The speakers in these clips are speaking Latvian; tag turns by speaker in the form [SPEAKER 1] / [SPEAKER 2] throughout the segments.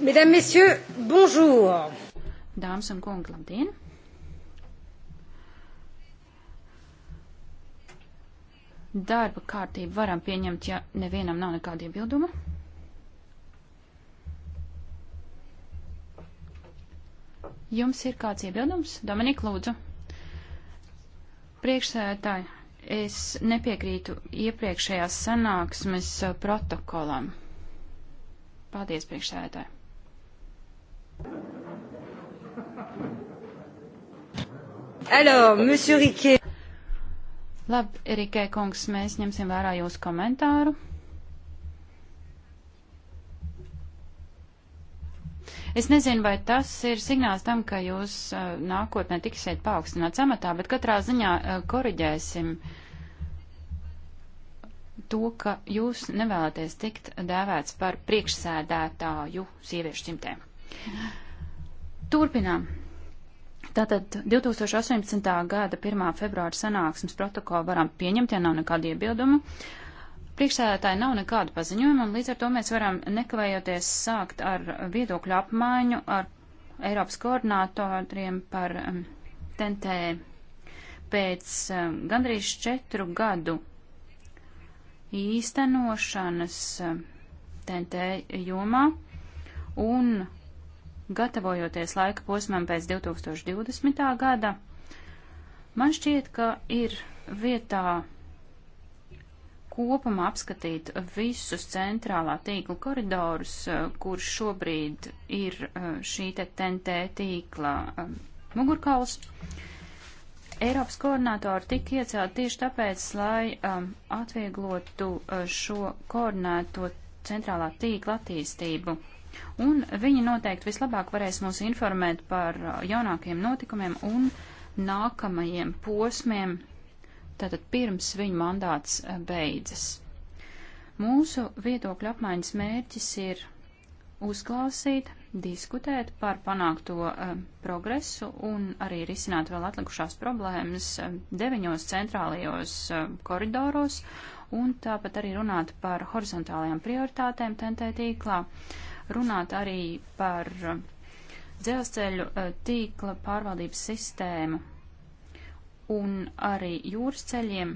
[SPEAKER 1] Mesdames, Messieurs, bonjour. Dāmas un kungi, labdien! Darba kārtību varam pieņemt, ja nevienam nav nekāda iebilduma. Jums ir kāds iebildums? Dominika, lūdzu. Priekšsēdētāji, es nepiekrītu iepriekšējās sanāksmes protokolam. Paldies, priekšsēdētāji. Alors, monsieur Rikē. Labi, Rikē kungs, mēs ņemsim vērā jūsu komentāru. Es nezinu, vai tas ir signāls tam, ka jūs uh, nākotnē tiksiet paaugstināts amatā, bet katrā ziņā uh, koriģēsim to, ka jūs nevēlaties tikt dēvēts par priekšsēdētāju sieviešu cimtēm. Turpinām. Tātad 2018. gada 1. februāra sanāksmes protokolu varam pieņemt, ja nav nekāda iebilduma. Priekšsēdētāji nav nekādu paziņojumu, un līdz ar to mēs varam nekavējoties sākt ar viedokļu apmaiņu ar Eiropas koordinātoriem par TNT um, pēc um, gandrīz četru gadu īstenošanas TNT um, jomā un gatavojoties laika posmam pēc 2020. gada, man šķiet, ka ir vietā kopumā apskatīt visus centrālā tīkla koridorus, eh, kurš šobrīd ir eh, šī te TNT tīkla eh, mugurkauls. Eiropas koordinātori tika iecelt tieši tāpēc, lai um, atvieglotu uh, šo koordinēto centrālā tīkla attīstību un viņi noteikti vislabāk varēs mūs informēt par uh, jaunākajiem notikumiem un nākamajiem posmiem, tātad pirms viņu mandāts uh, beidzas. Mūsu viedokļu apmaiņas mērķis ir uzklausīt, diskutēt par panākto uh, progresu un arī risināt vēl atlikušās problēmas uh, deviņos centrālajos uh, koridoros un tāpat arī runāt par horizontālajām prioritātēm TNT tīklā. Uh, runāt arī par uh, dzelzceļu uh, tīkla pārvaldības sistēmu un arī jūras ceļiem.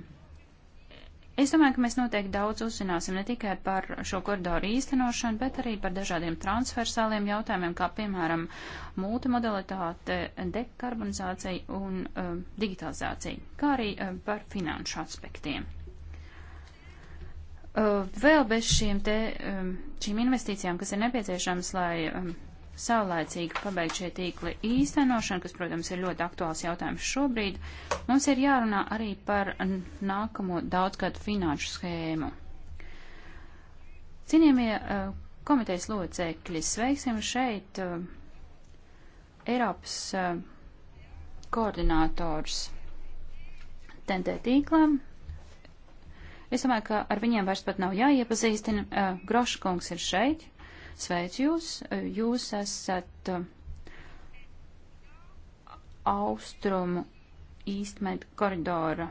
[SPEAKER 1] Es domāju, ka mēs noteikti daudz uzzināsim ne tikai par šo koridoru īstenošanu, bet arī par dažādiem transversāliem jautājumiem, kā piemēram multimodalitāte, dekarbonizācija un uh, digitalizācija, kā arī uh, par finanšu aspektiem. Uh, vēl bez šīm, te, um, šīm investīcijām, kas ir nepieciešams, lai um, saulēcīgi pabeigt šie tīkli īstenošanu, kas, protams, ir ļoti aktuāls jautājums šobrīd, mums ir jārunā arī par nākamo daudzgadu finanšu schēmu. Cienījamie uh, komitejas locekļi, sveiksim šeit uh, Eiropas koordinators TNT tīklam, Es domāju, ka ar viņiem vairs pat nav jāiepazīstina. Groškungs ir šeit. Sveicu jūs. Jūs esat austrumu īstmed koridora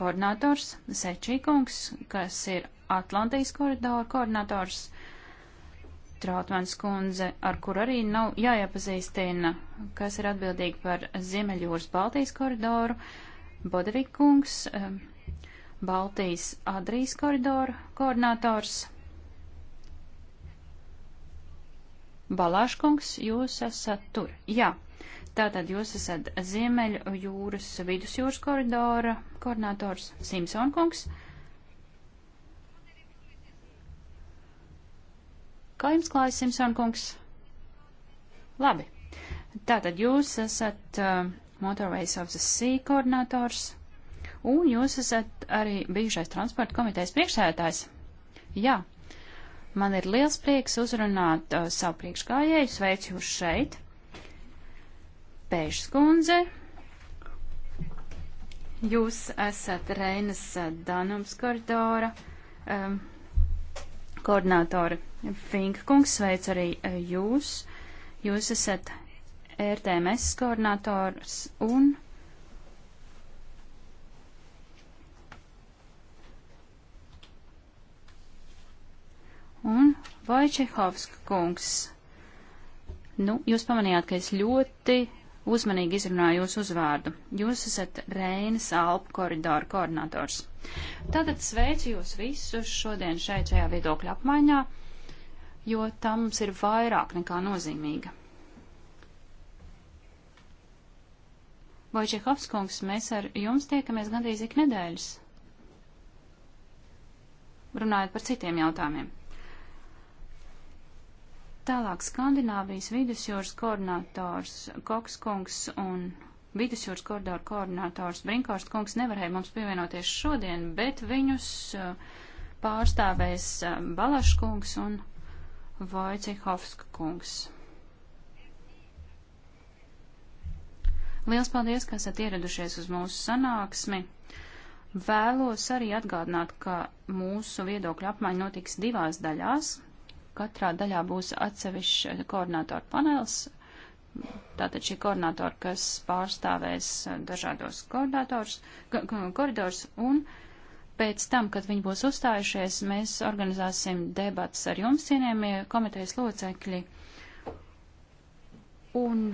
[SPEAKER 1] koordinators, Sečīkungs, kas ir Atlantijas koridora koordinators. Trautmans kundze, ar kur arī nav jāiepazīstina, kas ir atbildīgi par Ziemeļjūras Baltijas koridoru, Bodevikungs, Baltijas Adrijas koridoru koordinators. Balāškungs, jūs esat tur. Jā, tātad jūs esat Ziemeļu jūras vidusjūras koridora koordinators Simpsonkungs. Kā jums klājas Simpsonkungs? Labi. Tātad jūs esat uh, Motorways of the Sea koordinators un jūs esat arī bijušais transporta komitejas priekšsēdētājs. Jā, man ir liels prieks uzrunāt uh, savu priekšgājēju, sveicu jūs šeit. Pēšs kundze, jūs esat Reinas uh, Danums koridora um, koordinātori. Fink kungs, sveic arī uh, jūs. Jūs esat RTMS koordinators un Un Vojčehovska kungs, nu, jūs pamanījāt, ka es ļoti uzmanīgi izrunāju jūsu uzvārdu. Jūs esat Reinas Alpu koridoru koordinators. Tātad sveicu jūs visus šodien šeit šajā viedokļa apmaiņā, jo tā mums ir vairāk nekā nozīmīga. Vojčehovskungs, mēs ar jums tiekamies gandrīz ik nedēļas. Runājot par citiem jautājumiem. Tālāk Skandināvijas vidusjūras koordinators Koks kungs un vidusjūras koridoru koordinators Brinkārst kungs nevarēja mums pievienoties šodien, bet viņus uh, pārstāvēs uh, Balaškungs un Vojcihovska kungs. Liels paldies, ka esat ieradušies uz mūsu sanāksmi. Vēlos arī atgādināt, ka mūsu viedokļu apmaiņa notiks divās daļās katrā daļā būs atsevišķi eh, koordinātoru panels. Tātad šī koordinātora, kas pārstāvēs eh, dažādos koridors un pēc tam, kad viņi būs uzstājušies, mēs organizāsim debatas ar jums, cienījamie komitejas locekļi. Un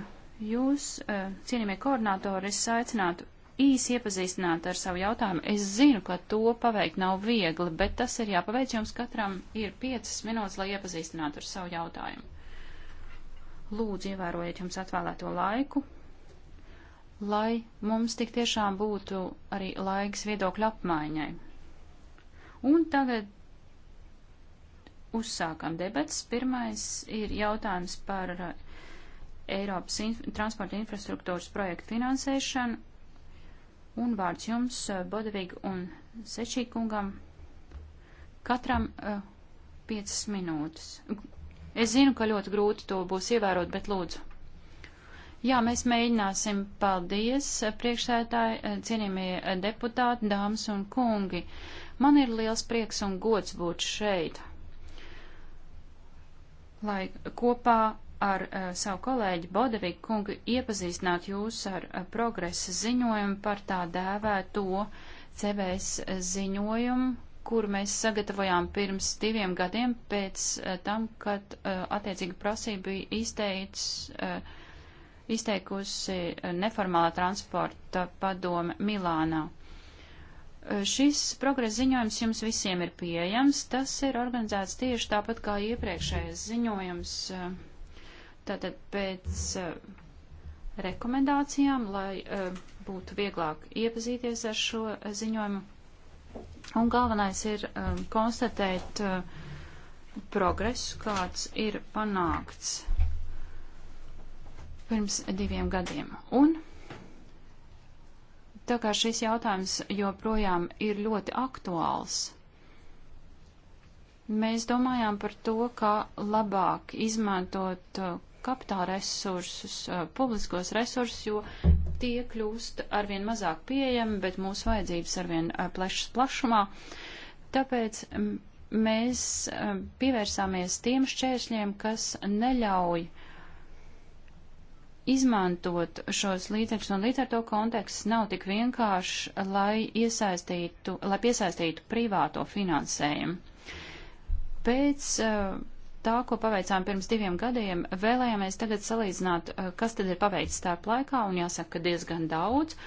[SPEAKER 1] jūs, eh, cienījamie koordinātori, es aicinātu īsi iepazīstināti ar savu jautājumu. Es zinu, ka to paveikt nav viegli, bet tas ir jāpaveic. Jums katram ir piecas minūtes, lai iepazīstinātu ar savu jautājumu. Lūdzu, ievērojiet jums atvēlēto laiku, lai mums tik tiešām būtu arī laiks viedokļu apmaiņai. Un tagad uzsākam debats. Pirmais ir jautājums par uh, Eiropas in transporta infrastruktūras projektu finansēšanu Un vārds jums, eh, Bodavīgi un Sečīkungam, katram uh, eh, 5 minūtes. Es zinu, ka ļoti grūti to būs ievērot, bet lūdzu. Jā, mēs mēģināsim. Paldies, eh, priekšsētāji, cienījamie deputāti, dāmas un kungi. Man ir liels prieks un gods būt šeit, lai kopā ar uh, savu kolēģi Bodevīku kungu iepazīstināt jūs ar uh, progresa ziņojumu par tā dēvēto CBS eh, ziņojumu, kuru mēs sagatavojām pirms diviem gadiem pēc uh, tam, kad uh, attiecīga prasība bija izteic, uh, izteikusi uh, neformālā transporta padome Milānā. Uh, šis progresa ziņojums jums visiem ir pieejams. Tas ir organizēts tieši tāpat kā iepriekšējais ziņojums. Uh, Tātad pēc uh, rekomendācijām, lai uh, būtu vieglāk iepazīties ar šo eh, ziņojumu. Un galvenais ir um, konstatēt uh, progresu, kāds ir panākts pirms diviem gadiem. Un tā kā šis jautājums joprojām ir ļoti aktuāls, mēs domājām par to, kā labāk izmantot uh, kapitāla resursus, eh, publiskos resursus, jo tie kļūst arvien mazāk pieejami, bet mūsu vajadzības arvien eh, plešas plašumā. Tāpēc mēs eh, pievērsāmies tiem šķēršļiem, kas neļauj izmantot šos līdzekļus, un līdz ar to konteksts nav tik vienkāršs, lai, iesaistītu, lai piesaistītu privāto finansējumu. Pēc uh, tā, ko paveicām pirms diviem gadiem, vēlējāmies tagad salīdzināt, eh, kas tad ir paveicis starp laikā, un jāsaka, ka diezgan daudz.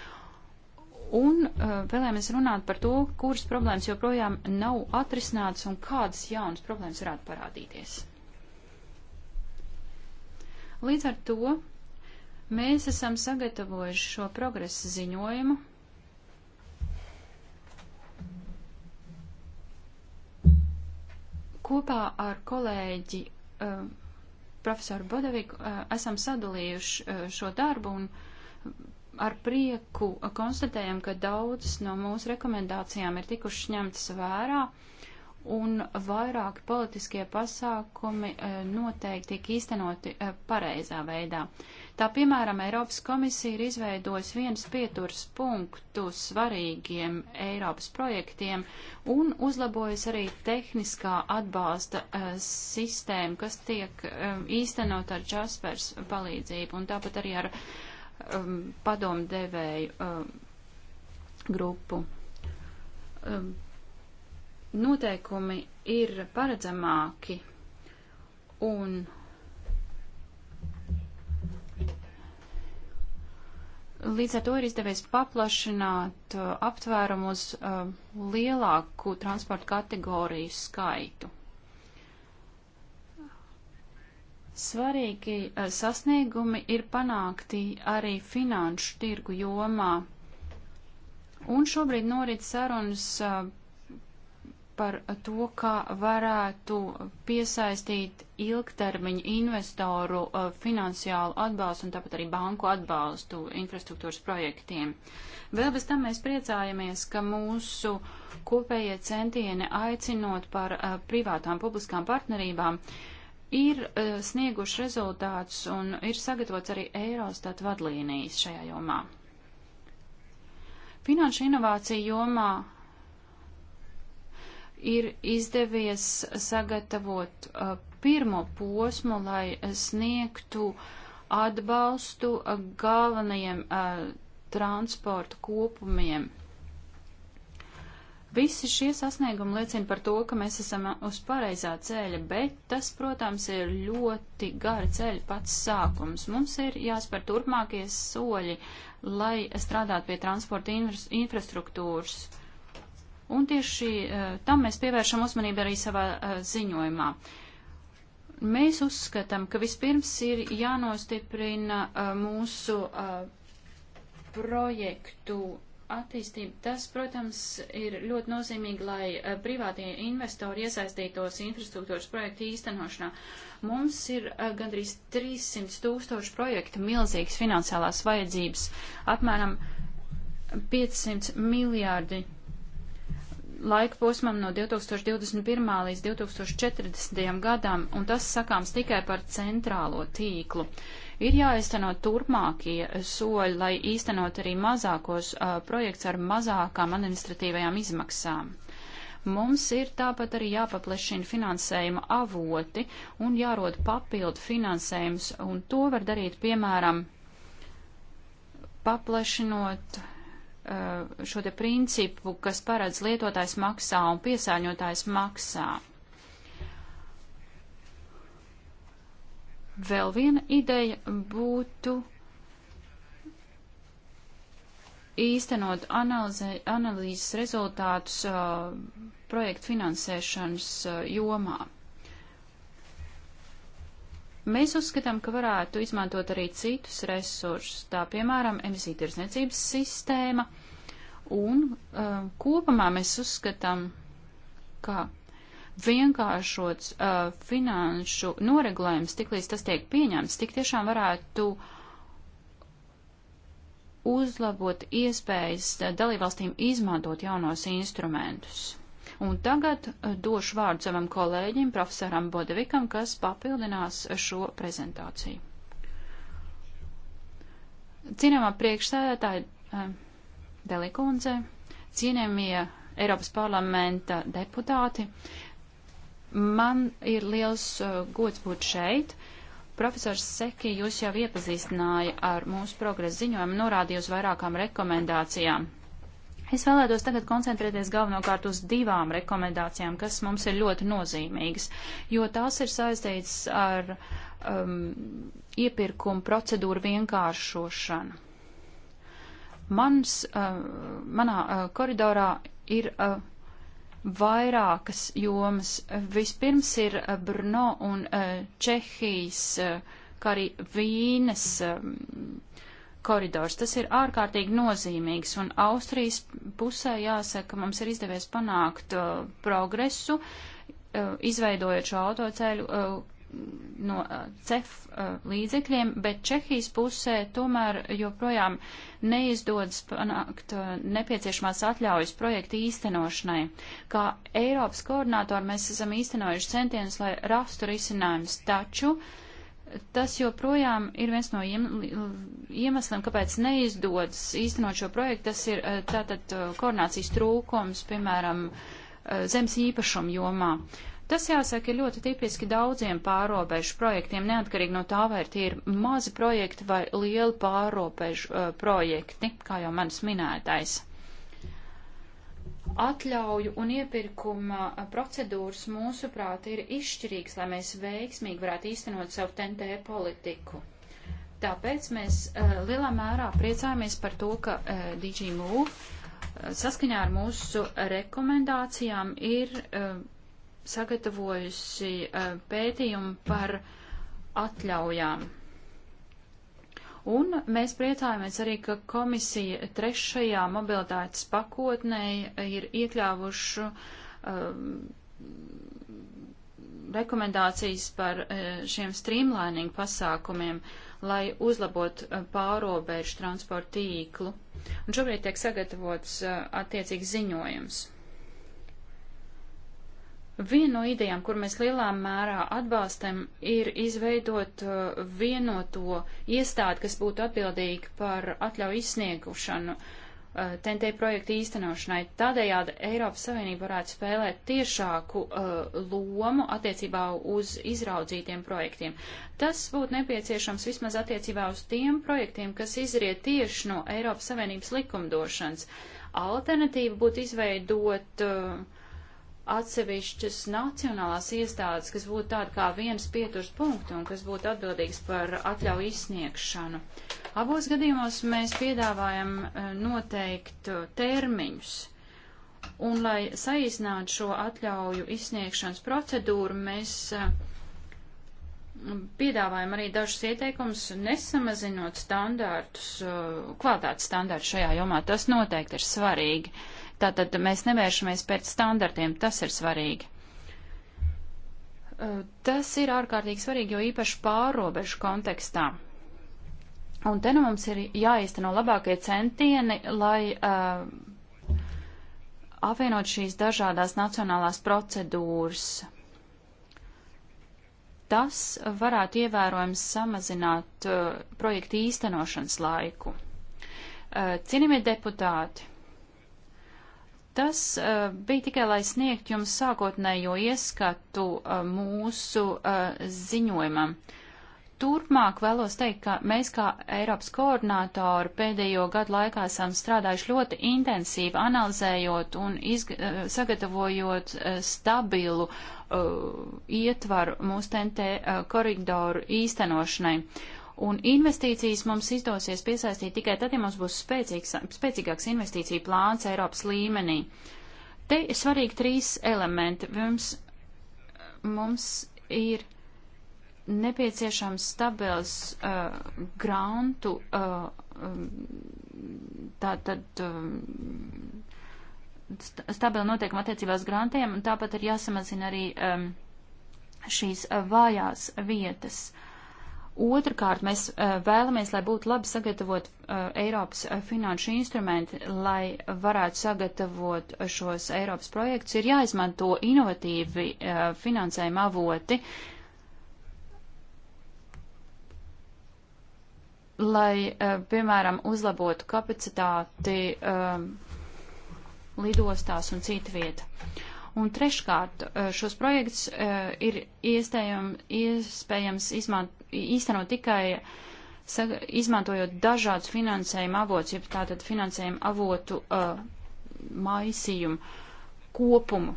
[SPEAKER 1] Un eh, vēlējāmies runāt par to, kuras problēmas joprojām nav atrisinātas un kādas jaunas problēmas varētu parādīties. Līdz ar to mēs esam sagatavojuši šo progresa ziņojumu, Kopā ar kolēģi eh, profesoru Bodaviku eh, esam sadalījuši eh, šo darbu un ar prieku konstatējam, ka daudzas no mūsu rekomendācijām ir tikušas ņemtas vērā. Uh, un vairāki politiskie pasākumi e, noteikti tiek īstenoti e, pareizā veidā. Tā piemēram, Eiropas komisija ir izveidojusi viens pieturs punktu svarīgiem Eiropas projektiem un uzlabojas arī tehniskā atbalsta uh, e, sistēma, kas tiek um, īstenot ar Jaspers palīdzību un tāpat arī ar um, padomdevēju um, grupu. Um, noteikumi ir paredzamāki un Līdz ar to ir izdevies paplašināt uh, aptvērumu uz uh, lielāku transporta kategoriju skaitu. Svarīgi uh, sasniegumi ir panākti arī finanšu tirgu jomā. Un šobrīd norit sarunas uh, par to, kā varētu piesaistīt ilgtermiņu investoru uh, finansiālu atbalstu un tāpat arī banku atbalstu infrastruktūras projektiem. Vēl bez tam mēs priecājamies, ka mūsu kopējie centieni aicinot par uh, privātām publiskām partnerībām ir uh, snieguši rezultātus un ir sagatavots arī Eirostat vadlīnijas šajā jomā. Finanšu inovāciju jomā ir izdevies sagatavot uh, pirmo posmu, lai sniegtu atbalstu uh, galvenajiem uh, transporta kopumiem. Visi šie sasniegumi liecina par to, ka mēs esam uz pareizā ceļa, bet tas, protams, ir ļoti gara ceļa pats sākums. Mums ir jāspēr turpmākie soļi, lai strādātu pie transporta infrastruktūras. Uh, Un tieši eh, tam mēs pievēršam uzmanību arī savā eh, ziņojumā. Mēs uzskatām, ka vispirms ir jānostiprina eh, mūsu projektu attīstību. Tas, protams, ir ļoti nozīmīgi, lai privātie investori iesaistītos infrastruktūras projektu īstenošanā. Mums ir gandrīz 300 tūkstoši projektu milzīgas finansiālās vajadzības, apmēram 500 miljārdi laika posmam no 2021. līdz 2040. gadam, un tas sakāms tikai par centrālo tīklu. Ir jāizteno turpmākie soļi, lai īstenot arī mazākos uh, projekts ar mazākām administratīvajām izmaksām. Mums ir tāpat arī jāpaplešina finansējuma avoti un jārod papildu finansējums, un to var darīt, piemēram, paplašinot Uh, šo te principu, kas paredz lietotājs maksā un piesāņotājs maksā. Vēl viena ideja būtu īstenot analizē, analīzes rezultātus uh, projektu finansēšanas uh, jomā. Mēs uzskatām, ka varētu izmantot arī citus resursus, tā piemēram emisiju tirsniecības sistēma, un uh, kopumā mēs uzskatām, ka vienkāršots uh, finanšu noregulējums, tiklīdz tas tiek pieņemts, tik tiešām varētu uzlabot iespējas uh, dalībvalstīm izmantot jaunos instrumentus. Un tagad eh, došu vārdu savam kolēģim, profesoram Bodevikam, kas papildinās šo prezentāciju. Cienījamā priekšsēdētāja eh, Delikundze, cienījamie Eiropas parlamenta deputāti, man ir liels eh, gods būt šeit. Profesors Seki jūs jau iepazīstināja ar mūsu progresa ziņojumu, norādīja uz vairākām rekomendācijām. Es vēlētos tagad koncentrēties galvenokārt uz divām rekomendācijām, kas mums ir ļoti nozīmīgas, jo tās ir saistītas ar um, iepirkumu procedūru vienkāršošanu. Mans, uh, manā uh, koridorā ir uh, vairākas jomas. Vispirms ir uh, Brno un uh, Čehijas, uh, kā arī Vīnes. Uh, koridors. Tas ir ārkārtīgi nozīmīgs, un Austrijas pusē jāsaka, mums ir izdevies panākt uh, progresu, uh, izveidojot šo autoceļu uh, no uh, CEF uh, līdzekļiem, bet Čehijas pusē tomēr joprojām neizdodas panākt uh, nepieciešamās atļaujas projektu īstenošanai. Kā Eiropas koordinātori mēs esam īstenojuši centienus, lai rastu risinājumus, taču uh, Tas joprojām ir viens no iemesliem, kāpēc neizdodas īstenot šo projektu. Tas ir eh, tātad eh, koordinācijas trūkums, piemēram, eh, zemes īpašuma jomā. Tas, jāsaka, ir ļoti tipiski daudziem pārobežu projektiem, neatkarīgi no tā, vai tie ir mazi projekti vai lieli pārobežu projekti, kā jau manis minētais atļauju un iepirkuma procedūras mūsuprāt ir izšķirīgs, lai mēs veiksmīgi varētu īstenot savu TNT politiku. Tāpēc mēs uh, lielā mērā priecājamies par to, ka uh, eh, DigiMU uh, eh, saskaņā ar mūsu rekomendācijām ir uh, sagatavojusi uh, pētījumu par atļaujām. Un mēs priecājamies arī, ka komisija trešajā mobilitātes pakotnē ir iekļāvuši um, rekomendācijas par uh, šiem streamlining pasākumiem, lai uzlabot uh, pārobežu transportu tīklu. Un šobrīd tiek sagatavots uh, attiecīgs ziņojums. Viena no idejām, kur mēs lielā mērā atbalstam, ir izveidot uh, vienoto iestādi, kas būtu atbildīga par atļauju izsniegušanu TNT uh, projektu īstenošanai. Tādējādi Eiropas Savienība varētu spēlēt tiešāku uh, lomu attiecībā uz izraudzītiem projektiem. Tas būtu nepieciešams vismaz attiecībā uz tiem projektiem, kas izriet tieši no Eiropas Savienības likumdošanas. Alternatīva būtu izveidot uh, atsevišķas nacionālās iestādes, kas būtu tāda kā viens pieturs punkts un kas būtu atbildīgs par atļauju izsniegšanu. Abos gadījumos mēs piedāvājam eh, noteikt eh, termiņus. Un, lai saīsinātu šo atļauju izsniegšanas procedūru, mēs eh, piedāvājam arī dažus ieteikumus, nesamazinot standārtus, klātāt standārtu šajā jomā. Tas noteikti ir svarīgi. Uh, Tātad mēs nevēršamies pēc standartiem, tas ir svarīgi. Tas ir ārkārtīgi svarīgi, jo īpaši pārobežu kontekstā. Un te nu mums ir jāīsteno labākie centieni, lai uh, apvienot šīs dažādās nacionālās procedūras. Tas varētu ievērojams samazināt uh, projektu īstenošanas laiku. Uh, Cienījamie deputāti! Tas uh, bija tikai, lai sniegt jums sākotnējo ieskatu uh, mūsu uh, ziņojumam. Turpmāk vēlos teikt, ka mēs kā Eiropas koordinātori pēdējo gadu laikā esam strādājuši ļoti intensīvi, analizējot un izg sagatavojot stabilu uh, ietvaru mūsu TNT uh, koridoru īstenošanai. Uh, Un investīcijas mums izdosies piesaistīt tikai tad, ja mums būs spēcīgs, spēcīgāks investīcija plāns Eiropas līmenī. Te ir svarīgi trīs elementi. Mums, mums ir nepieciešams stabils uh, grantu, uh, um, tātad uh, um, stabili noteikumi attiecībās grantiem, un tāpat ir jāsamazina arī um, šīs uh, vājās vietas. Uh, Otrakārt, mēs eh, vēlamies, lai būtu labi sagatavot eh, Eiropas eh, finanšu instrumenti, lai varētu sagatavot šos Eiropas projektus, ir jāizmanto inovatīvi finansējuma avoti, lai, piemēram, uzlabotu kapacitāti lidostās un citu vietu. Un treškārt, eh, šos projekts eh, ir iespējams īstenot tikai izmantojot dažādus finansējuma avotus, jeb tātad finansējuma avotu uh, maisījumu kopumu.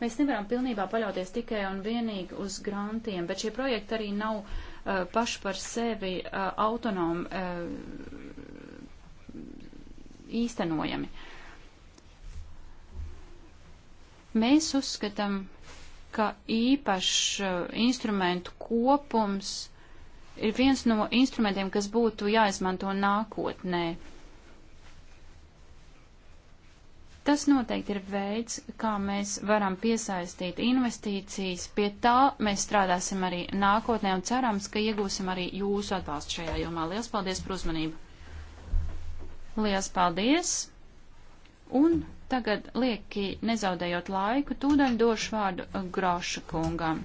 [SPEAKER 1] Mēs nevaram pilnībā paļauties tikai un vienīgi uz grantiem, bet šie projekti arī nav uh, paši par sevi uh, autonomi uh, īstenojami. Uh, Mēs uzskatām, ka īpašs uh, instrumentu kopums ir viens no instrumentiem, kas būtu jāizmanto nākotnē. Tas noteikti ir veids, kā mēs varam piesaistīt investīcijas. Pie tā mēs strādāsim arī nākotnē un cerams, ka iegūsim arī jūsu atbalstu šajā jomā. Lielas paldies par uzmanību! Lielas paldies! Un Tagad lieki, nezaudējot laiku, tūdaļ došu vārdu uh, Groša kungam.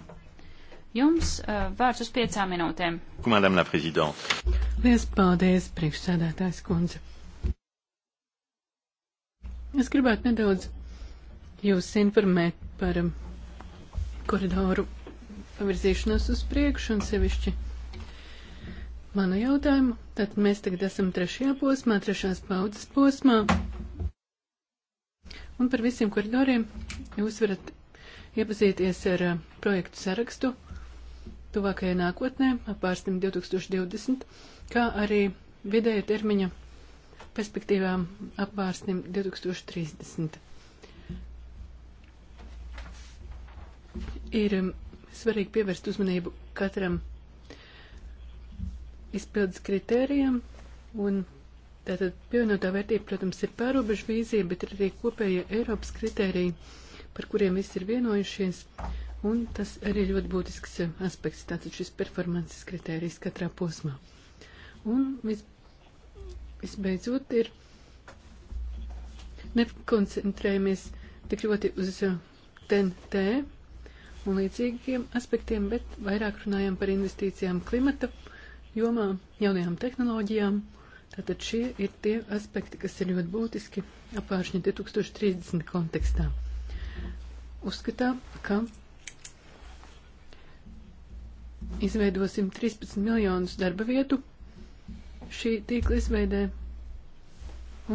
[SPEAKER 1] Jums uh, vārds uz piecām minūtēm.
[SPEAKER 2] Madame la Présidente. Lies paldies, priekšsēdētājs kundze. Es gribētu nedaudz jūs informēt par um, koridoru pavirzīšanos uz priekšu un sevišķi manu jautājumu. Tad mēs tagad esam trešajā posmā, trešās paudzes posmā. Un par visiem koridoriem jūs varat iepazīties ar eh, projektu sarakstu tuvākajā nākotnē, apārstim 2020, kā arī vidēja termiņa perspektīvām apārstim 2030. Ir svarīgi pievērst uzmanību katram izpildes kritērijam un Tātad pievienotā vērtība, protams, ir pārobežu vīzija, bet ir arī kopējie Eiropas kritēriji, par kuriem viss ir vienojušies, un tas arī ļoti būtisks aspekts, tātad šis performances kritērijs katrā posmā. Un vis, visbeidzot ir nekoncentrējamies tik ļoti uz TNT un līdzīgiem aspektiem, bet vairāk runājam par investīcijām klimata jomā, jaunajām tehnoloģijām Tātad šie ir tie aspekti, kas ir ļoti būtiski apvāršņa 2030 kontekstā. Uzskatām, ka izveidosim 13 miljonus darba vietu šī tīkla izveidē,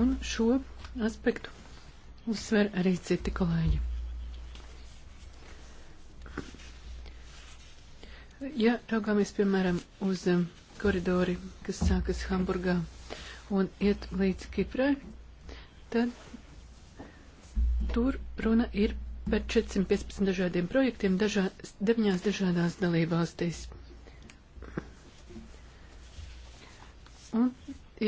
[SPEAKER 2] un šo aspektu uzsver arī citi kolēģi. Ja raugāmies, piemēram, uz um, koridori, kas sākas Hamburgā un iet līdz Kiprai, tad tur runa ir par 415 dažādiem projektiem dažā, deviņās dažādās dalībvalstīs. Un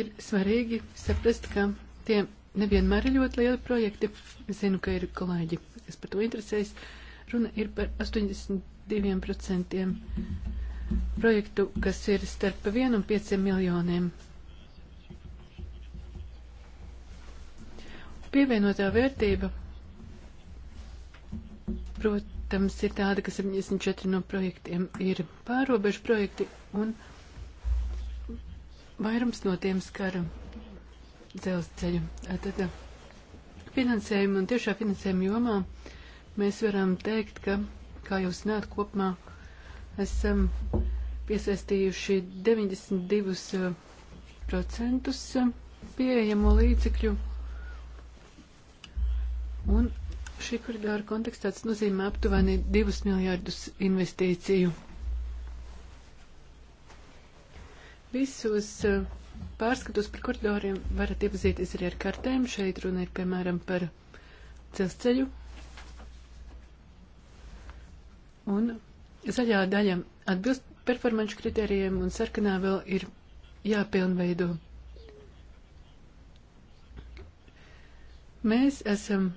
[SPEAKER 2] ir svarīgi saprast, ka tie nevienmēr ir ļoti lieli projekti. Es zinu, ka ir kolēģi, kas par to interesējas. Runa ir par 82% projektu, kas ir starp 1 un 5 miljoniem. Pievienotā vērtība, protams, ir tāda, ka 74 no projektiem ir pārobežu projekti un vairums no tiem skara dzelzceļu. Tad finansējuma un tiešā finansējuma jomā mēs varam teikt, ka, kā jūs zināt, kopumā esam piesaistījuši 92% eh, eh, pieejamo līdzekļu. Un šī koridora kontekstā tas nozīmē aptuveni 2 miljārdus investīciju. Visos eh, pārskatos par koridoriem varat iepazīties arī ar kartēm. Šeit runa ir piemēram par dzelzceļu. Un Zaļā daļa atbilst performanšu kritērijiem un sarkanā vēl ir jāpilnveido. Mēs esam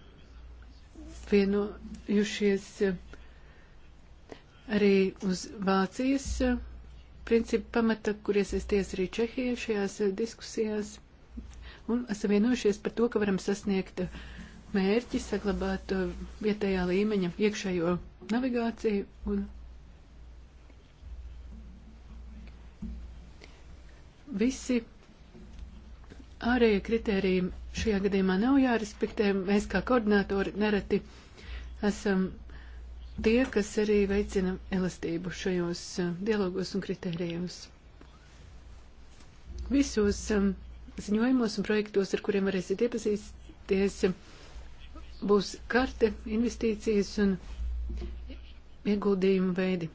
[SPEAKER 2] vienojušies arī uz Vācijas principu pamata, kur iesaisties arī Čehija šajās diskusijās, un esam vienojušies par to, ka varam sasniegt mērķi, saglabāt vietējā līmeņa iekšējo navigāciju un visi ārējie kritēriji šajā gadījumā nav jārespektē. Mēs kā koordinātori nereti esam tie, kas arī veicina elastību šajos eh, dialogos un kritērijos. Visos um, ziņojumos un projektos, ar kuriem varēsiet iepazīties, būs karte, investīcijas un ieguldījumu veidi.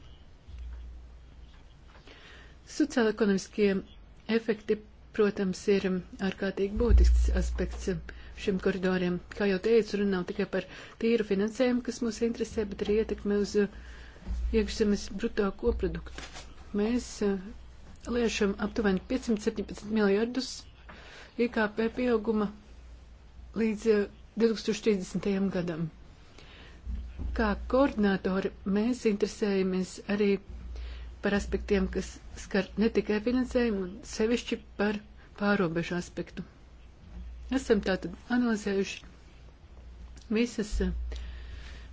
[SPEAKER 2] Sociāla-ekonomiskie efekti, protams, ir ārkārtīgi būtisks aspekts šiem koridoriem. Kā jau teicu, runa nav tikai par tīru finansējumu, kas mūs interesē, bet arī ietekme uz uh, iekšzemes brutto koproduktu. Mēs uh, liešam aptuveni 517 miljardus IKP pieauguma līdz 2030. Uh, gadam. Kā koordinātori mēs interesējamies arī par aspektiem, kas skar ne tikai finansējumu, un sevišķi par pārobežu aspektu. Esam tātad analizējuši visas eh,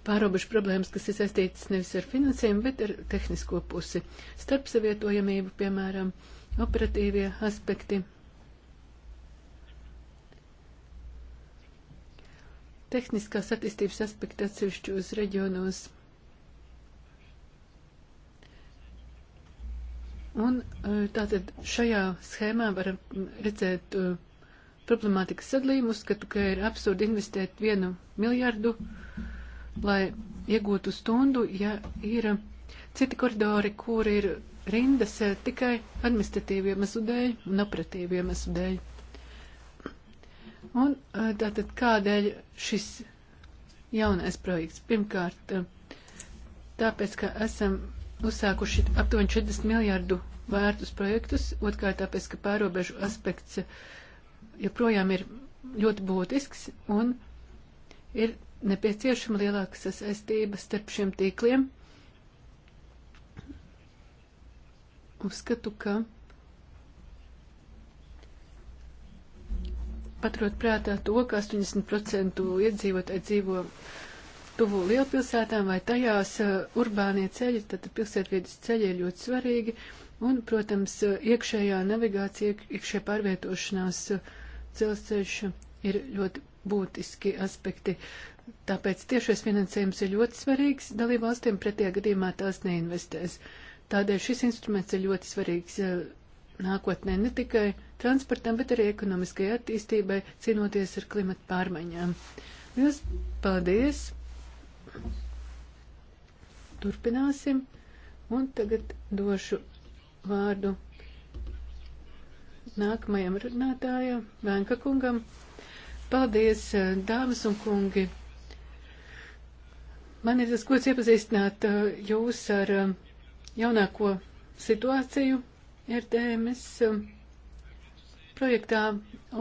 [SPEAKER 2] pārobežu problēmas, kas ir saistītas nevis ar finansējumu, bet ar tehnisko pusi. Starpsavietojamību, piemēram, operatīvie aspekti. Tehniskās attīstības aspekti atsevišķos reģionos Un e, tātad šajā schēmā varam redzēt e, problemātikas sadalījumu. Uzskatu, ka ir absurdi investēt vienu miljardu, lai iegūtu stundu, ja ir citi koridori, kur ir rindas e, tikai administratīvu iemeslu dēļ un operatīvu iemeslu dēļ. Un tātad kādēļ šis jaunais projekts? Pirmkārt, tāpēc, ka esam uzsākuši aptuveni 40 miljārdu vērtus projektus, otrkārt tāpēc, ka pārobežu aspekts joprojām ir ļoti būtisks un ir nepieciešama lielāka sasaistība starp šiem tīkliem. Uzskatu, ka paturot prātā to, ka 80% iedzīvotāji dzīvo tuvu lielpilsētām vai tajās eh, urbānie ceļi, tad pilsētvidas ceļi ir ļoti svarīgi. Un, protams, eh, iekšējā navigācija, iekšējā pārvietošanās eh, dzelzceļš ir ļoti būtiski aspekti. Tāpēc tiešais finansējums ir ļoti svarīgs dalībvalstīm, pretējā gadījumā tās neinvestēs. Tādēļ šis instruments ir ļoti svarīgs nākotnē ne tikai transportam, bet arī ekonomiskajai attīstībai, cīnoties ar klimatu pārmaiņām. Jūs paldies! Turpināsim. Un tagad došu vārdu nākamajam runātājam, Vēnka kungam. Paldies, eh, dāmas un kungi! Man ir tas gods iepazīstināt eh, jūs ar eh, jaunāko situāciju RTMS projektā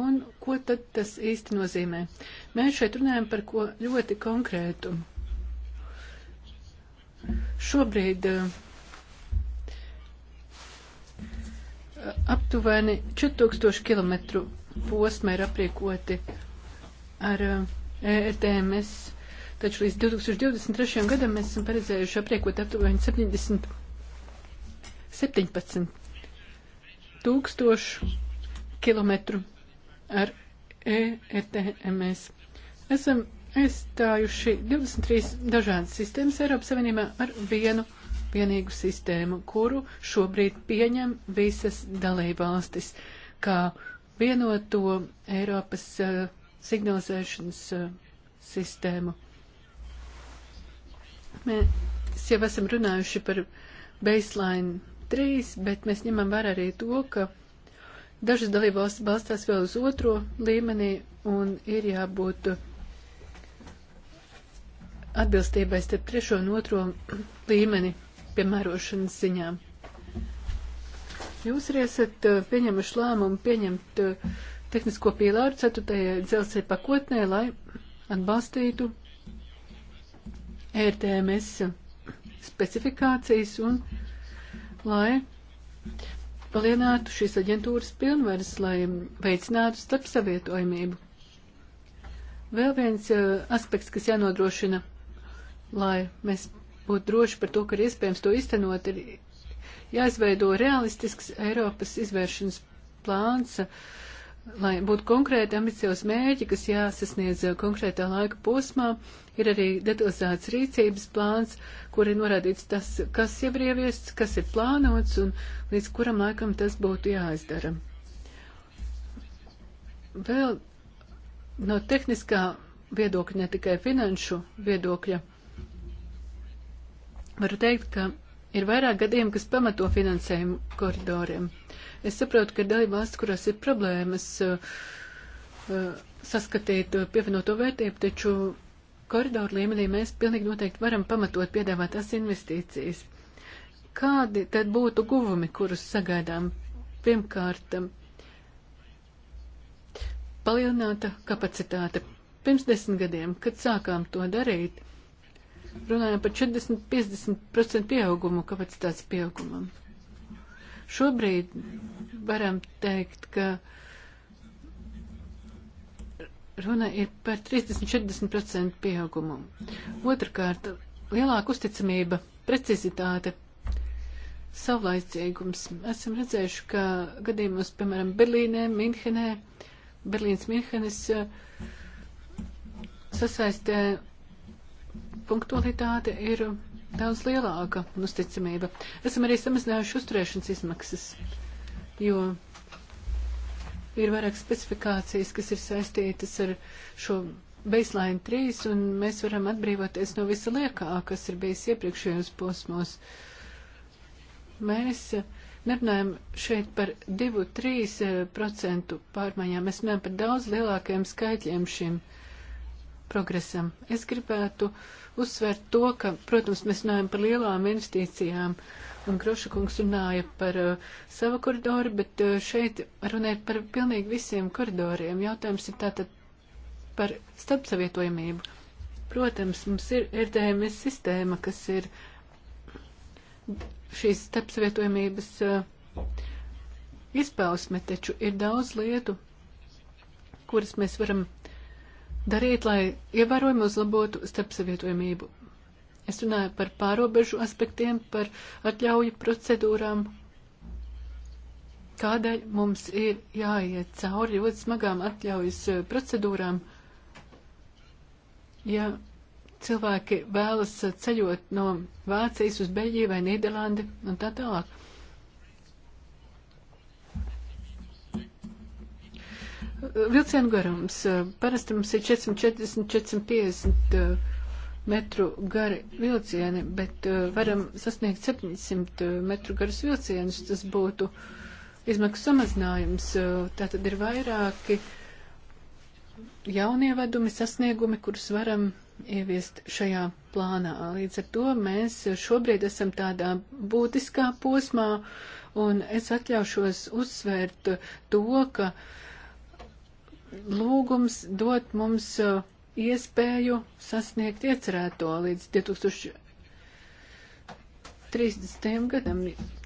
[SPEAKER 2] un ko tad tas īsti nozīmē. Mēs šeit runājam par ko ļoti konkrētu. Šobrīd eh, aptuveni 4000 km posma ir apriekoti ar ERTMS, eh, e taču līdz 2023. gadam mēs esam paredzējuši apriekot aptuveni 70, 17 tūkstošu kilometru ar ERTMS. Esam iestājuši 23 dažādas sistēmas Eiropas Savienībā ar vienu vienīgu sistēmu, kuru šobrīd pieņem visas dalībvalstis kā vienoto Eiropas uh, signalizēšanas uh, sistēmu. Mēs jau esam runājuši par baseline 3, bet mēs ņemam vērā arī to, ka dažas dalībvalstis balstās vēl uz otro līmenī un ir jābūt uh, atbilstībai starp trešo un otro līmeni piemērošanas ziņā. Jūs arī esat eh, pieņemuši lēmumu pieņemt eh, tehnisko pīlāru ceturtajai dzelzceļa pakotnē, lai atbalstītu ERTMS specifikācijas un lai palienātu šīs aģentūras pilnvaras, lai veicinātu starpsavietojamību. Vēl viens eh, aspekts, kas jānodrošina lai mēs būtu droši par to, ka ir iespējams to iztenot, ir jāizveido realistisks Eiropas izvēršanas plāns, lai būtu konkrēti ambiciozi mērķi, kas jāsasniedz konkrētā laika posmā. Ir arī detalizēts rīcības plāns, kur ir norādīts tas, kas jau ir ieviests, kas ir plānots un līdz kuram laikam tas būtu jāizdara. Vēl no tehniskā viedokļa, ne tikai finanšu viedokļa varu teikt, ka ir vairāk gadiem, kas pamato finansējumu koridoriem. Es saprotu, ka ir dalībvalsts, kurās ir problēmas uh, uh, saskatīt uh, pievienoto vērtību, taču koridoru līmenī mēs pilnīgi noteikti varam pamatot piedāvātās investīcijas. Kādi tad būtu guvumi, kurus sagaidām? Pirmkārt, um, palielināta kapacitāte. Pirms desmit gadiem, kad sākām to darīt, runājam par 40-50% pieaugumu kapacitātes pieaugumam. Šobrīd varam teikt, ka runa ir par 30-40% pieaugumu. Otrakārt, lielāka uzticamība, precizitāte, savlaicīgums. Esam redzējuši, ka gadījumos, piemēram, Berlīnē, Minhenē, Berlīnas Minhenes uh, sasaistē punktualitāte ir daudz lielāka un uzticamība. Esam arī samazinājuši uzturēšanas izmaksas, jo ir vairāk specifikācijas, kas ir saistītas ar šo baseline 3, un mēs varam atbrīvoties no visa liekā, kas ir bijis iepriekšējos posmos. Mēs eh, nerunājam šeit par 2-3% eh, pārmaiņām, mēs runājam par daudz lielākiem skaitļiem šim. Uh, progresam. Es gribētu uzsvērt to, ka, protams, mēs runājam par lielām investīcijām, un Groša kungs runāja par uh, savu koridoru, bet uh, šeit runājot par pilnīgi visiem koridoriem. Jautājums ir tātad par starpsavietojamību. Protams, mums ir RDMS sistēma, kas ir šīs starpsavietojamības uh, izpausme, taču ir daudz lietu, kuras mēs varam darīt, lai ievērojami uzlabotu starpsavietojamību? Es runāju par pārobežu aspektiem, par atļauju procedūrām. Kādēļ mums ir jāiet cauri ļoti smagām atļaujas eh, procedūrām, ja cilvēki vēlas eh, ceļot no Vācijas uz Beļģiju vai Nīderlandi un tā tālāk? Vilcienu garums. Parasti mums ir 440, 450 metru gari vilcieni, bet eh, varam sasniegt 700 eh, metru garus vilcienus. Tas būtu izmaksu samazinājums. Eh, Tātad ir vairāki jaunievedumi, sasniegumi, kurus varam ieviest šajā plānā. Līdz ar to mēs šobrīd esam tādā būtiskā posmā, un es atļaušos uzsvērt to, ka uh, lūgums dot mums uh, iespēju sasniegt iecerēto līdz 2030. gadam.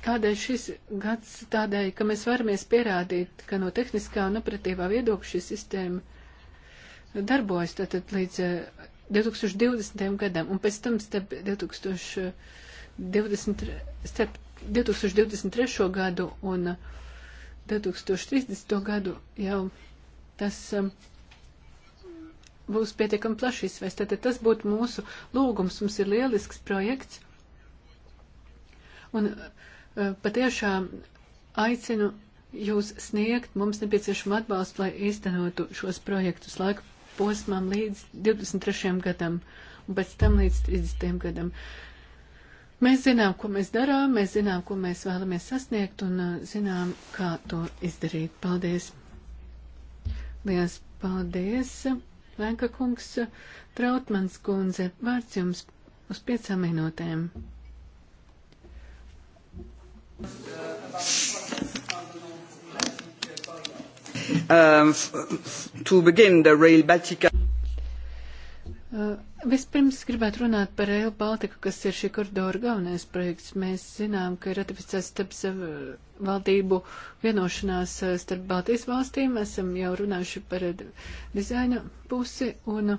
[SPEAKER 2] Kādēļ šis gads? Tādēļ, ka mēs varamies pierādīt, ka no tehniskā un operatīvā viedokļa šī sistēma darbojas tātad līdz 2020. Uh, gadam, un pēc tam starp 2020, starp 2023. gadu un 2030. Uh, gadu jau tas um, būs pietiekami plaši izsvēst. Tātad tas būtu mūsu lūgums. Mums ir lielisks projekts. Un uh, patiešām aicinu jūs sniegt mums nepieciešamu atbalstu, lai īstenotu šos projektus laika posmām līdz 23. gadam un pēc tam līdz 30. gadam. Mēs zinām, ko mēs darām, mēs zinām, ko mēs vēlamies sasniegt un uh, zinām, kā to izdarīt. Paldies! Lielas paldies, Lenka kungs, Trautmans kundze, vārds jums uz piecām minūtēm. Um, to begin the Rail Baltica. Eh, vispirms gribētu runāt par Rail Baltica, kas ir šī koridora galvenais projekts. Mēs zinām, ka ir ratificēts starp valdību vienošanās eh, starp Baltijas valstīm. Esam jau runājuši par dizaina pusi un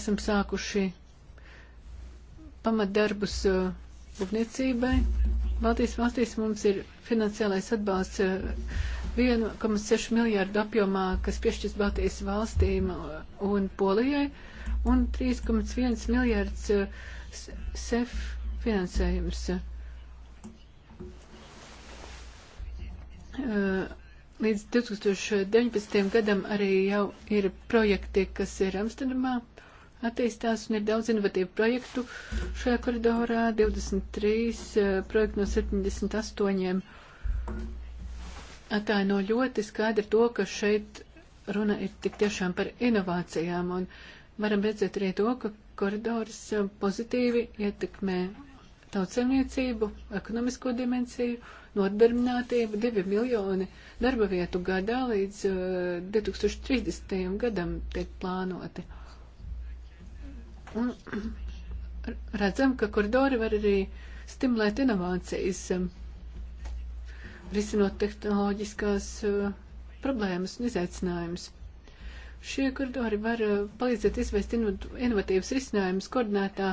[SPEAKER 2] esam sākuši pamatdarbus eh, būvniecībai. Baltijas valstīs mums ir finansiālais atbalsts 1,6 miljārdu apjomā, kas piešķirs Baltijas valstīm un Polijai. Uh, un 3,1 miljards eh, SEF finansējums. Eh, līdz 2019. gadam arī jau ir projekti, kas ir Amsterdamā attīstās un ir daudz inovatīvu projektu šajā koridorā, 23 eh, projekti no 78. Atāino ļoti skaidri to, ka šeit runa ir tik tiešām par inovācijām un uh, varam redzēt arī to, ka koridors pozitīvi ietekmē tautsemniecību, ekonomisko dimensiju, nodarbinātību, 2 miljoni darba vietu gadā līdz uh, 2030. gadam tiek plānoti. Un redzam, ka koridori var arī stimulēt inovācijas, risinot tehnoloģiskās uh, problēmas un izaicinājumus. Šie koridori var eh, palīdzēt izvest inovatīvas risinājumus koordinētā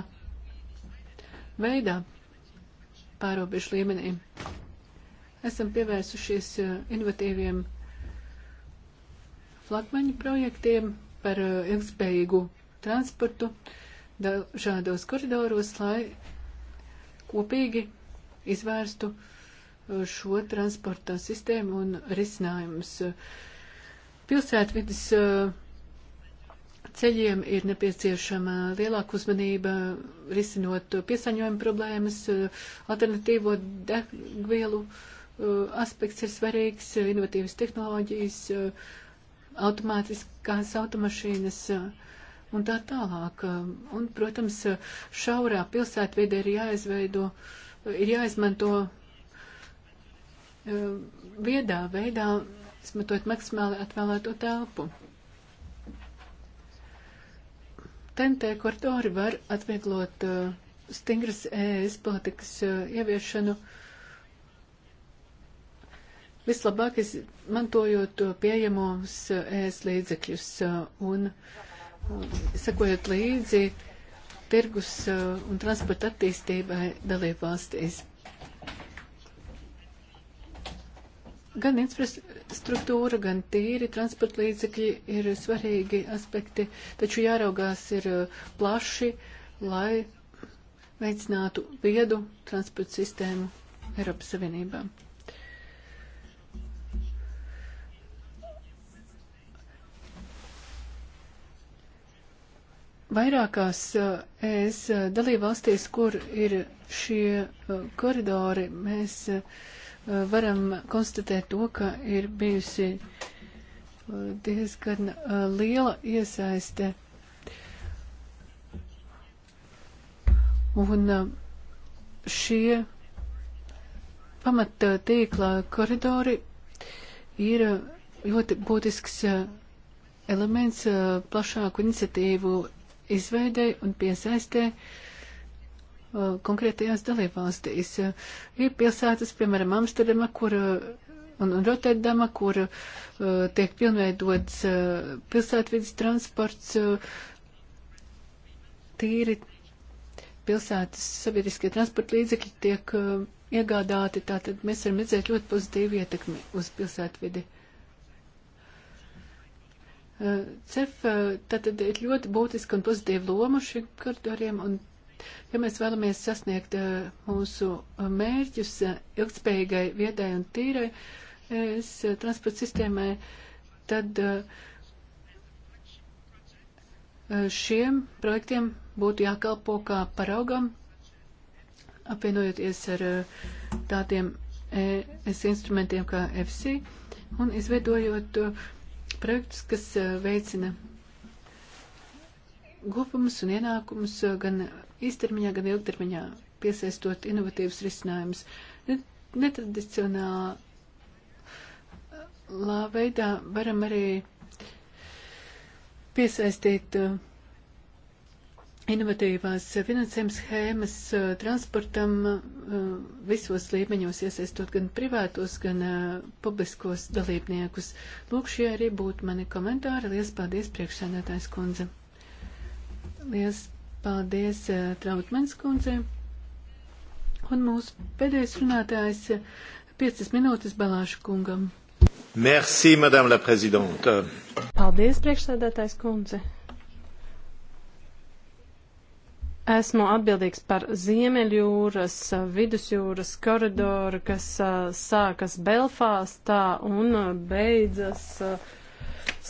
[SPEAKER 2] veidā pārobežu līmenī. Esam pievērsušies eh, inovatīviem flagmaņu projektiem par eh, ilgspējīgu transportu dažādos koridoros, lai kopīgi izvērstu šo transporta sistēmu un risinājumus. Uh, Pilsētvidas eh, ceļiem ir nepieciešama lielāka uzmanība risinot piesaņojuma problēmas, eh, alternatīvo degvielu eh, aspekts ir svarīgs, inovatīvas tehnoloģijas, automātiskās automašīnas un tā tālāk. Un, protams, šaurā pilsētvidē ir jāizveido, ir jāizmanto viedā veidā izmantojot maksimāli atvēlēto telpu. TNT koridori var atvieglot uh, stingras ES politikas uh, ieviešanu vislabāk izmantojot uh, pieejamos uh, ES līdzekļus uh, un uh, sekojot līdzi tirgus uh, un transporta attīstībai dalībvalstīs. valstīs. Gan infrastruktūra, gan tīri transporta līdzekļi ir svarīgi aspekti, taču jāraugās ir uh, plaši, lai veicinātu viedu transporta sistēmu Eiropas Savienībā. Vairākās uh, ES uh, dalībvalstīs, kur ir šie koridori, mēs uh, varam konstatēt to, ka ir bijusi uh, diezgan uh, liela iesaiste. Un uh, šie pamata tīkla koridori ir ļoti būtisks elements plašāku iniciatīvu izveidei un piesaistē uh, Uh, konkrētajās dalībvalstīs. Uh, ir pilsētas, piemēram, Amsterdama, kur uh, un Rotterdama, kur uh, tiek pilnveidots uh, pilsētvidas transports, uh, tīri pilsētas sabiedriskie transporta līdzekļi tiek uh, iegādāti, tātad mēs varam redzēt ļoti pozitīvu ietekmi uz pilsētvidi. Uh, CEF uh, tātad ir ļoti būtiska un pozitīva loma šim koridoriem, un Ja mēs vēlamies sasniegt eh, mūsu eh, mērķus eh, ilgspējīgai viedai un tīrai es, transporta sistēmai, tad šiem projektiem būtu jākalpo kā paraugam, apvienojoties ar tādiem es instrumentiem kā FC un izveidojot projektus, kas veicina guvumus un ienākumus gan īstermiņā, gan ilgtermiņā, piesaistot inovatīvus risinājumus. Netradicionālā veidā varam arī piesaistīt uh, inovatīvās finansējuma schēmas uh, transportam uh, visos līmeņos, iesaistot gan privātos, gan publiskos dalībniekus. Lūk, šie arī būtu mani komentāri. Lielas paldies, priekšsēdētājs kundze. Lielas Paldies eh, Trautmans kundzei. Un mūsu pēdējais runātājs 5 eh, minūtes Balāšu kungam. Merci, Madame la Présidente.
[SPEAKER 3] Paldies, priekšsēdētājs kundze. Esmu atbildīgs par Ziemeļjūras, Vidusjūras koridoru, kas eh, sākas Belfāstā un beidzas uh,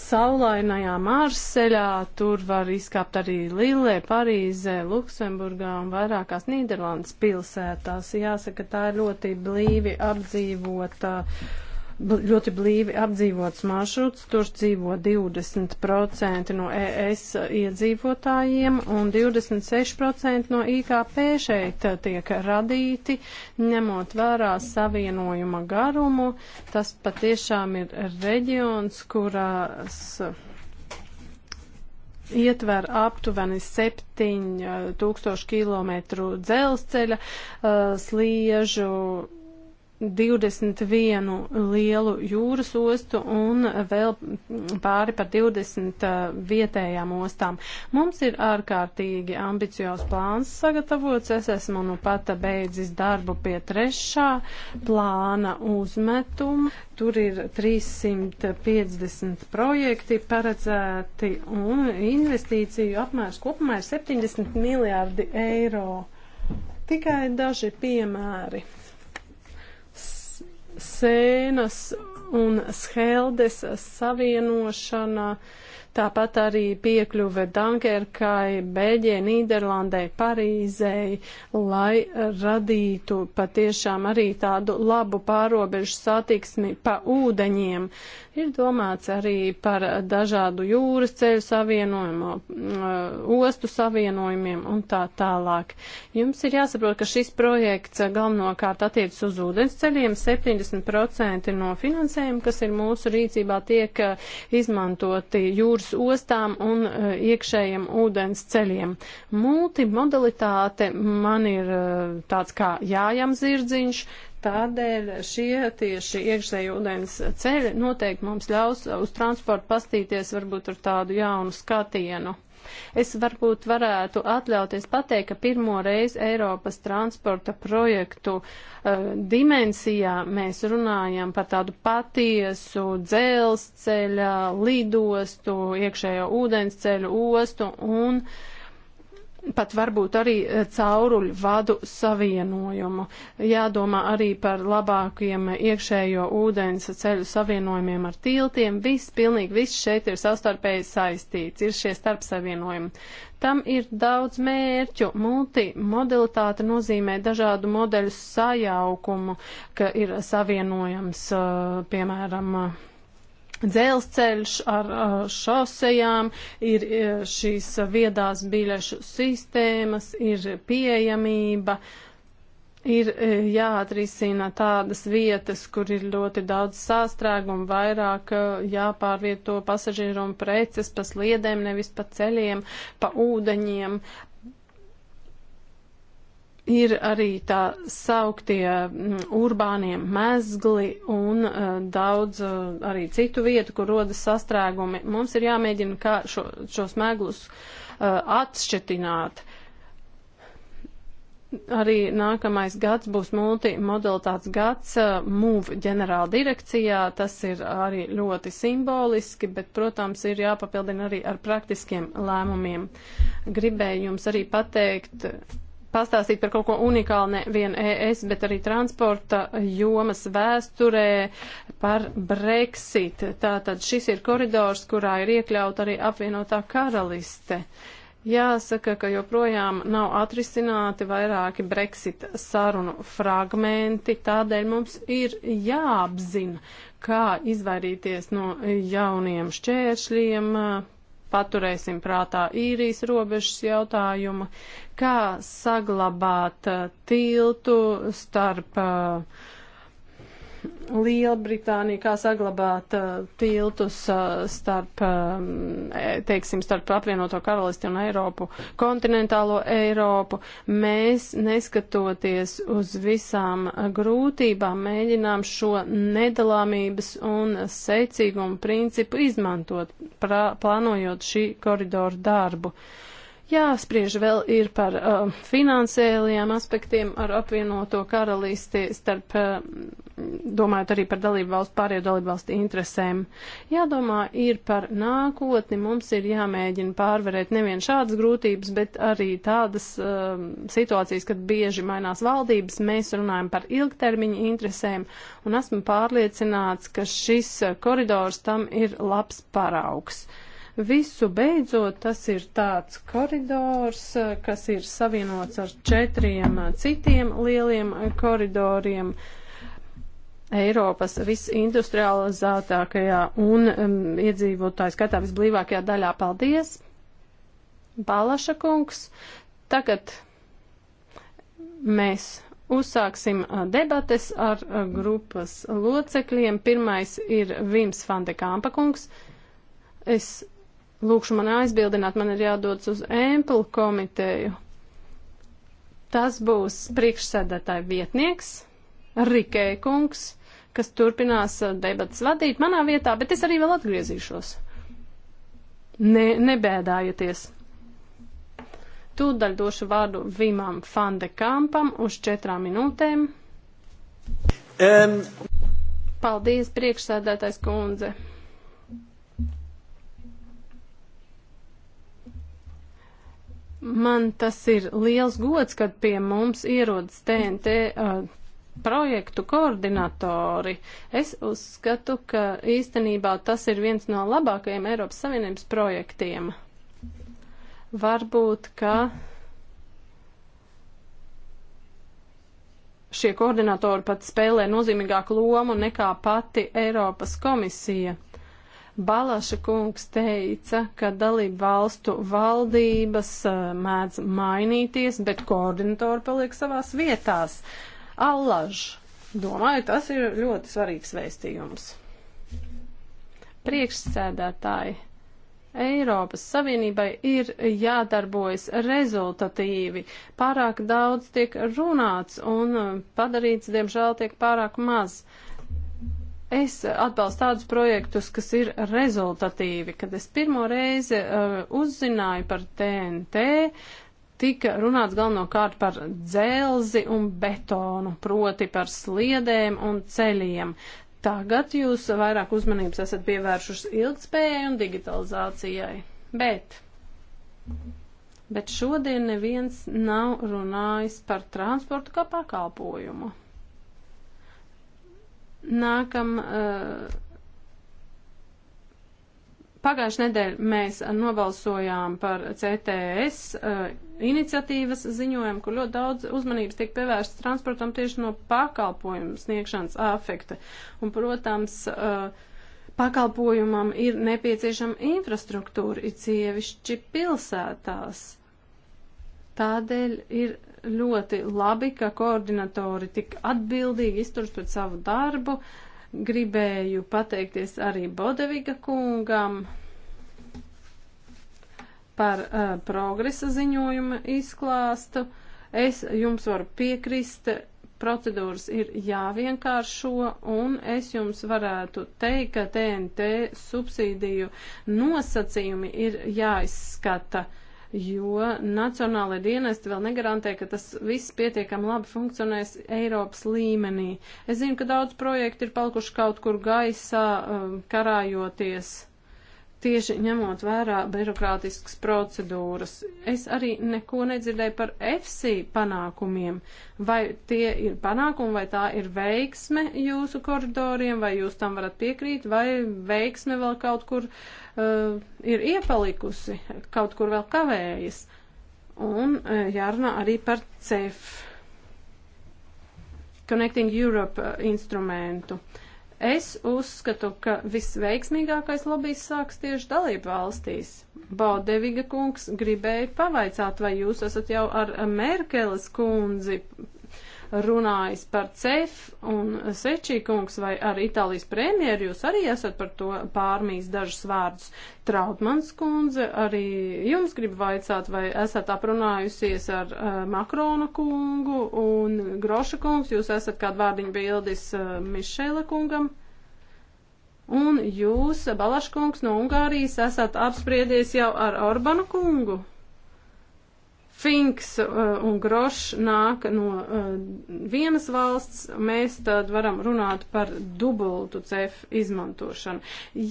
[SPEAKER 3] saulainajā Marseļā, tur var izkāpt arī Lille, Parīzē, Luksemburgā un vairākās Nīderlandes pilsētās. Jāsaka, tā ir ļoti blīvi apdzīvota. Uh, ļoti blīvi apdzīvots maršruts, tur dzīvo 20% no ES iedzīvotājiem un 26% no IKP šeit tiek radīti, ņemot vērā savienojuma garumu. Tas patiešām ir reģions, kurās ietver aptuveni 7000 eh, km dzelzceļa eh, sliežu 21 lielu jūras ostu un vēl pāri par 20 uh, vietējām ostām. Mums ir ārkārtīgi ambiciozs plāns sagatavots. Es esmu nu pat beidzis darbu pie trešā plāna uzmetuma. Tur ir 350 projekti paredzēti un investīciju apmērs kopumā ir 70 miljārdi eiro. Tikai daži piemēri sēnas un sheldes savienošana uh, Tāpat arī piekļuve Dunkerkai, Beļģijai, Nīderlandai, Parīzei, lai radītu patiešām arī tādu labu pārobežu satiksmi pa ūdeņiem. Ir domāts arī par dažādu jūras ceļu savienojumu, mm, ostu savienojumiem un tā tālāk. Jums ir jāsaprot, ka šis projekts galvenokārt attiecas uz ūdensceļiem. 70% no finansējuma, kas ir mūsu rīcībā, tiek izmantoti jūras Eiropas ostām un eh, iekšējiem ūdens ceļiem. Multimodalitāte man ir eh, tāds kā jājam zirdziņš, tādēļ šie tieši iekšēji ūdens ceļi noteikti mums ļaus uz transportu pastīties varbūt ar tādu jaunu skatienu. Es varbūt varētu atļauties pateikt, ka pirmo reizi Eiropas transporta projektu uh, dimensijā mēs runājam par tādu patiesu dzelzceļa, lidostu, iekšējo ūdensceļu ostu un uh, pat varbūt arī eh, cauruļu vadu savienojumu. Jādomā arī par labākiem eh, iekšējo ūdens ceļu savienojumiem ar tiltiem. Viss, pilnīgi viss šeit ir savstarpēji saistīts, ir šie starpsavienojumi. Tam ir daudz mērķu. Multimodalitāte nozīmē dažādu modeļu sajaukumu, ka ir savienojams, eh, piemēram, dzelzceļš ar šosejām, ir e, šīs viedās biļešu sistēmas, ir pieejamība, ir e, jāatrisina tādas vietas, kur ir ļoti daudz sāstrēgumu, vairāk e, jāpārvieto pasažieru un preces pa sliedēm, nevis pa ceļiem, pa ūdeņiem ir arī tā sauktie mm, urbānie mezgli un uh, daudz uh, arī citu vietu, kur rodas sastrēgumi. Mums ir jāmēģina kā šo, šos meglus uh, atšķetināt. Arī nākamais gads būs multimodalitātes gads uh, MUV ģenerāla direkcijā. Tas ir arī ļoti simboliski, bet, protams, ir jāpapildina arī ar praktiskiem lēmumiem. Gribēju jums arī pateikt, uh, pastāstīt par kaut ko unikālu ne vien ES, bet arī transporta jomas vēsturē par Brexit. Tātad šis ir koridors, kurā ir iekļaut arī apvienotā karaliste. Jāsaka, ka joprojām nav atrisināti vairāki Brexit sarunu fragmenti, tādēļ mums ir jāapzina, kā izvairīties no jauniem šķēršļiem, paturēsim prātā īrijas robežas jautājumu, kā saglabāt uh, tiltu starp uh, Lielbritānija, kā saglabāt uh, tiltus uh, starp, um, e, teiksim, starp apvienoto karalisti un Eiropu, kontinentālo Eiropu, mēs, neskatoties uz visām grūtībām, mēģinām šo nedalāmības un secīgumu principu izmantot, prā, plānojot šī koridoru darbu. Uh, Jāspriež vēl ir par uh, finansiālajiem aspektiem ar apvienoto karalisti, starp, uh, domājot arī par dalību valstu, pārējo dalību valstu interesēm. Jādomā ir par nākotni, mums ir jāmēģina pārvarēt nevien šādas grūtības, bet arī tādas uh, situācijas, kad bieži mainās valdības, mēs runājam par ilgtermiņa interesēm, un esmu pārliecināts, ka šis uh, koridors tam ir labs paraugs. Uh, Visu beidzot, tas ir tāds koridors, eh, kas ir savienots ar četriem eh, citiem lieliem eh, koridoriem. Eiropas visindustrializētākajā un um, iedzīvotāju skatā visblīvākajā daļā. Paldies! Balaša kungs, tagad mēs uzsāksim debates ar grupas locekļiem. Pirmais ir Vims Fandekāmpa kungs. Es lūkšu man aizbildināt, man ir jādodas uz ēmplu komiteju. Tas būs priekšsēdētāja vietnieks, Rikē kungs, kas turpinās uh, debatas vadīt manā vietā, bet es arī vēl atgriezīšos. Ne, nebēdājieties! Tūdaļ došu vārdu Vimam Fandekampam uz četrām minūtēm. Um. Paldies, priekšsēdētājs kundze! Man tas ir liels gods, kad pie mums ierodas TNT uh, projektu koordinatori. Es uzskatu, ka īstenībā tas ir viens no labākajiem Eiropas Savienības projektiem. Varbūt, ka šie koordinatori pat spēlē nozīmīgāku lomu nekā pati Eiropas komisija. Balaša kungs teica, ka dalību valstu valdības eh, mēdz mainīties, bet koordinatori paliek savās vietās. Allaž! Domāju, tas ir ļoti svarīgs vēstījums. Priekšsēdētāji, Eiropas Savienībai ir jādarbojas rezultatīvi. Pārāk daudz tiek runāts un eh, padarīts, diemžēl, tiek pārāk maz. Uh, Es atbalstu tādus projektus, kas ir rezultatīvi. Kad es pirmo reizi uh, uzzināju par TNT, tika runāts galvenokārt par dzelzi un betonu, proti par sliedēm un ceļiem. Tagad jūs vairāk uzmanības esat pievēršuši ilgspējai un digitalizācijai. Bet, bet šodien neviens nav runājis par transportu kā pakalpojumu. Nākam. Uh, Pagājušajā nedēļā mēs nobalsojām par CTS uh, eh, iniciatīvas ziņojumu, kur ļoti daudz uzmanības tiek pievērsts transportam tieši no pakalpojumu sniegšanas afekta. Un, protams, uh, pakalpojumam ir nepieciešama infrastruktūra, it sievišķi pilsētās. Tādēļ ir ļoti labi, ka koordinatori tik atbildīgi izturst pret savu darbu. Gribēju pateikties arī Bodeviga kungam par uh, progresa ziņojuma izklāstu. Es jums varu piekrist, procedūras ir jāvienkāršo, un es jums varētu teikt, ka TNT subsīdiju nosacījumi ir jāizskata. Uh, jo nacionālai dienesti vēl negarantē, ka tas viss pietiekami labi funkcionēs Eiropas līmenī. Es zinu, ka daudz projektu ir palikuši kaut kur gaisā, um, karājoties tieši ņemot vērā birokrātiskas procedūras. Es arī neko nedzirdēju par EFSI panākumiem. Vai tie ir panākumi, vai tā ir veiksme jūsu koridoriem, vai jūs tam varat piekrīt, vai veiksme vēl kaut kur uh, ir iepalikusi, kaut kur vēl kavējas. Un uh, jārunā arī par CEF, Connecting Europe uh, instrumentu. Uh, Es uzskatu, ka visveiksmīgākais lobijs sāks tieši dalību valstīs. Baudeviga kungs gribēja pavaicāt, vai jūs esat jau ar Merkeles kundzi runājis par CEF un Sečī kungs vai ar Itālijas premjeru, jūs arī esat par to pārmīs dažus vārdus. Trautmans kundze, arī jums gribu vaicāt, vai esat aprunājusies ar uh, Makrona kungu un Groša kungs, jūs esat kādu vārdiņu bildis uh, Mišela kungam. Un jūs, Balaškungs no Ungārijas, esat apspriedies jau ar Orbanu kungu? Finks uh, un Grošs nāk no uh, vienas valsts, mēs tad varam runāt par dubultu cef izmantošanu.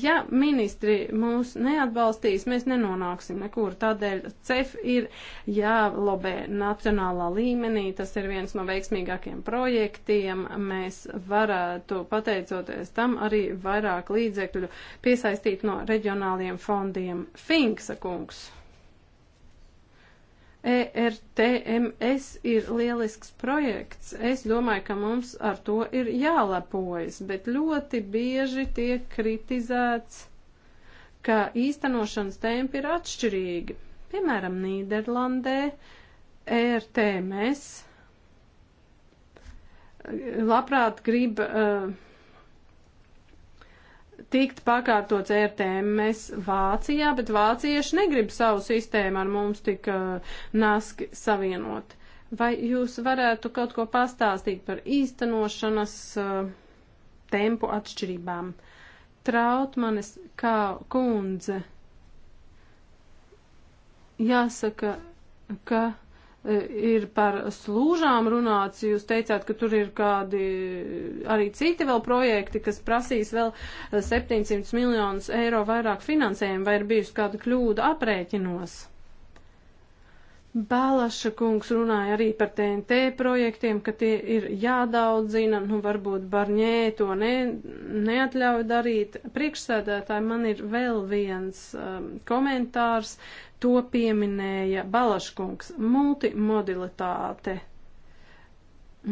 [SPEAKER 3] Ja ministri mūs neatbalstīs, mēs nenonāksim nekur. Tādēļ cef ir jālobē nacionālā līmenī, tas ir viens no veiksmīgākiem projektiem. Mēs varētu, pateicoties tam, arī vairāk līdzekļu piesaistīt no reģionāliem fondiem. Finksa kungs. ERTMS ir lielisks projekts. Es domāju, ka mums ar to ir jālepojas, bet ļoti bieži tiek kritizēts, ka īstenošanas tempi ir atšķirīgi. Piemēram, Nīderlandē ERTMS labprāt grib uh, tikt pakārtots RTMS Vācijā, bet vācieši negrib savu sistēmu ar mums tik uh, naski savienot. Vai jūs varētu kaut ko pastāstīt par īstenošanas uh, tempu atšķirībām? Trautmanes kā kundze jāsaka, ka ir par slūžām runāts. Jūs teicāt, ka tur ir kādi arī citi vēl projekti, kas prasīs vēl 700 eh, miljonus eiro vairāk finansējumu, vai ir bijusi kāda kļūda aprēķinos? Bālaša kungs runāja arī par TNT projektiem, ka tie ir jādaudzina, nu varbūt Barņē to ne, neatļauj darīt. Priekšsēdētāji man ir vēl viens um, komentārs. Uh, To pieminēja Balaškungs - multimodalitāte.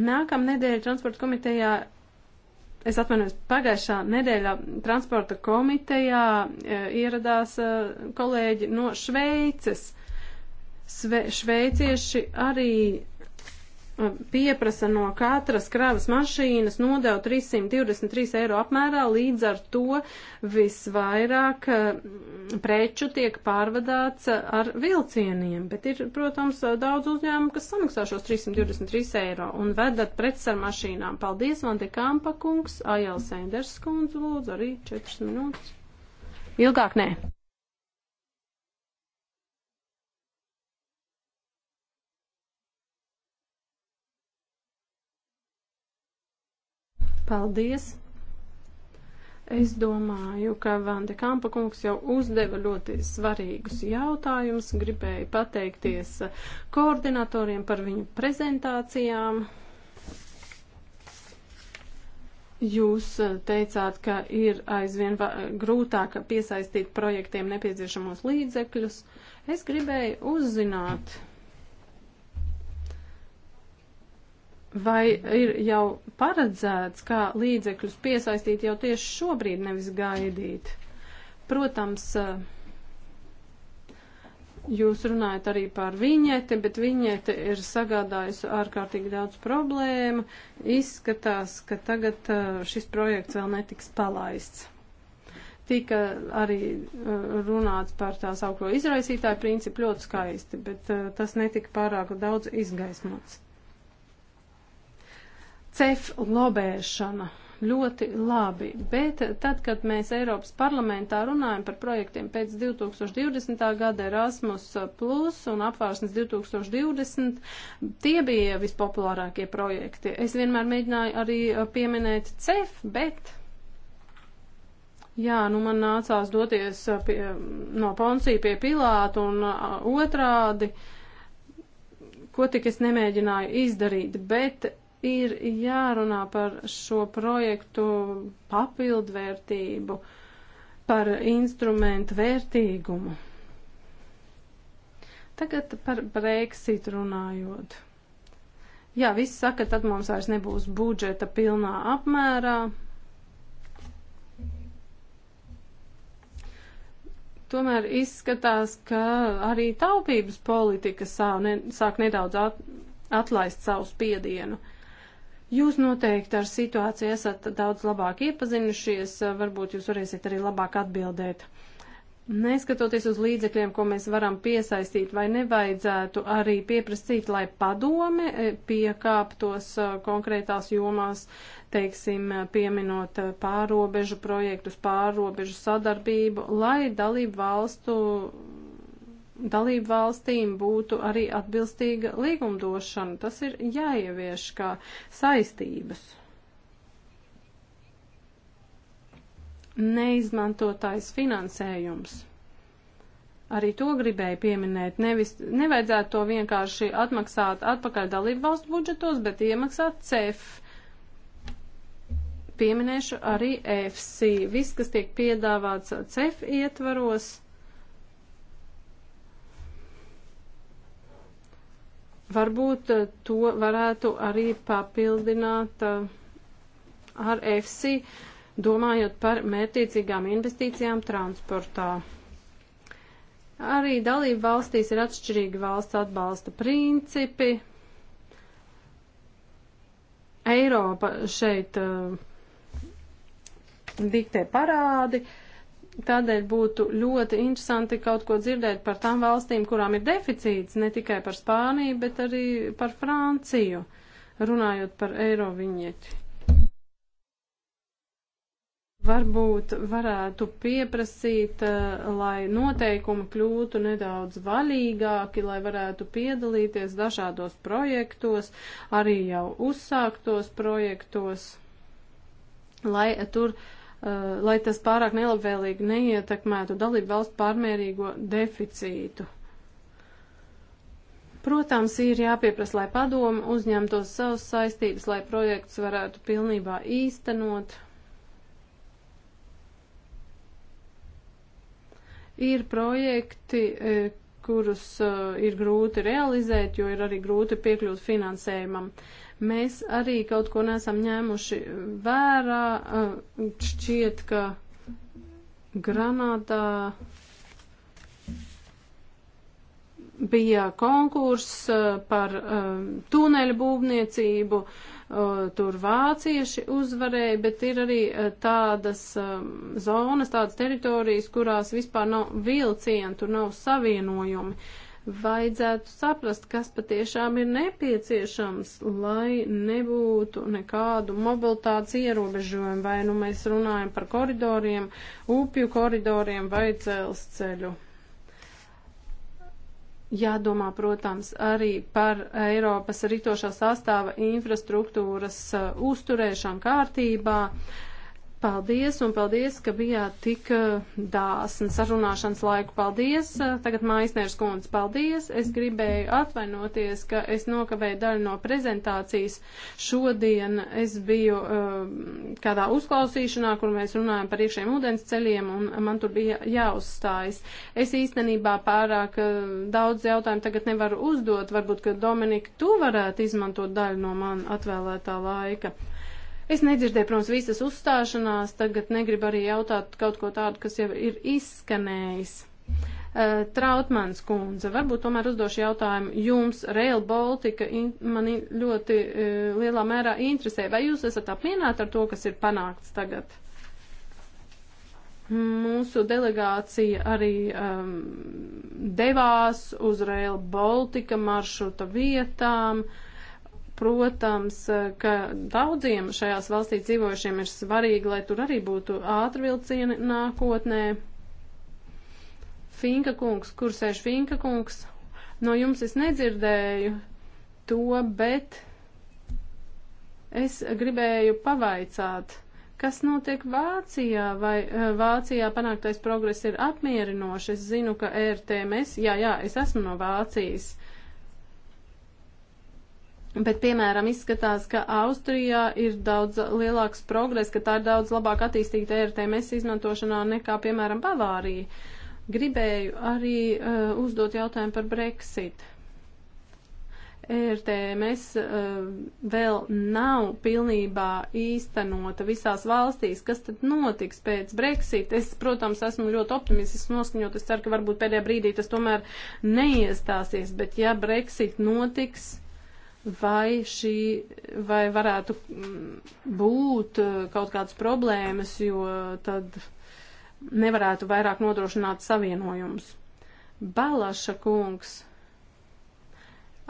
[SPEAKER 3] Nākamnedēļ transporta komitejā es atvainojos, pagājušā nedēļā transporta komitejā e, ieradās e, kolēģi no Šveices. Sve, šveicieši arī pieprasa no katras kravas mašīnas nodevu 323 eiro apmērā, līdz ar to visvairāk eh, preču tiek pārvadāts eh, ar vilcieniem, bet ir, protams, eh, daudz uzņēmumu, kas samaksā šos 323 eiro un vedat preces ar mašīnām. Paldies, Vante Kampa kungs, Ajāls Senders kundze, lūdzu, arī 4 minūtes. Ilgāk nē. Paldies! Es domāju, ka Vande Kampa kungs jau uzdeva ļoti svarīgus jautājumus. Gribēju pateikties koordinatoriem par viņu prezentācijām. Jūs teicāt, ka ir aizvien grūtāk piesaistīt projektiem nepieciešamos līdzekļus. Es gribēju uzzināt. Mm Vai ir jau paredzēts, kā līdzekļus piesaistīt jau tieši šobrīd, nevis gaidīt? Protams, eh, jūs runājat arī par viņieti, bet viņieti ir sagādājusi ārkārtīgi daudz problēmu. Izskatās, ka tagad eh, šis projekts vēl netiks palaists. Tika arī eh, runāts par tā saucamo izraisītāju principu ļoti skaisti, bet tas netika pārāk daudz izgaismots cef lobēšana ļoti labi, bet tad, kad mēs Eiropas parlamentā runājam par projektiem pēc 2020. gada Erasmus Plus un apvārsnes 2020, tie bija vispopulārākie projekti. Es vienmēr mēģināju arī eh, pieminēt CEF, bet. Jā, nu man nācās doties eh, pie, no Poncija pie Pilāta un eh, otrādi, ko tik es nemēģināju izdarīt, bet ir jārunā par šo projektu papildvērtību, par instrumentu vērtīgumu. Tagad par Brexit runājot. Jā, viss saka, tad mums vairs nebūs budžeta pilnā apmērā. Tomēr izskatās, ka arī taupības politika sāv, ne, sāk nedaudz at, atlaist savu spiedienu. Uh, Jūs noteikti ar situāciju esat daudz labāk iepazinušies, varbūt jūs varēsiet arī labāk atbildēt. Neskatoties uz līdzekļiem, ko mēs varam piesaistīt, vai nevajadzētu arī pieprasīt, lai padome eh, piekāptos eh, konkrētās jomās, teiksim, eh, pieminot pārobežu projektus, pārobežu sadarbību, lai dalību valstu dalību valstīm būtu arī atbilstīga līgumdošana. Tas ir jāievieš kā saistības. Neizmantotājs finansējums. Arī to gribēju pieminēt. Nevis, nevajadzētu to vienkārši atmaksāt atpakaļ dalību valstu budžetos, bet iemaksāt CEF. Pieminēšu arī FC. Viss, kas tiek piedāvāts CEF ietvaros Varbūt eh, to varētu arī papildināt eh, ar EFSI, domājot par mērķiecīgām investīcijām transportā. Arī dalību valstīs ir atšķirīgi valsts atbalsta principi. Eiropa šeit uh, diktē parādi, uh, Tādēļ būtu ļoti interesanti kaut ko dzirdēt par tām valstīm, kurām ir deficīts, ne tikai par Spāniju, bet arī par Franciju, runājot par eiro viņieķi. Varbūt varētu pieprasīt, eh, lai noteikumi kļūtu nedaudz vaļīgāki, lai varētu piedalīties dažādos projektos, arī jau uzsāktos projektos, lai tur uh, Uh, lai tas pārāk nelabvēlīgi neietekmētu dalību valstu pārmērīgo deficītu. Protams, ir jāpieprasa, lai padomu uzņemtos savas saistības, lai projekts varētu pilnībā īstenot. Ir projekti, e, kurus e, ir grūti realizēt, jo ir arī grūti piekļūt finansējumam. Uh, Mēs arī kaut ko nesam ņēmuši vērā. Eh, šķiet, ka Granādā bija konkurss eh, par eh, tuneļu būvniecību, tur vācieši uzvarēja, bet ir arī tādas zonas, tādas teritorijas, kurās vispār nav vilcienu, tur nav savienojumi vajadzētu saprast, kas patiešām ir nepieciešams, lai nebūtu nekādu mobilitātes ierobežojumu, vai nu mēs runājam par koridoriem, upju koridoriem vai dzelzceļu. Jādomā, protams, arī par Eiropas ritošā sastāva infrastruktūras uh, uzturēšanu kārtībā. Uh, Paldies, un paldies, ka bijāt tik dāsni sarunāšanas laiku. Paldies, tagad Maisnieks kundze, paldies. Es gribēju atvainoties, ka es nokavēju daļu no prezentācijas. Šodien es biju uh, kādā uzklausīšanā, kur mēs runājam par iekšējiem ūdens ceļiem, un man tur bija jāuzstājas. Es īstenībā pārāk uh, daudz jautājumu tagad nevaru uzdot. Varbūt, ka Dominika, tu varētu izmantot daļu no man atvēlētā laika. Es nedzirdēju, protams, visas uzstāšanās, tagad negribu arī jautāt kaut ko tādu, kas jau ir izskanējis. Eh, Trautmans kundze, varbūt tomēr uzdošu jautājumu jums, Rail Baltica mani ļoti eh, lielā mērā interesē. Vai jūs esat apmierināti ar to, kas ir panākts tagad? Mūsu delegācija arī um, devās uz Rail Baltica maršruta vietām. Uh, Protams, eh, ka daudziem šajās valstīs dzīvojušiem ir svarīgi, lai tur arī būtu ātri vilcieni nākotnē. Finka kungs, kur sēž Finka kungs? No jums es nedzirdēju to, bet es gribēju pavaicāt, kas notiek Vācijā, vai eh, Vācijā panāktais progress ir apmierinošs. Es zinu, ka RTMS, jā, jā, es esmu no Vācijas. Uh, Bet, piemēram, izskatās, ka Austrijā ir daudz lielāks progress, ka tā ir daudz labāk attīstīta ERTMS izmantošanā nekā, piemēram, Bavārija. Gribēju arī uh, uzdot jautājumu par Brexit. ERTMS uh, vēl nav pilnībā īstenota visās valstīs. Kas tad notiks pēc Brexit? Es, protams, esmu ļoti optimistisks noskaņot. Es ceru, ka varbūt pēdējā brīdī tas tomēr neiestāsies, bet ja Brexit notiks, vai šī, vai varētu mm, būt uh, kaut kādas problēmas, jo tad nevarētu vairāk nodrošināt savienojumus. Balaša kungs,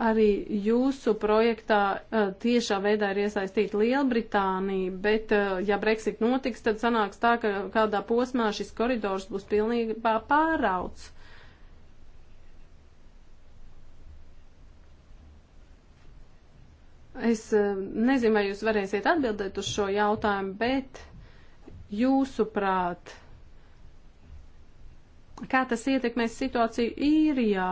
[SPEAKER 3] arī jūsu projektā uh, tiešā veidā ir iesaistīta Lielbritānija, bet uh, ja Brexit notiks, tad sanāks tā, ka kādā posmā šis koridors būs pilnībā pārauts. Es e, nezinu, vai jūs varēsiet atbildēt uz šo jautājumu, bet jūsuprāt, kā tas ietekmēs situāciju īrijā?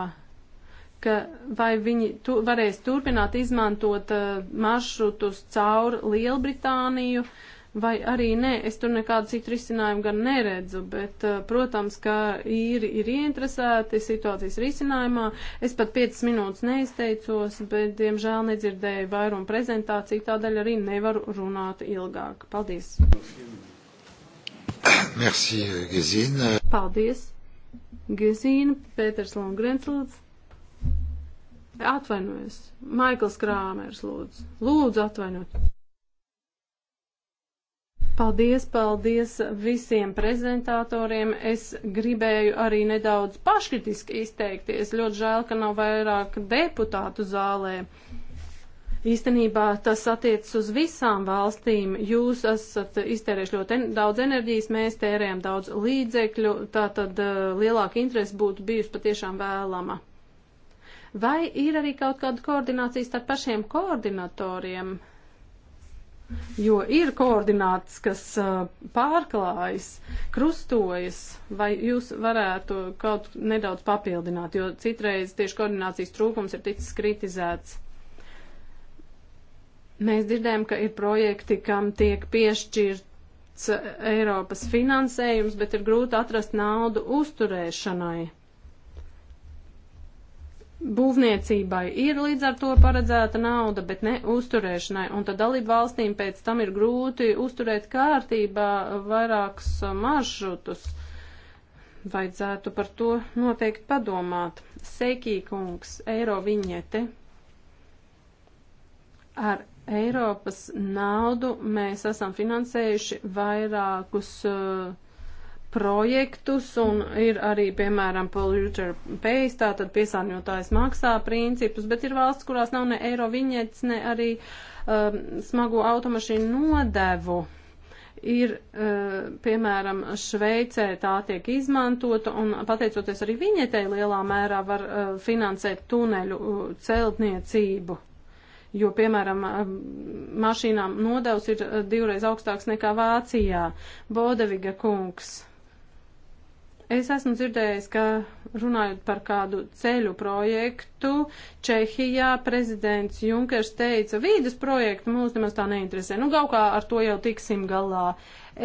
[SPEAKER 3] ka vai viņi tu, varēs turpināt izmantot uh, maršrutus caur Lielbritāniju, uh, vai arī nē. Es tur nekādu citu risinājumu gan neredzu, bet, eh, protams, ka īri ir ieinteresēti situācijas risinājumā. Es pat 5 minūtes neizteicos, bet, diemžēl, nedzirdēju vairumu prezentāciju, tādēļ arī nevaru runāt ilgāk. Paldies! Merci, Gezina. Paldies, Gezina, Pēters Longrens, lūdzu. Atvainojos. Maikls Krāmers, lūdzu. Lūdzu, atvainojiet. Paldies, paldies visiem prezentatoriem. Es gribēju arī nedaudz paškritiski izteikties. Ļoti žēl, ka nav vairāk deputātu zālē. Īstenībā tas attiecas uz visām valstīm. Jūs esat iztērējuši ļoti en daudz enerģijas, mēs tērējam daudz līdzekļu, tā tad uh, eh, lielāka interese būtu bijusi patiešām vēlama. Vai ir arī kaut kāda koordinācija starp pašiem koordinatoriem? Uh, jo ir koordinātas, kas uh, pārklājas, krustojas, vai jūs varētu kaut nedaudz papildināt, jo citreiz tieši koordinācijas trūkums ir ticis kritizēts. Mēs dzirdējam, ka ir projekti, kam tiek piešķirts Eiropas finansējums, bet ir grūti atrast naudu uzturēšanai. Būvniecībai ir līdz ar to paredzēta nauda, bet ne uzturēšanai, un tad dalību valstīm pēc tam ir grūti uzturēt kārtībā vairākus maršrutus. Vajadzētu par to noteikti padomāt. Seikīkungs, eiro viņete. Ar Eiropas naudu mēs esam finansējuši vairākus uh, projektus un ir arī, piemēram, polluter pays, tātad piesārņotājs maksā principus, bet ir valsts, kurās nav ne eiro viņets, ne arī um, smagu automašīnu nodevu. Ir, um, piemēram, Šveicē tā tiek izmantota un pateicoties arī viņetei lielā mērā var uh, finansēt tuneļu uh, celtniecību jo, piemēram, um, mašīnām nodevs ir uh, divreiz augstāks nekā Vācijā. Bodeviga kungs. Es esmu dzirdējis, ka runājot par kādu ceļu projektu, Čehijā prezidents Junkers teica, vīdes projektu mūs nemaz tā neinteresē. Nu, gaukā ar to jau tiksim galā.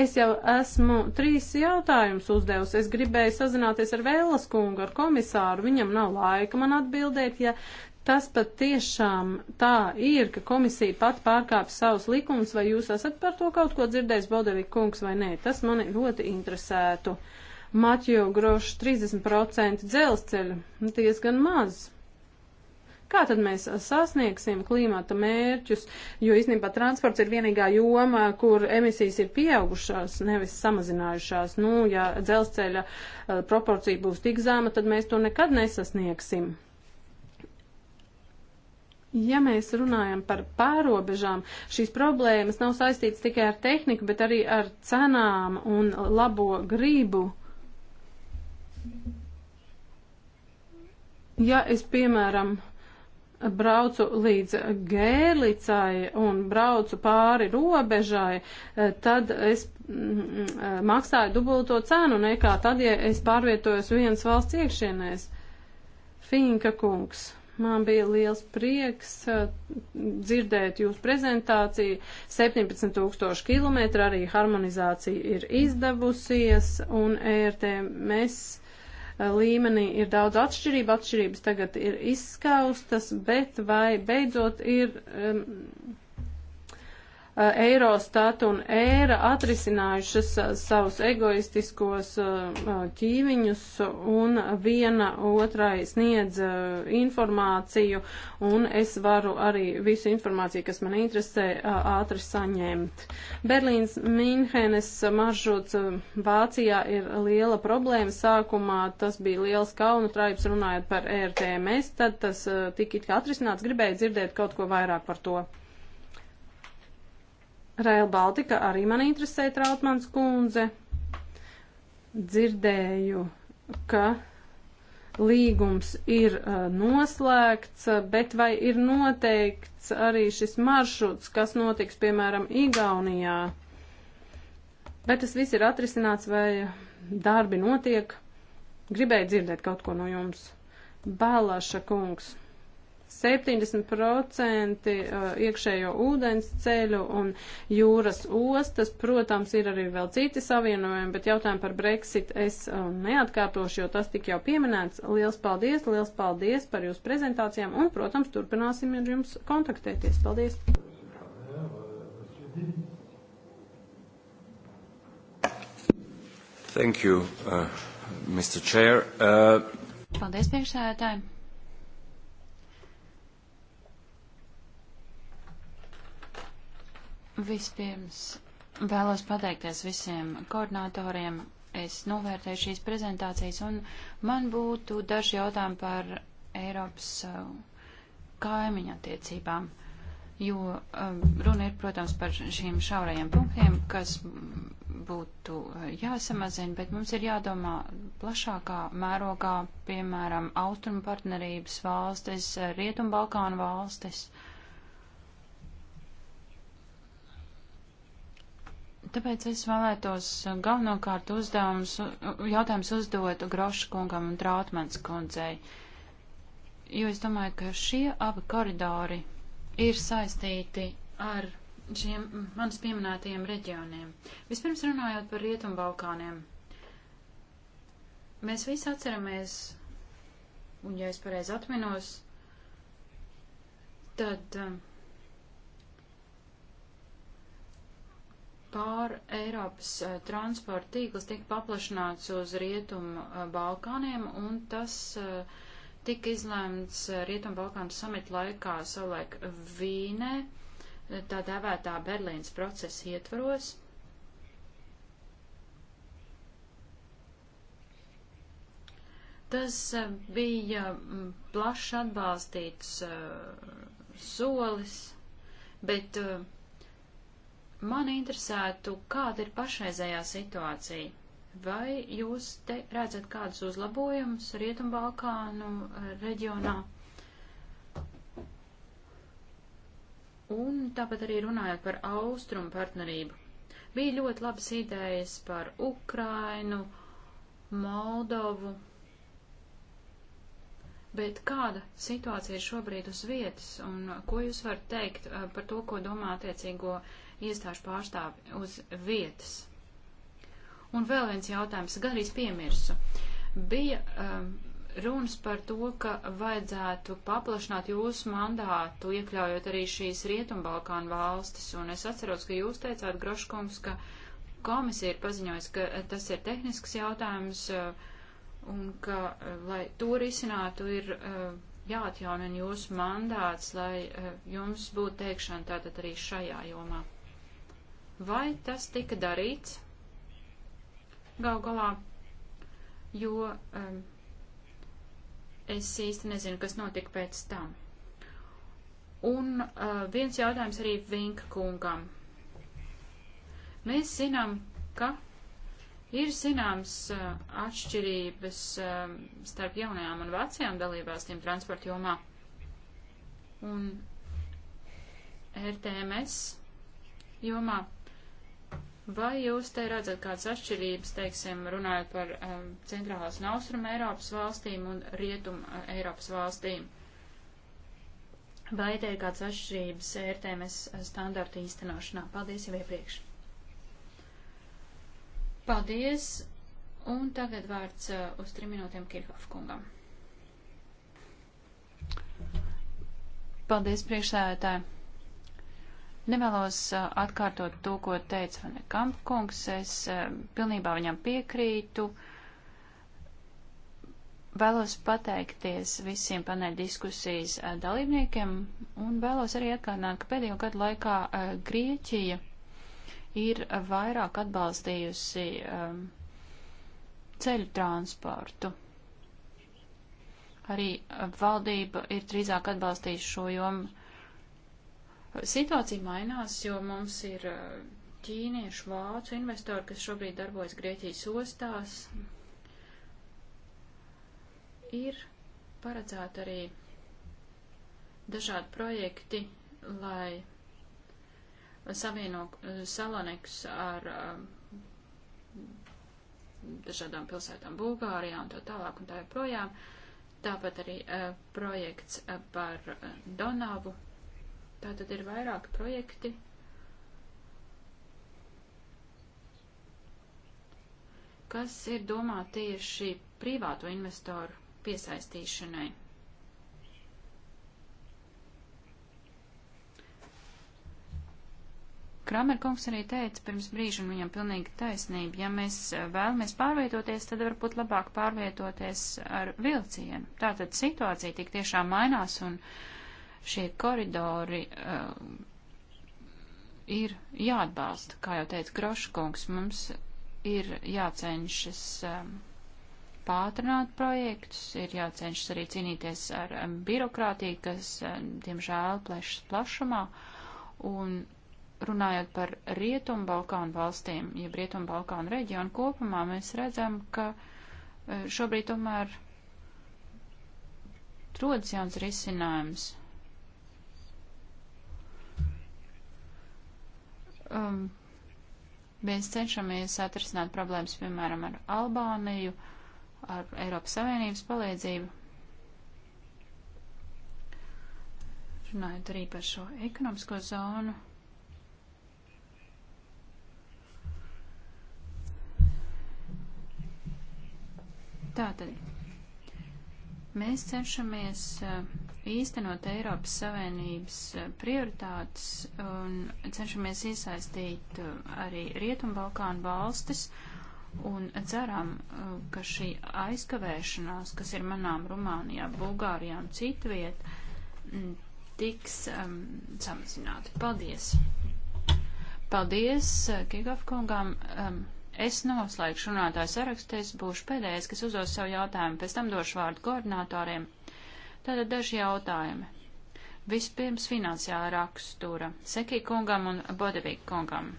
[SPEAKER 3] Es jau esmu trīs jautājumus uzdevusi. Es gribēju sazināties ar Vēlas kungu, ar komisāru. Viņam nav laika man atbildēt, ja tas pat tiešām tā ir, ka komisija pat pārkāp savus likumus, vai jūs esat par to kaut ko dzirdējis, Bodevik kungs, vai nē. Tas mani ļoti interesētu. Uh, Matjo grošs 30% dzelzceļa, diezgan nu, maz. Kā tad mēs sasniegsim klimata mērķus, jo īstenībā transports ir vienīgā joma, kur emisijas ir pieaugušās, nevis samazinājušās. Nu, ja dzelzceļa uh, proporcija būs tik zēma, tad mēs to nekad nesasniegsim. Ja mēs runājam par pārobežām, šīs problēmas nav saistītas tikai ar tehniku, bet arī ar cenām un labo grību. Ja es, piemēram, braucu līdz Gērlicai un braucu pāri robežai, eh, tad es mm, mm, maksāju dubulto cenu nekā tad, ja es pārvietojos vienas valsts iekšienēs. Finka kungs. Man bija liels prieks eh, dzirdēt jūsu prezentāciju. 17 tūkstoši kilometri arī harmonizācija ir izdevusies un ERTMS līmenī ir daudz atšķirība, atšķirības tagad ir izskaustas, bet vai beidzot ir um, Eirostat eh, un Eira atrisinājušas eh, savus egoistiskos eh, ķīviņus un viena otrai sniedz informāciju, un es varu arī visu informāciju, kas man interesē, ātri saņemt. Berlīns Minhenes maršruts Vācijā ir liela problēma. Sākumā tas bija liels kaunu traips runājot par RTMS, tad tas tika it kā atrisināts, gribēju dzirdēt kaut ko vairāk par to. Rail Baltica arī man interesē Trautmans kundze. Dzirdēju, ka līgums ir uh, noslēgts, bet vai ir noteikts arī šis maršruts, kas notiks, piemēram, Igaunijā? Bet tas viss ir atrisināts vai darbi notiek? Gribēju dzirdēt kaut ko no jums. Bālāša kungs. 70% uh, iekšējo ūdens ceļu un jūras ostas. Protams, ir arī vēl citi savienojumi, bet jautājumu par Brexit es uh, neatkārtošu, jo tas tik jau pieminēts. Liels paldies, liels paldies par jūsu prezentācijām un, protams, turpināsim ar jums kontaktēties. Paldies! Thank you, uh, Mr. Chair. Uh...
[SPEAKER 1] Paldies, priekšsēdētāji. Vispirms vēlos pateikties visiem koordinatoriem. Es novērtēju šīs prezentācijas un man būtu daži jautājumi par Eiropas uh, kaimiņa attiecībām, jo um, runa ir, protams, par šīm šaurajiem punktiem, kas būtu uh, jāsamazina, bet mums ir jādomā plašākā mērogā, piemēram, austrumu partnerības valstis, rietumbalkānu valstis. Uh, Tāpēc es vēlētos galvenokārt uzdevums, jautājums uzdot Groša kungam un Trautmans kundzei, jo es domāju, ka šie abi koridori ir saistīti ar šiem manis pieminētajiem reģioniem. Vispirms runājot par Rietumu Balkāniem. Mēs visi atceramies, un ja es pareizi atminos, tad. Um, pār Eiropas eh, transporta tīkls tika paplašināts uz Rietumu eh, Balkāniem, un tas eh, tika izlēmts Rietumu Balkānu samita laikā savulaik Vīnē, tā dēvētā Berlīnas procesa ietvaros. Tas bija mm, plašs atbalstīts solis, bet uh, Man interesētu, kāda ir pašreizējā situācija. Vai jūs te redzat kādus uzlabojumus Rietumbalkānu reģionā? Un tāpat arī runājot par austrumu partnerību. Bija ļoti labas idejas par Ukrainu, Moldovu, bet kāda situācija ir šobrīd uz vietas un ko jūs varat teikt eh, par to, ko domā attiecīgo uh, iestāžu pārstāvi uz vietas. Un vēl viens jautājums, gan arī piemirsu. Bija um, runas par to, ka vajadzētu paplašināt jūsu mandātu, iekļaujot arī šīs Rietumbalkānu valstis, un es atceros, ka jūs teicāt, Groškungs, ka komisija ir paziņojusi, ka eh, tas ir tehnisks jautājums, eh, un ka, eh, lai to risinātu, ir jāatjaunina jūsu mandāts, lai jums būtu teikšana tātad arī šajā jomā. Vai tas tika darīts gal galā? Jo um, es īsti nezinu, kas notika pēc tam. Un uh, viens jautājums arī Vinka kungam. Mēs zinām, ka ir zināms uh, atšķirības uh, starp jaunajām un vecajām dalībvalstīm transporta jomā. Un RTMS jomā Vai jūs te redzat kādas atšķirības, teiksim, runājot par um, centrālās un austrum Eiropas valstīm un rietum uh, Eiropas valstīm? Vai te ir kādas atšķirības RTMS uh, standarta īstenošanā? Paldies jau iepriekš. Paldies. Un tagad vārds uh, uz trim minūtēm Kirchhoff kungam. Paldies priekšsēdētāji. Nevēlos atkārtot to, ko teica Vane Kampkungs. Es pilnībā viņam piekrītu. Vēlos pateikties visiem paneļa diskusijas dalībniekiem un vēlos arī atkārtināt, ka pēdējo gadu laikā Grieķija ir vairāk atbalstījusi ceļu transportu. Arī valdība ir drīzāk atbalstījusi šo jomu Situācija mainās, jo mums ir uh, ķīniešu, vācu investori, kas šobrīd darbojas Grieķijas ostās. Ir paredzēta arī dažādi projekti, lai savieno uh, Salonikus ar uh, dažādām pilsētām Bulgārijā un tā tālāk un tā joprojām. Tāpat arī projekts par Donavu Tā tad ir vairāki projekti. kas ir domāti tieši privāto investoru piesaistīšanai. Kramerkungs arī teica pirms brīža, un viņam pilnīgi taisnība, ja mēs eh, vēlamies pārvietoties, tad varbūt labāk pārvietoties ar vilcienu. Tātad situācija tik tiešām mainās, un uh, Šie koridori uh, ir jāatbalsta, kā jau teica Groškungs, mums ir jācenšas um, pātrināt projektus, ir jācenšas arī cīnīties ar um, birokrātiju, kas, um, diemžēl, plešas plašumā. Un runājot par Rietumu Balkānu valstīm, jeb ja Rietumu Balkānu reģionu kopumā, mēs redzam, ka šobrīd tomēr rodas jauns risinājums. um, mēs cenšamies atrisināt problēmas, piemēram, ar Albāniju, ar Eiropas Savienības palīdzību. Runājot arī par šo ekonomisko zonu. Tātad mēs cenšamies uh, īstenot Eiropas Savienības eh, prioritātes un cenšamies iesaistīt eh, arī Rietumbalkānu valstis un ceram, eh, ka šī aizkavēšanās, kas ir manām Rumānijā, Bulgārijā un citviet, mm, tiks um, samazināta. Paldies! Paldies Kigafkungam! Um, ehm, es noslēgšu runātāju sarakstēs, būšu pēdējais, kas uzdos savu jautājumu, pēc tam došu vārdu koordinātoriem Tad daži jautājumi. Vispirms finansiāla rakstura Sekī kungam un Bodevīk kungam.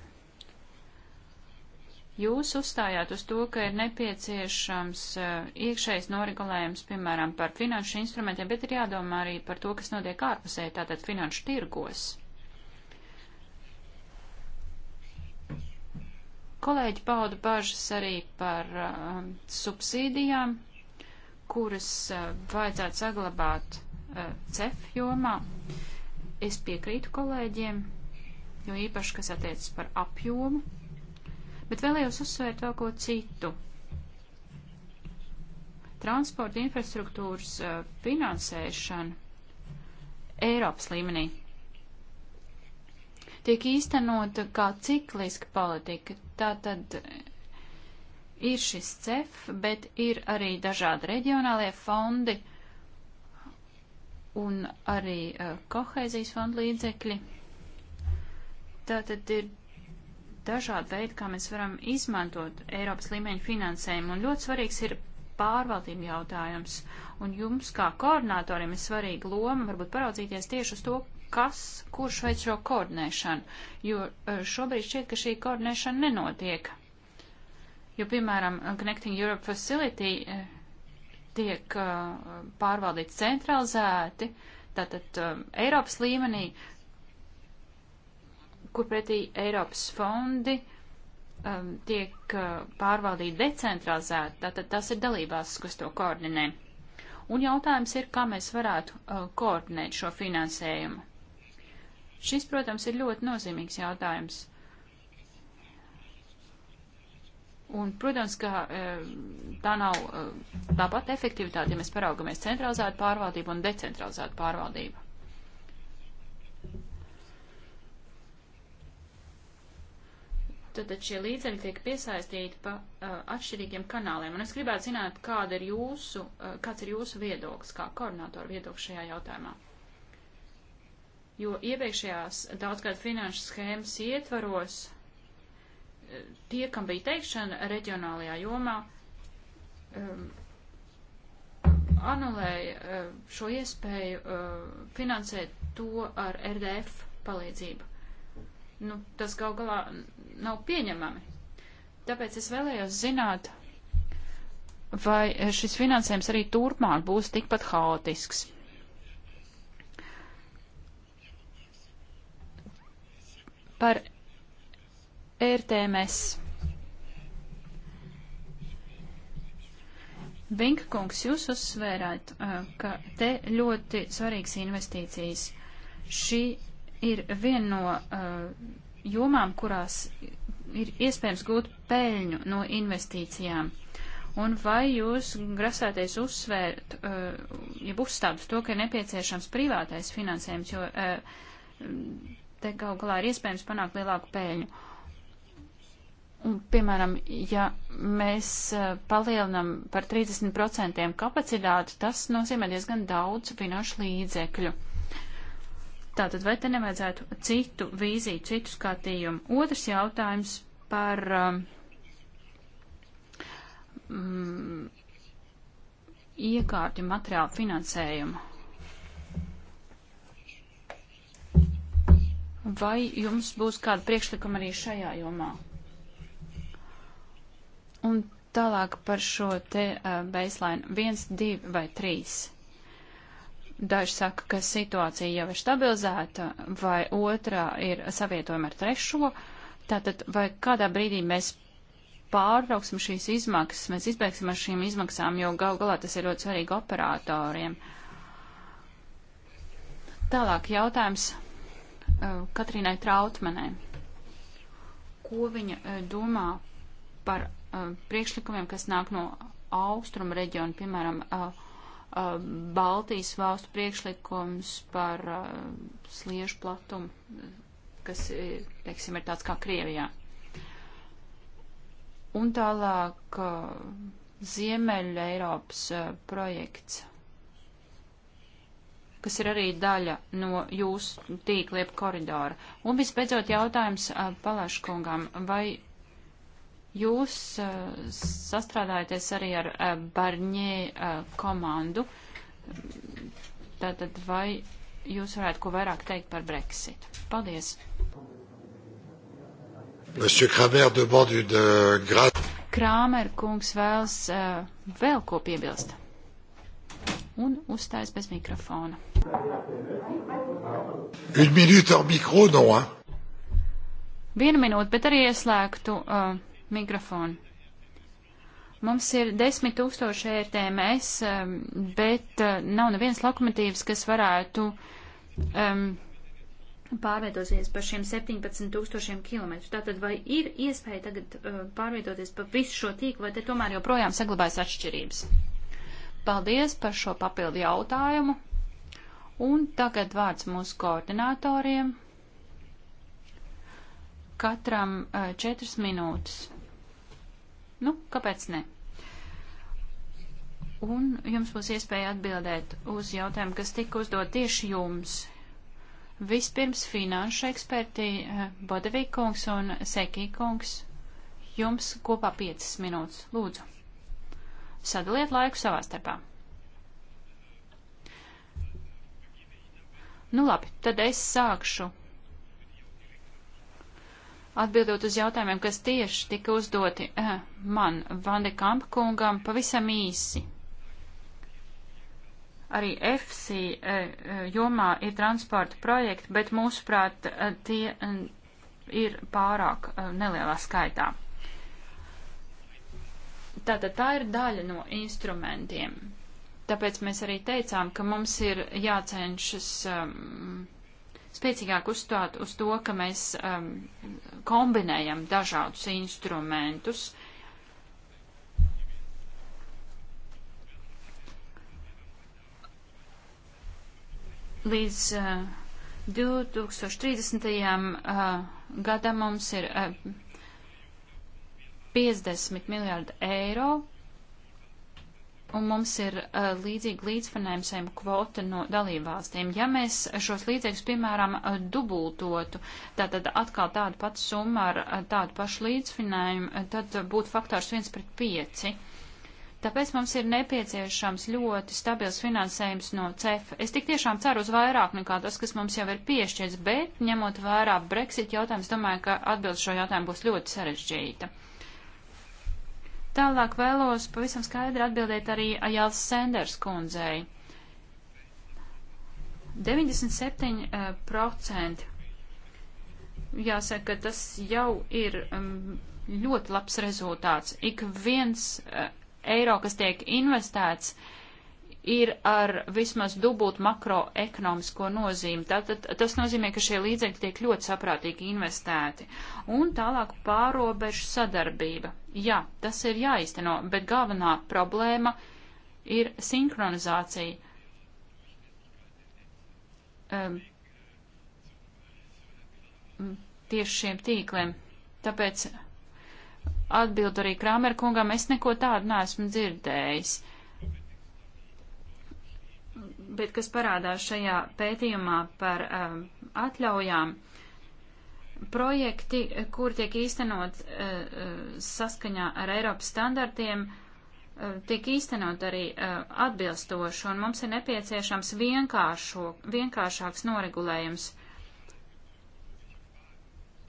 [SPEAKER 1] Jūs uzstājāt uz to, ka ir nepieciešams eh, iekšējs noregulējums, piemēram, par finanšu instrumentiem, bet ir jādomā arī par to, kas notiek ārpusē, tātad finanšu tirgos. Kolēģi pauda bažas arī par um, subsīdijām, kuras eh, vajadzētu saglabāt eh, cef jomā. Es piekrītu kolēģiem, jo īpaši, kas attiecas par apjomu, bet vēlējos uzsvērt vēl ko citu. Transporta infrastruktūras eh, finansēšana Eiropas līmenī tiek īstenota kā cikliska politika. Tātad ir šis CEF, bet ir arī dažādi reģionālie fondi un arī uh, e, kohēzijas fonda līdzekļi. Tātad ir dažādi veidi, kā mēs varam izmantot Eiropas līmeņa finansējumu, un ļoti svarīgs ir pārvaldību jautājums. Un jums, kā koordinātoriem, ir svarīga loma varbūt paraudzīties tieši uz to, kas, kurš veic šo koordinēšanu, jo e, šobrīd šķiet, ka šī koordinēšana nenotiek jo, piemēram, Connecting Europe Facility eh, tiek eh, pārvaldīts centralizēti, tātad eh, Eiropas līmenī, kur pretī Eiropas fondi tiek pārvaldīti decentralizēti, tātad tas ir dalībās, kas to koordinē. Un jautājums ir, kā mēs varētu koordinēt šo finansējumu. Šis, protams, ir ļoti nozīmīgs jautājums. Un, protams, ka e, tā nav e, tāpat efektivitāte, ja mēs paraugamies centralizētu pārvaldību un decentralizētu pārvaldību. Tātad šie līdzekļi tiek piesaistīti pa uh, atšķirīgiem kanāliem, un es gribētu zināt, kāda ir jūsu, uh, kāds ir jūsu viedoklis, kā koordinātora viedoklis šajā jautājumā. Jo iepriekšējās daudzgad finanšu schēmas ietvaros uh, tie, kam bija teikšana reģionālajā jomā, um, anulēja uh, šo iespēju uh, finansēt to ar RDF palīdzību. Nu, tas gal galā nav pieņemami. Tāpēc es vēlējos zināt, vai šis finansējums arī turpmāk būs tikpat haotisks. Par ērtēmēs. Binka kungs, jūs uzsvērāt, ka te ļoti svarīgs investīcijas. Šī ir viena no uh, jomām, kurās ir iespējams gūt peļņu no investīcijām. Un vai jūs grasāties uzsvērt, uh, ja uzstāt uz to, ka ir nepieciešams privātais finansējums, jo uh, te gal galā ir iespējams panākt lielāku peļņu? Un, piemēram, ja mēs eh, palielinam par 30% kapacitāti, tas nozīmē diezgan daudz finanšu līdzekļu. Tātad, vai te nevajadzētu citu vīziju, citu skatījumu? Otrs jautājums par um, iekārtu materiālu finansējumu. Vai jums būs kāda priekšlikuma arī šajā jomā? Un tālāk par šo te uh, baseline 1, 2 vai 3. Daži saka, ka situācija jau ir stabilizēta, vai otrā ir savietojama ar trešo. Tātad, vai kādā brīdī mēs pārtrauksim šīs izmaksas, mēs izbeigsim ar šīm izmaksām, jo gal galā tas ir ļoti svarīgi operatoriem. Tālāk jautājums Katrīnai Trautmanai. Ko viņa domā par Uh, priekšlikumiem, kas nāk no austrumu reģiona, piemēram, uh, uh, Baltijas valstu priekšlikums par sliežu platumu, kas, teiksim, ir tāds kā Krievijā. Un tālāk Ziemeļa Eiropas projekts, kas ir arī daļa no jūsu tīkliepa koridora. Un visbeidzot jautājums Palaškungam, vai Jūs eh, sastrādājaties arī ar eh, Barņē eh, komandu. Tātad vai jūs varētu ko vairāk teikt par Brexit? Paldies. Kramer, de... Euh, Krāmer kungs vēlas vēl ko piebilst un uzstājas bez mikrofona. Une minūte ar mikro, no? Vienu minūti, bet arī ieslēgtu. Uh, mikrofonu. Mums ir desmit tūkstoši ērtēmēs, e um, bet uh, nav nevienas lokomotīvas, kas varētu um, pārvietoties pa šiem 17 tūkstošiem kilometru. Tātad vai ir iespēja tagad uh, pārvietoties pa visu šo tīku, vai te tomēr joprojām saglabājas atšķirības? Paldies par šo papildu jautājumu. Un tagad vārds mūsu koordinatoriem. Katram uh, četras minūtes. Nu, kāpēc ne? Un jums būs iespēja atbildēt uz jautājumu, kas tika uzdot tieši jums. Vispirms finanšu eksperti eh, Bodevīkungs un Sekīkungs. Jums kopā 5 minūtes. Lūdzu. Sadaliet laiku savā starpā. Nu labi, tad es sākšu Atbildot uz jautājumiem, kas tieši tika uzdoti eh, man, Vande Kampkungam, pavisam īsi. Arī FC eh, eh, jomā ir transporta projekti, bet mūsuprāt tie ir pārāk nelielā skaitā. Tātad tā ir daļa no instrumentiem. Tāpēc mēs arī teicām, ka mums ir jācenšas um, spēcīgāk uzstāt uz to, ka mēs um, kombinējam dažādus instrumentus. Līdz uh, 2030. Uh, gadam mums ir uh, 50 miljārdi eiro un mums ir uh, līdzīga līdzfinansējuma kvota no dalībvalstīm. Ja mēs šos līdzekļus, piemēram, uh, dubultotu, tātad atkal tāda pati summa ar uh, tādu pašu līdzfinansējumu, uh, tad būtu faktors 1 pret 5. Tāpēc mums ir nepieciešams ļoti stabils finansējums no CEF. Es tik tiešām ceru uz vairāk nekā tas, kas mums jau ir piešķirts, bet ņemot vērā Brexit jautājumus, domāju, ka atbildes šo jautājumu būs ļoti sarežģīta. Tālāk vēlos pavisam skaidri atbildēt arī Ajāls Sanders kundzei. 97% eh, jāsaka, tas jau ir mm, ļoti labs rezultāts. Ik viens eh, eiro, kas tiek investēts, uh, ir ar vismaz dubult makroekonomisko nozīmi. Tātad tas nozīmē, ka šie līdzekļi tiek ļoti saprātīgi investēti. Un tālāk pārobežu sadarbība. Jā, tas ir jāizteno, bet galvenā problēma ir sinhronizācija. Um, tieši šiem tīkliem. Tāpēc atbildu arī Krāmerkungam, es neko tādu neesmu dzirdējis. Uh, bet kas parādās šajā pētījumā par um, atļaujām, projekti, kur tiek īstenot uh, uh, saskaņā ar Eiropas standartiem, uh, tiek īstenot arī uh, atbilstoši, un mums ir nepieciešams vienkāršo, vienkāršāks noregulējums.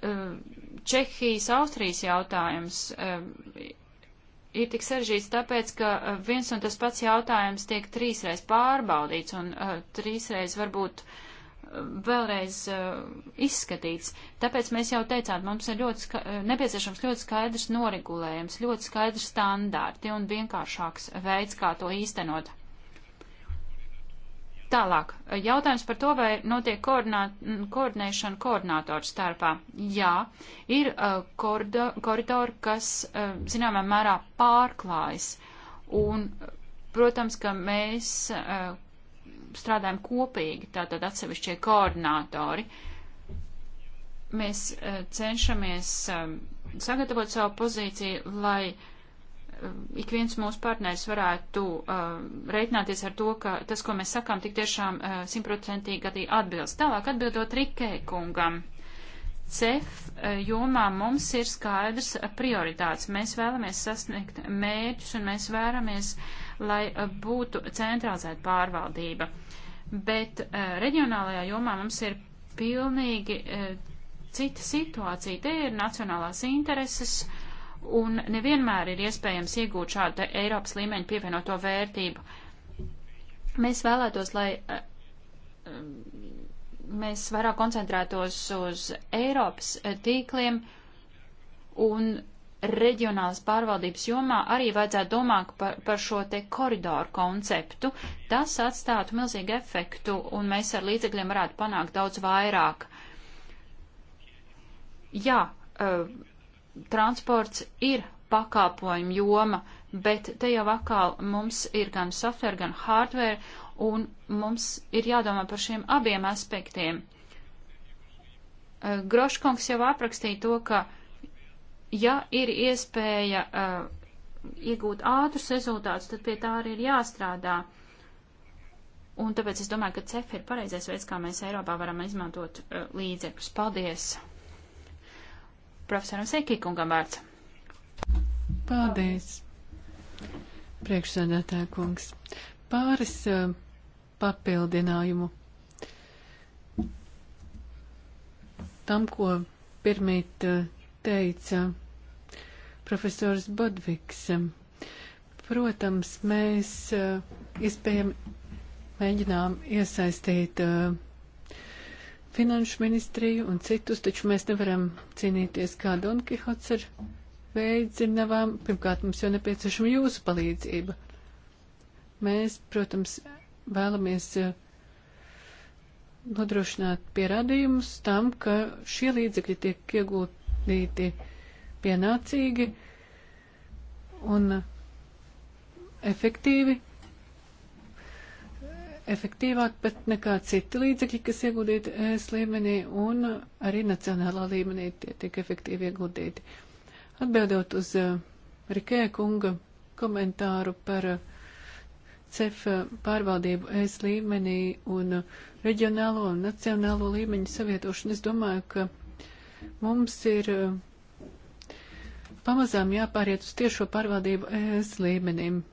[SPEAKER 1] Uh, Čehijas, Austrijas jautājums uh, ir tik sarežģīts tāpēc, ka eh, viens un tas pats jautājums tiek trīsreiz pārbaudīts un uh, trīsreiz varbūt eh, vēlreiz uh, izskatīts. Tāpēc mēs jau teicām, mums ir ļoti nepieciešams ļoti skaidrs noregulējums, ļoti skaidrs standārti un vienkāršāks veids, kā to īstenot. Tālāk, jautājums par to, vai notiek koordinā, koordinēšana koordinātoru starpā. Jā, ir uh, koridori, kas, uh, zināmā mērā, pārklājas. Un, protams, ka mēs uh, strādājam kopīgi, tātad atsevišķie koordinātori. Mēs uh, cenšamies uh, sagatavot savu pozīciju, lai uh, Eh, ik viens mūsu partneris varētu uh, eh, reiķināties ar to, ka tas, ko mēs sakām, tik tiešām eh, simtprocentīgi uh, arī atbilst. Tālāk atbildot Rikē kungam. CEF uh, jomā mums ir skaidrs prioritāts. Mēs vēlamies sasniegt mērķus un mēs vēlamies, lai uh, būtu centralizēta pārvaldība. Bet uh, reģionālajā jomā mums ir pilnīgi uh, cita situācija. Te ir nacionālās intereses. Uh, un nevienmēr ir iespējams iegūt šādu Eiropas līmeņu pievienoto vērtību. Mēs vēlētos, lai eh, mēs vairāk koncentrētos uz Eiropas eh, tīkliem un reģionālas pārvaldības jomā arī vajadzētu domāt par, par šo te koridoru konceptu. Tas atstātu milzīgu efektu un mēs ar līdzekļiem varētu panākt daudz vairāk. Jā, uh, transports ir pakāpojuma joma, bet te jau atkal mums ir gan software, gan hardware, un mums ir jādomā par šiem abiem aspektiem. Eh, Groškungs jau aprakstīja to, ka ja ir iespēja uh, iegūt ātrus rezultātus, tad pie tā arī ir jāstrādā. Un tāpēc es domāju, ka CEF ir pareizais veids, kā mēs Eiropā varam izmantot uh, līdzekļus. Paldies! Profesoram Sekikungam vārds.
[SPEAKER 2] Paldies, priekšsēdētā kungs. Pāris uh, papildinājumu tam, ko pirmīt uh, teica profesors Bodviks. Protams, mēs uh, iespējami mēģinām iesaistīt uh, finanšu ministriju un citus, taču mēs nevaram cīnīties kā Don Kihots ar veidzinavām. Pirmkārt, mums jau nepieciešama jūsu palīdzība. Mēs, protams, vēlamies eh, nodrošināt pierādījumus tam, ka šie līdzekļi tiek ieguldīti pienācīgi un eh, efektīvi, efektīvāk pat nekā citi līdzekļi, kas ieguldīti ES līmenī un arī nacionālā līmenī tie tiek efektīvi ieguldīti. Atbildot uz Rikē kunga komentāru par CEF pārvaldību ES līmenī un reģionālo un nacionālo līmeņu savietošanu, es domāju, ka mums ir pamazām jāpāriet uz tiešo pārvaldību ES līmenim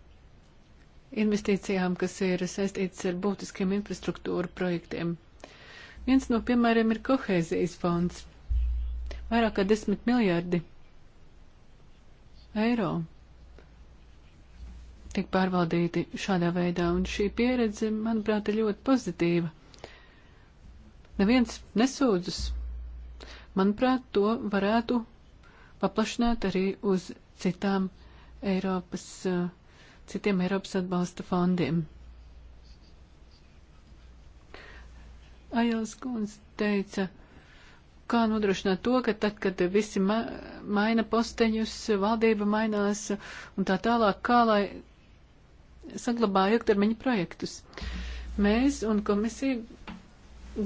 [SPEAKER 2] investīcijām, kas ir saistītas ar būtiskiem infrastruktūra projektiem. Viens no piemēriem ir kohēzijas fonds. Vairāk kā 10 miljardi eiro tiek pārvaldīti šādā veidā, un šī pieredze, manuprāt, ir ļoti pozitīva. Neviens nesūdzas. Manuprāt, to varētu paplašināt arī uz citām Eiropas uh, citiem Eiropas atbalsta fondiem. Ajels Kunz teica, kā nodrošināt to, ka tad, kad visi ma maina posteņus, valdība mainās un tā tālāk, kā lai saglabā ilgtermiņa projektus. Mēs un komisija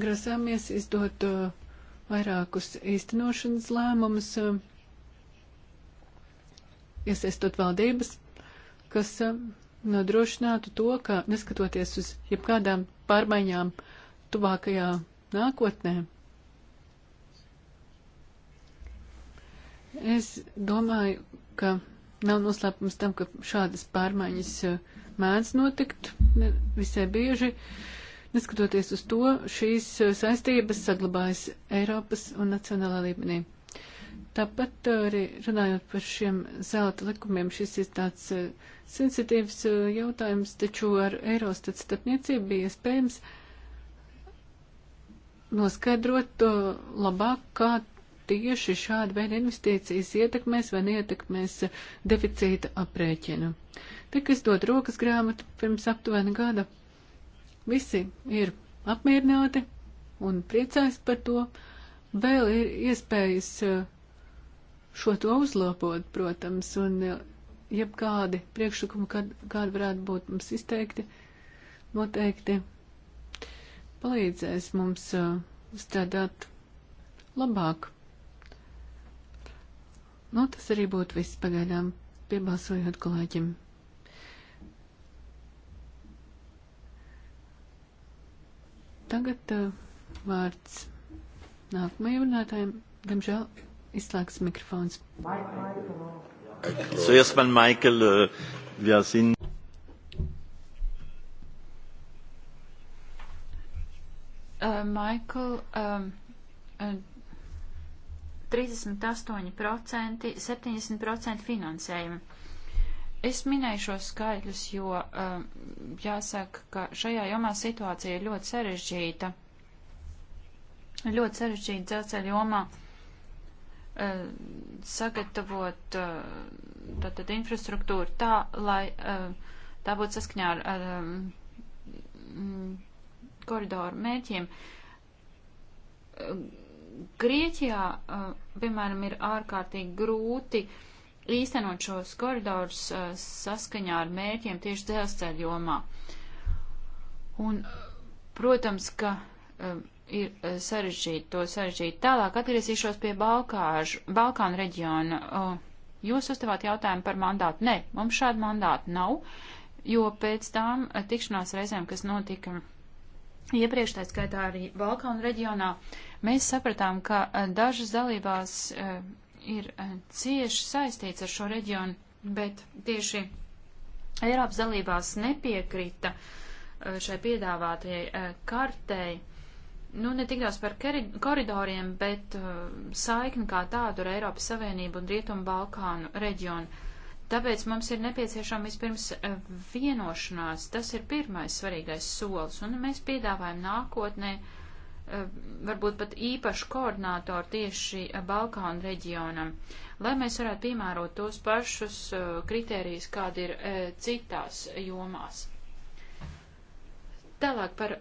[SPEAKER 2] grasāmies izdot uh, vairākus īstenošanas lēmumus, uh, iesaistot valdības kas eh, nodrošinātu to, ka neskatoties uz jebkādām pārmaiņām tuvākajā nākotnē, es domāju, ka nav noslēpums tam, ka šādas pārmaiņas eh, mēdz notikt visai bieži. Neskatoties uz to, šīs eh, saistības saglabājas Eiropas un nacionālā līmenī. Tāpat arī runājot par šiem zelta likumiem, šis ir tāds uh, sensitīvs uh, jautājums, taču ar Eirostat starpniecību bija iespējams noskaidrot uh, labāk, kā tieši šāda veida investīcijas ietekmēs vai neietekmēs deficīta aprēķinu. Tik es dod rokas grāmatu pirms aptuveni gada. Visi ir apmierināti un priecājas par to. Vēl ir iespējas uh, šo to uzlabot, protams, un eh, jebkādi priekšlikumi, kādi varētu būt mums izteikti, noteikti palīdzēs mums eh, strādāt labāk. Nu, tas arī būtu viss pagaidām, piebalsojot kolēģim. Tagad uh, vārds nākamajam runātājam, diemžēl Izslēgts mikrofons. Zuerst
[SPEAKER 3] mal, Michael, uh, wir sind.
[SPEAKER 1] Uh, Michael, um, uh, 38%, 70% finansējuma. Es minēju šos skaitļus, jo uh, jāsaka, ka šajā jomā situācija ir ļoti sarežģīta. Ļoti sarežģīta dzelzceļa jomā. Uh, Eh, sagatavot eh, tātad infrastruktūru tā, lai eh, tā būtu saskaņā ar, ar mm, koridoru mērķiem. Grieķijā, piemēram, ir ārkārtīgi grūti īstenot šos koridorus saskaņā ar mērķiem tieši dzelzceļ jomā. Un, protams, ka ir e, sarežģīti, to sarežģīti. Tālāk atgriezīšos pie Balkāžu, Balkānu reģiona. Jūs uzdevāt jautājumu par mandātu. Nē, mums šādu mandātu nav, jo pēc tām e, tikšanās reizēm, kas notika iepriekš, tā skaitā arī Balkānu reģionā, mēs sapratām, ka e, dažas dalībās ir cieši saistīts ar šo reģionu, bet tieši Eiropas dalībās nepiekrita šai piedāvātajai kartei nu, ne tik daudz par koridoriem, bet uh, saikni kā tādu ar Eiropas Savienību un Rietumu Balkānu reģionu. Tāpēc mums ir nepieciešama vispirms uh, vienošanās. Tas ir pirmais svarīgais solis, un mēs piedāvājam nākotnē uh, varbūt pat īpašu koordinātoru tieši uh, Balkānu reģionam, lai mēs varētu piemērot tos pašus kritērijus, kādi ir citās jomās. Tālāk par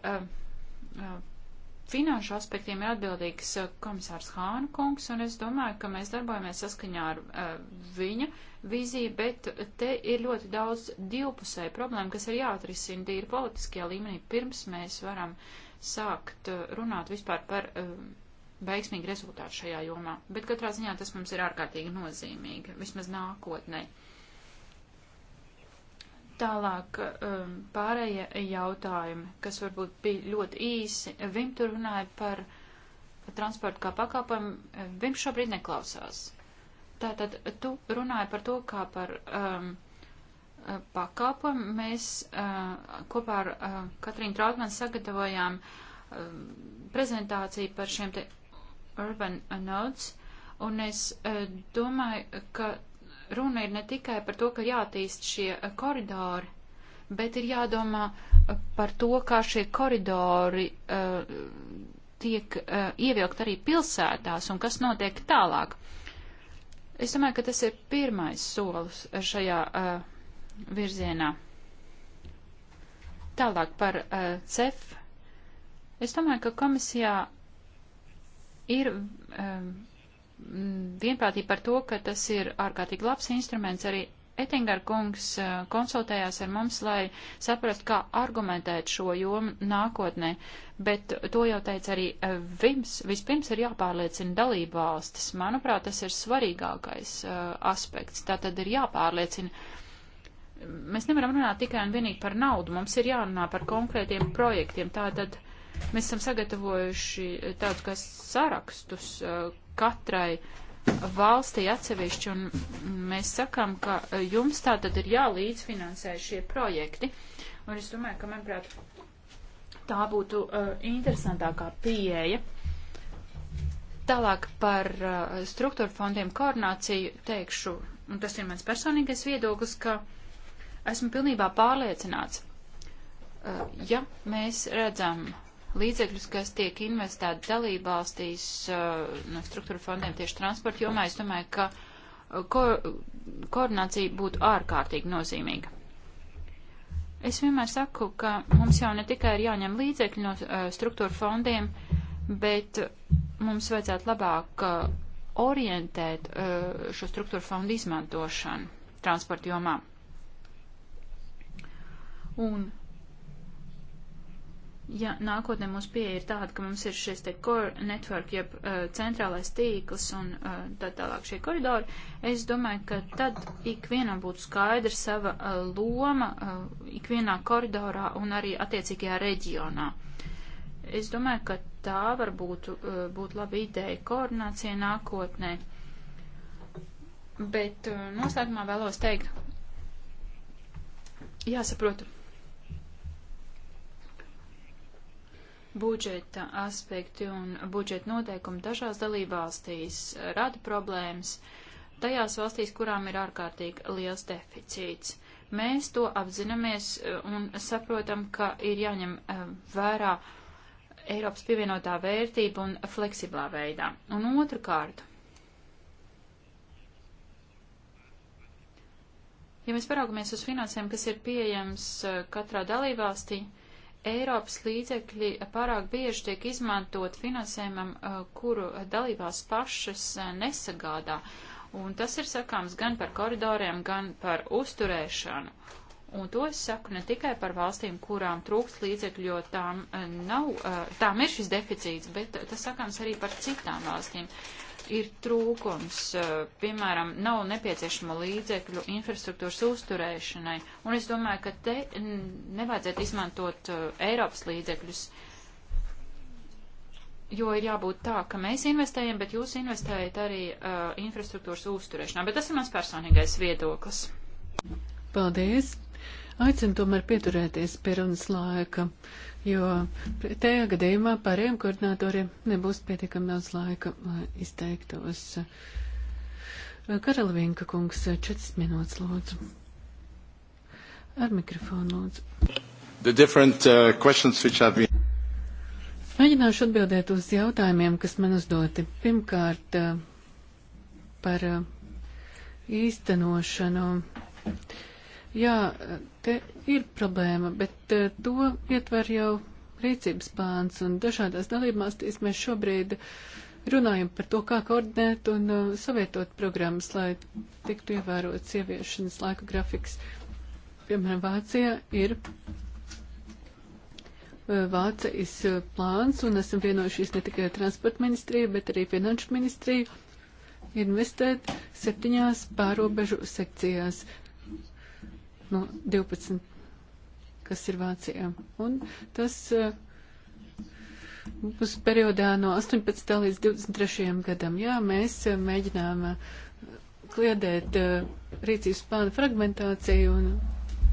[SPEAKER 1] finanšu aspektiem ir atbildīgs eh, komisārs Hāna kungs, un es domāju, ka mēs darbojamies saskaņā ar uh, viņa vīziju, bet te ir ļoti daudz divpusēju problēmu, kas ir jāatrisina tīri politiskajā līmenī, pirms mēs varam sākt eh, runāt vispār par uh, veiksmīgu rezultātu šajā jomā. Bet katrā ziņā tas mums ir ārkārtīgi nozīmīgi, vismaz nākotnē. Uh, Tālāk um, pārējie jautājumi, kas varbūt bija ļoti īsi. Vim tur runāja par transportu kā pakalpojumu. Vim šobrīd neklausās. Tātad tu runāji par to, kā par um, uh, pakalpojumu. Mēs uh, kopā ar uh, Katrīnu Trautmanu sagatavojām um, prezentāciju par šiem te urban nodes. Un es uh, domāju, ka runa ir ne tikai par to, ka jātīst šie eh, koridori, bet ir jādomā eh, par to, kā šie koridori uh, tiek uh, ievilkt arī pilsētās un kas notiek tālāk. Es domāju, ka tas ir pirmais solis šajā uh, virzienā. Tālāk par uh, CEF. Es domāju, ka komisijā ir um, vienprātība par to, ka tas ir ārkārtīgi labs instruments. Arī Ettinger kungs eh, konsultējās ar mums, lai saprastu, kā argumentēt šo jomu nākotnē, bet to jau teica arī eh, Vims. Vispirms ir jāpārliecina dalību valstis. Manuprāt, tas ir svarīgākais uh, aspekts. Tā tad ir jāpārliecina. Mēs nevaram runāt tikai un vienīgi par naudu, mums ir jārunā par konkrētiem projektiem. Tātad mēs esam sagatavojuši tādus kā sarakstus, uh, katrai valstī atsevišķi, un mēs sakām, ka jums tā tad ir jālīdzfinansē šie projekti. Un es domāju, ka, manuprāt, tā būtu uh, interesantākā pieeja. Tālāk par uh, struktūra fondiem koordināciju teikšu, un tas ir mans personīgais viedoklis, ka esmu pilnībā pārliecināts, uh, ja mēs redzam uh, līdzekļus, kas tiek investēti dalībvalstīs uh, no struktūra fondiem tieši transporta jomā, es domāju, ka uh, ko koordinācija būtu ārkārtīgi nozīmīga. Es vienmēr saku, ka mums jau ne tikai ir jāņem līdzekļi no uh, struktūra fondiem, bet mums vajadzētu labāk orientēt šo struktūra fondu izmantošanu transporta jomā. Un Ja nākotnē mūsu pieeja ir tāda, ka mums ir šis te core network, jeb uh, centrālais tīkls un uh, tā tālāk šie koridori, es domāju, ka tad ikvienam būtu skaidra sava uh, loma uh, ikvienā koridorā un arī attiecīgajā reģionā. Es domāju, ka tā var būt, uh, būt laba ideja koordinācija nākotnē. Bet uh, noslēgumā vēlos teikt, jāsaprotu budžeta aspekti un budžeta noteikumi dažās dalībvalstīs rada problēmas tajās valstīs, kurām ir ārkārtīgi liels deficīts. Mēs to apzināmies e, un saprotam, ka ir jāņem e, vērā Eiropas pievienotā vērtība un fleksiblā veidā. Un otrkārt, ja mēs paraugamies uz finansēm, kas ir pieejams e, katrā dalībvalstī, Eiropas līdzekļi pārāk bieži tiek izmantot finansējumam, eh, kuru dalībās pašas eh, nesagādā. Un tas ir sakāms gan par koridoriem, gan par uzturēšanu. Un to es saku ne tikai par valstīm, kurām trūkst līdzekļu, jo tām, eh, nav, tām ir šis deficīts, bet tas sakāms arī par citām valstīm. Uh, ir trūkums. Eh, piemēram, nav nepieciešama līdzekļu infrastruktūras uzturēšanai. Un es domāju, ka te nevajadzētu izmantot eh, Eiropas līdzekļus, jo ir jābūt tā, ka mēs investējam, bet jūs investējat arī uh, infrastruktūras uzturēšanā. Bet tas ir mans personīgais viedoklis.
[SPEAKER 2] Paldies! Aicinu tomēr pieturēties pie runas laika. Uh, jo pretējā gadījumā pārējiem koordinatoriem nebūs pietiekami daudz laika, lai izteiktos. Karalvinka kungs, 4 minūtes lūdzu. Ar mikrofonu lūdzu.
[SPEAKER 3] Uh, been...
[SPEAKER 2] Mēģināšu atbildēt uz jautājumiem, kas man uzdoti. Pirmkārt, uh, par uh, īstenošanu. Jā, te ir problēma, bet eh, to ietver jau rīcības plāns un dažādās dalībvalstīs mēs šobrīd runājam par to, kā koordinēt un eh, savietot programmas, lai tiktu ievērots ieviešanas laika grafiks. Piemēram, Vācijā ir eh, Vācijas plāns, un esam vienojušies ne tikai transporta ministriju, bet arī finanšu ministriju investēt septiņās pārobežu sekcijās no 12, kas ir Vācijā. Un tas eh, būs periodā no 18. līdz 23. gadam. Jā, mēs eh, mēģinām eh, kliedēt rīcības plāna fragmentāciju un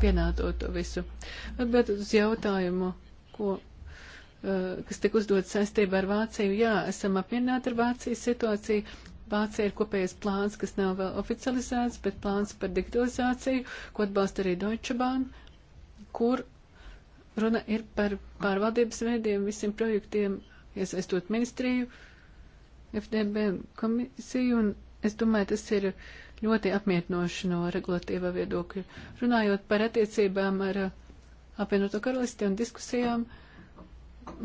[SPEAKER 2] pienātot to visu. Atbildot uz jautājumu, ko kas tika uzdots saistībā ar Vāciju. Jā, esam apmierināti ar Vācijas situāciju, Vācija ir kopējais plāns, kas nav vēl oficializēts, bet plāns par digitalizāciju, ko atbalsta arī Deutsche Bahn, kur runa ir par pārvaldības veidiem, visiem projektiem, iesaistot ministriju, FDB komisiju, un es domāju, tas ir ļoti apmietnoši no regulatīva viedokļa. Runājot par attiecībām ar uh, apvienoto karalisti un diskusijām,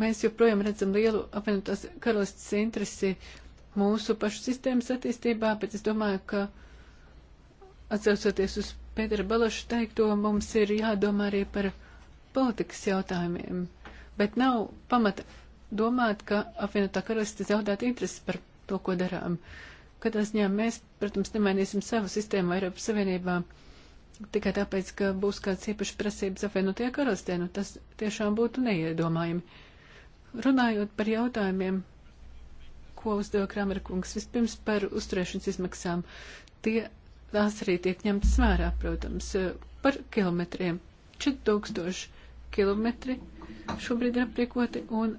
[SPEAKER 2] mēs joprojām redzam lielu apvienotās karalistas interesi mūsu pašu sistēmas attīstībā, bet es domāju, ka atcaucoties uz Pētera Balašu teikto, mums ir jādomā arī par politikas jautājumiem, bet nav pamata domāt, ka apvienotā karaliste zaudētu interesi par to, ko darām. Katrā ziņā mēs, protams, nemainīsim savu sistēmu Eiropas Savienībā tikai tāpēc, ka būs kāds īpašs prasības apvienotajā karalistē, nu tas tiešām būtu neiedomājami. Runājot par jautājumiem, ko uzdeva Kramera kungs. Vispirms par uzturēšanas izmaksām. Tie, tās arī tiek ņemtas vērā, protams, par kilometriem. 4000 kilometri šobrīd ir aprīkoti un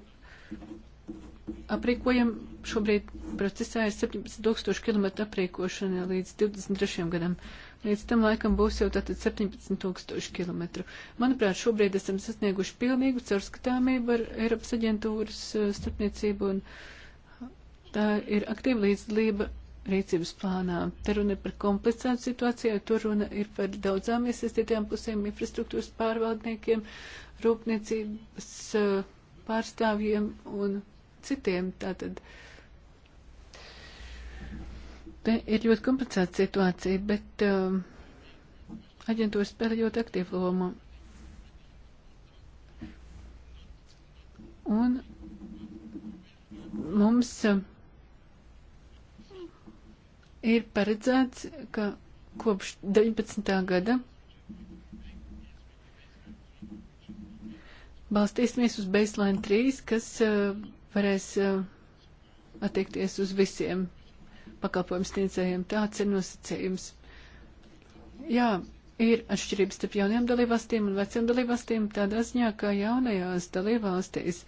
[SPEAKER 2] aprīkojam šobrīd procesā ir 17000 km aprīkošana līdz 23. gadam. Līdz tam laikam būs jau tātad 17000 km. Manuprāt, šobrīd esam sasnieguši pilnīgu caurskatāmību ar Eiropas aģentūras eh, starpniecību un uh, tā ir aktīva līdzdalība rīcības plānā. Te runa ir par komplicētu situāciju, tur runa ir par daudzām iesaistītajām pusēm, infrastruktūras pārvaldniekiem, rūpniecības eh, pārstāvjiem un citiem. Tātad te ir ļoti komplicēta situācija, bet um, aģentūra spēlē ļoti aktīvu lomu. Un mums uh, ir paredzēts, ka kopš 19. gada balstīsimies uz baseline 3, kas uh, varēs uh, attiekties uz visiem pakalpojumu sniedzējiem. Tāds ir nosacījums. Jā, ir atšķirības starp jaunajām dalībvalstīm un veciem dalībvalstīm tādā ziņā, ka jaunajās dalībvalstīs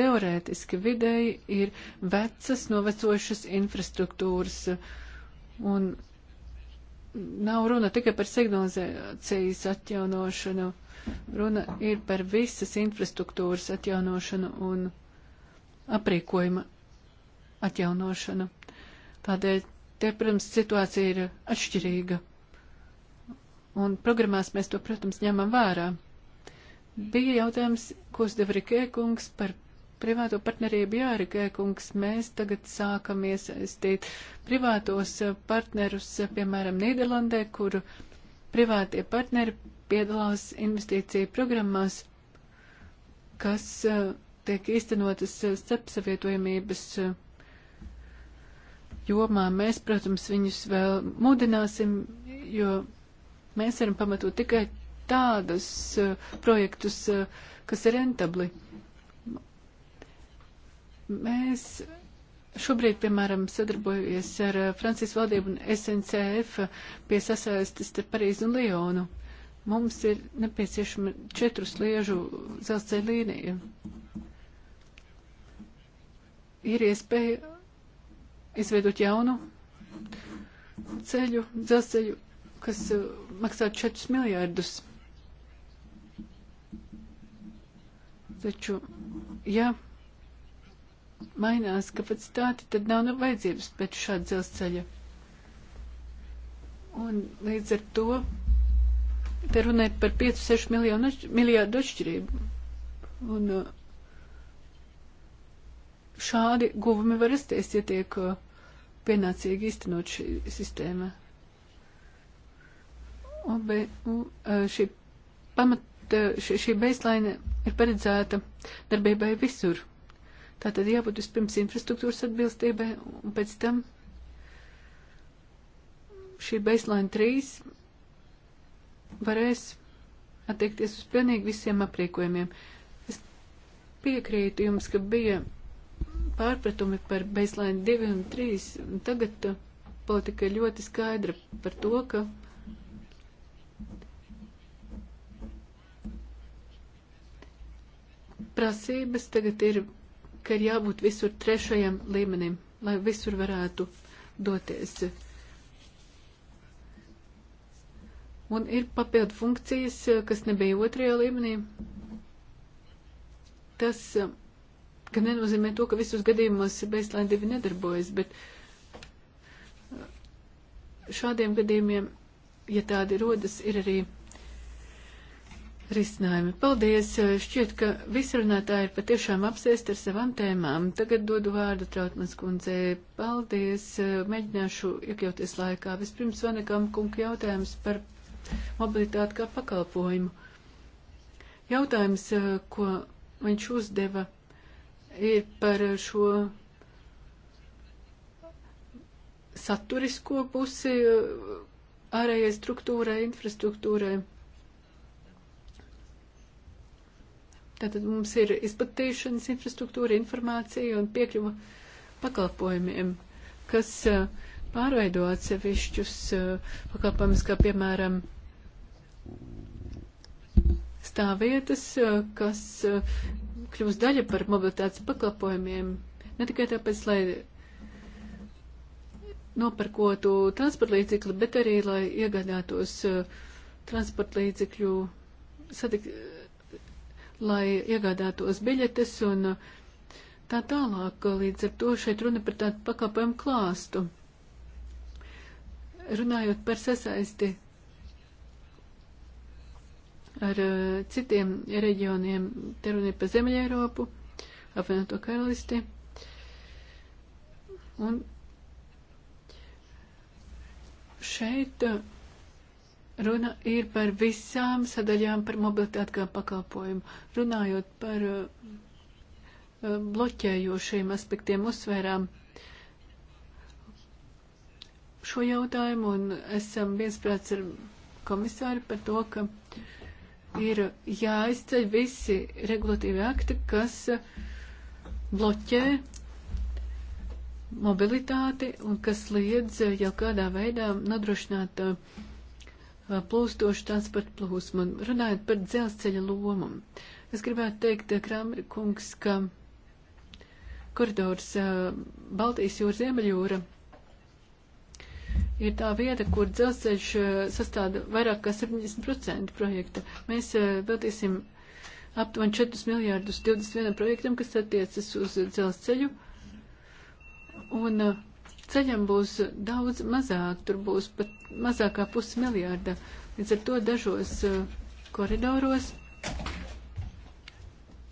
[SPEAKER 2] teorētiski vidēji ir vecas novecojušas infrastruktūras uh, Un nav runa tikai par signalizācijas atjaunošanu, runa ir par visas infrastruktūras atjaunošanu un aprīkojuma atjaunošanu. Tādēļ, te, protams, situācija ir atšķirīga. Un programmās mēs to, protams, ņemam vērā. Bija jautājums, ko uzdeva Rikē kungs par privāto partnerību jārikē, kungs, mēs tagad sākam iesaistīt privātos eh, partnerus, eh, piemēram, Nīderlandē, kuru privātie partneri piedalās investīciju programmās, kas eh, tiek īstenotas starpsavietojamības jomā. Mēs, protams, viņus vēl mudināsim, jo mēs varam pamatot tikai tādus projektus, kas ir rentabli. Mēs šobrīd, piemēram, sadarbojamies ar Francijas valdību un SNCF pie sasaistes ar Parīzi un Lionu. Mums ir nepieciešama četru sliežu dzelzceļa līnija. Ir iespēja izveidot jaunu ceļu, dzelzceļu, kas uh, maksā 4 miljārdus. Taču, ja mainās kapacitāte, tad nav nu vajadzības pēc šāda dzelzceļa. Un līdz ar to te runāja par 5-6 miljārdu atšķirību. Un uh, šādi guvumi var rasties, ja tiek uh, pienācīgi iztenot šī sistēma. Un, be, un uh, šī pamata, šī, šī baseline ir paredzēta darbībai visur. Tātad jābūt vispirms infrastruktūras atbilstībai, un pēc tam šī baseline 3 varēs attiekties uz pilnīgi visiem apriekojumiem. Es piekrītu jums, ka bija pārpratumi par baseline 2 un 3, un tagad politika ir ļoti skaidra par to, ka prasības tagad ir ka ir jābūt visur trešajam līmenim, lai visur varētu doties. Un ir papildu funkcijas, kas nebija otrajā līmenī. Tas ka nenozīmē to, ka visos gadījumos baseline divi nedarbojas, bet uh, šādiem gadījumiem, ja tādi rodas, ir arī risinājumi. Paldies! Šķiet, ka visi runātāji ir patiešām apsēsti ar savām tēmām. Tagad dodu vārdu Trautmans kundzē. Paldies! Mēģināšu iekļauties laikā. Vispirms Vanekam kungu jautājums par mobilitāti kā pakalpojumu. Jautājums, ko viņš uzdeva, ir par šo saturisko pusi ārējai struktūrai, infrastruktūrai. Tātad mums ir izplatīšanas infrastruktūra, informācija un piekļuva pakalpojumiem, kas pārveido atsevišķus pakalpojumus, kā piemēram stāvvietas, kas kļūst daļa par mobilitātes pakalpojumiem. Ne tikai tāpēc, lai noparkotu transportlīdzekli, bet arī, lai iegādātos transportlīdzekļu satikšanas lai iegādātos biļetes un tā tālāk. Līdz ar to šeit runa par tādu pakalpojumu klāstu. Runājot par sasaisti ar uh, citiem reģioniem, te runa ir par Zemļa Eiropu, apvienoto karalisti. Un šeit uh, Runa ir par visām sadaļām par mobilitāti kā pakalpojumu. Runājot par eh, bloķējošiem aspektiem, uzsvērām šo jautājumu un esam viensprāts ar komisāru par to, ka ir jāizceļ visi regulatīvi akti, kas bloķē mobilitāti un kas liedz jau kādā veidā nodrošināt uh, Eh, plūstošu transporta plūsmu. Un runājot par dzelzceļa lomu, es gribētu teikt, eh, Kramer kungs, ka koridors eh, Baltijas jūra, Ziemeļjūra ir tā vieta, kur dzelzceļš sastāda vairāk kā 70% projekta. Mēs veltīsim aptuveni 4 miljārdus 21 projektam, kas attiecas uz dzelzceļu. Un uh, ceļam būs daudz mazāk, tur būs pat mazākā pusmiljārda. Līdz ar to dažos uh, koridoros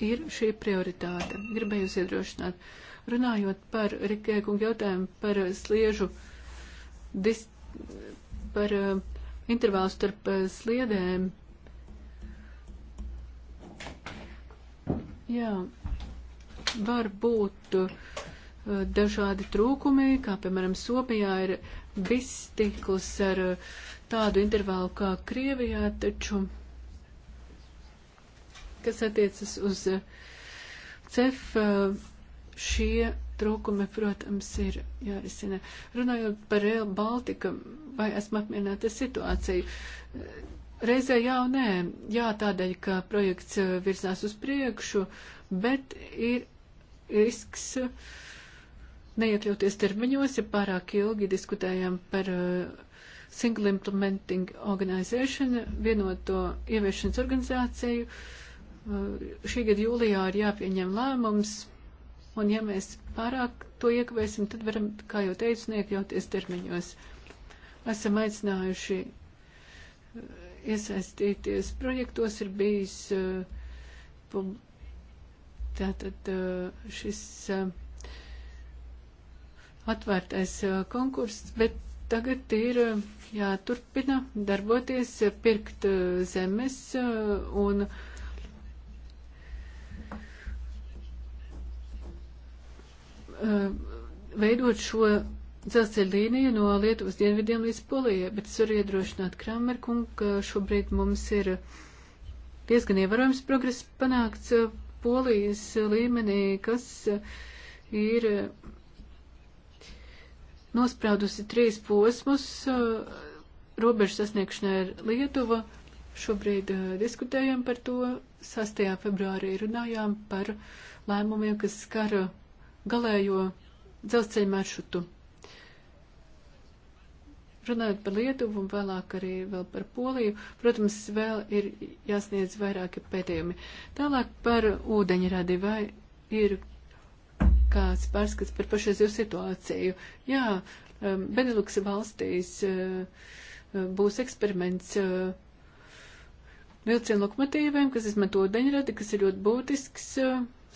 [SPEAKER 2] ir šī prioritāte. Gribēju jūs iedrošināt. Runājot par Rikēkungu jautājumu par uh, sliežu, dis, par uh, intervālu starp sliedēm. Jā, var būt. Uh, dažādi trūkumi, kā piemēram Somijā ir viss tīkls ar uh, tādu intervālu kā Krievijā, taču kas attiecas uz uh, CEF, uh, šie trūkumi, protams, ir jārisina. Runājot par Real Baltica, vai esmu apmierināta situāciju? Reizē jau nē, jā, tādēļ, ka projekts virzās uz priekšu, bet ir risks uh, neiekļauties termiņos, ja pārāk ilgi diskutējam par uh, Single Implementing Organization, vienoto ieviešanas organizāciju. Uh, šī gada jūlijā ir jāpieņem lēmums, un ja mēs pārāk to iekavēsim, tad varam, kā jau teicu, neiekļauties termiņos. Esam aicinājuši uh, iesaistīties projektos, ir bijis uh, tātad uh, šis. Uh, atvērtais konkurss, bet tagad ir jāturpina darboties, pirkt zemes un. Veidot šo dzelzceļa līniju no Lietuvas dienvidiem līdz Polijai, bet es varu iedrošināt Kramerkungu, ka šobrīd mums ir diezgan ievērojams progress panākts Polijas līmenī, kas ir nospraudusi trīs posmus uh, robežu sasniegšanai ar Lietuvu. Šobrīd uh, diskutējam par to. 6. februārī runājām par lēmumiem, kas skar uh, galējo dzelzceļa maršrutu. Runājot par Lietuvu un vēlāk arī vēl par Poliju, protams, vēl ir jāsniedz vairāki pētījumi. Tālāk par ūdeņradi vai ir kāds pārskats par pašreizējo situāciju. Jā, um, Beneluksa valstīs uh, uh, būs eksperiments uh, vilcienu lokomotīviem, kas izmanto deņradi, kas ir ļoti būtisks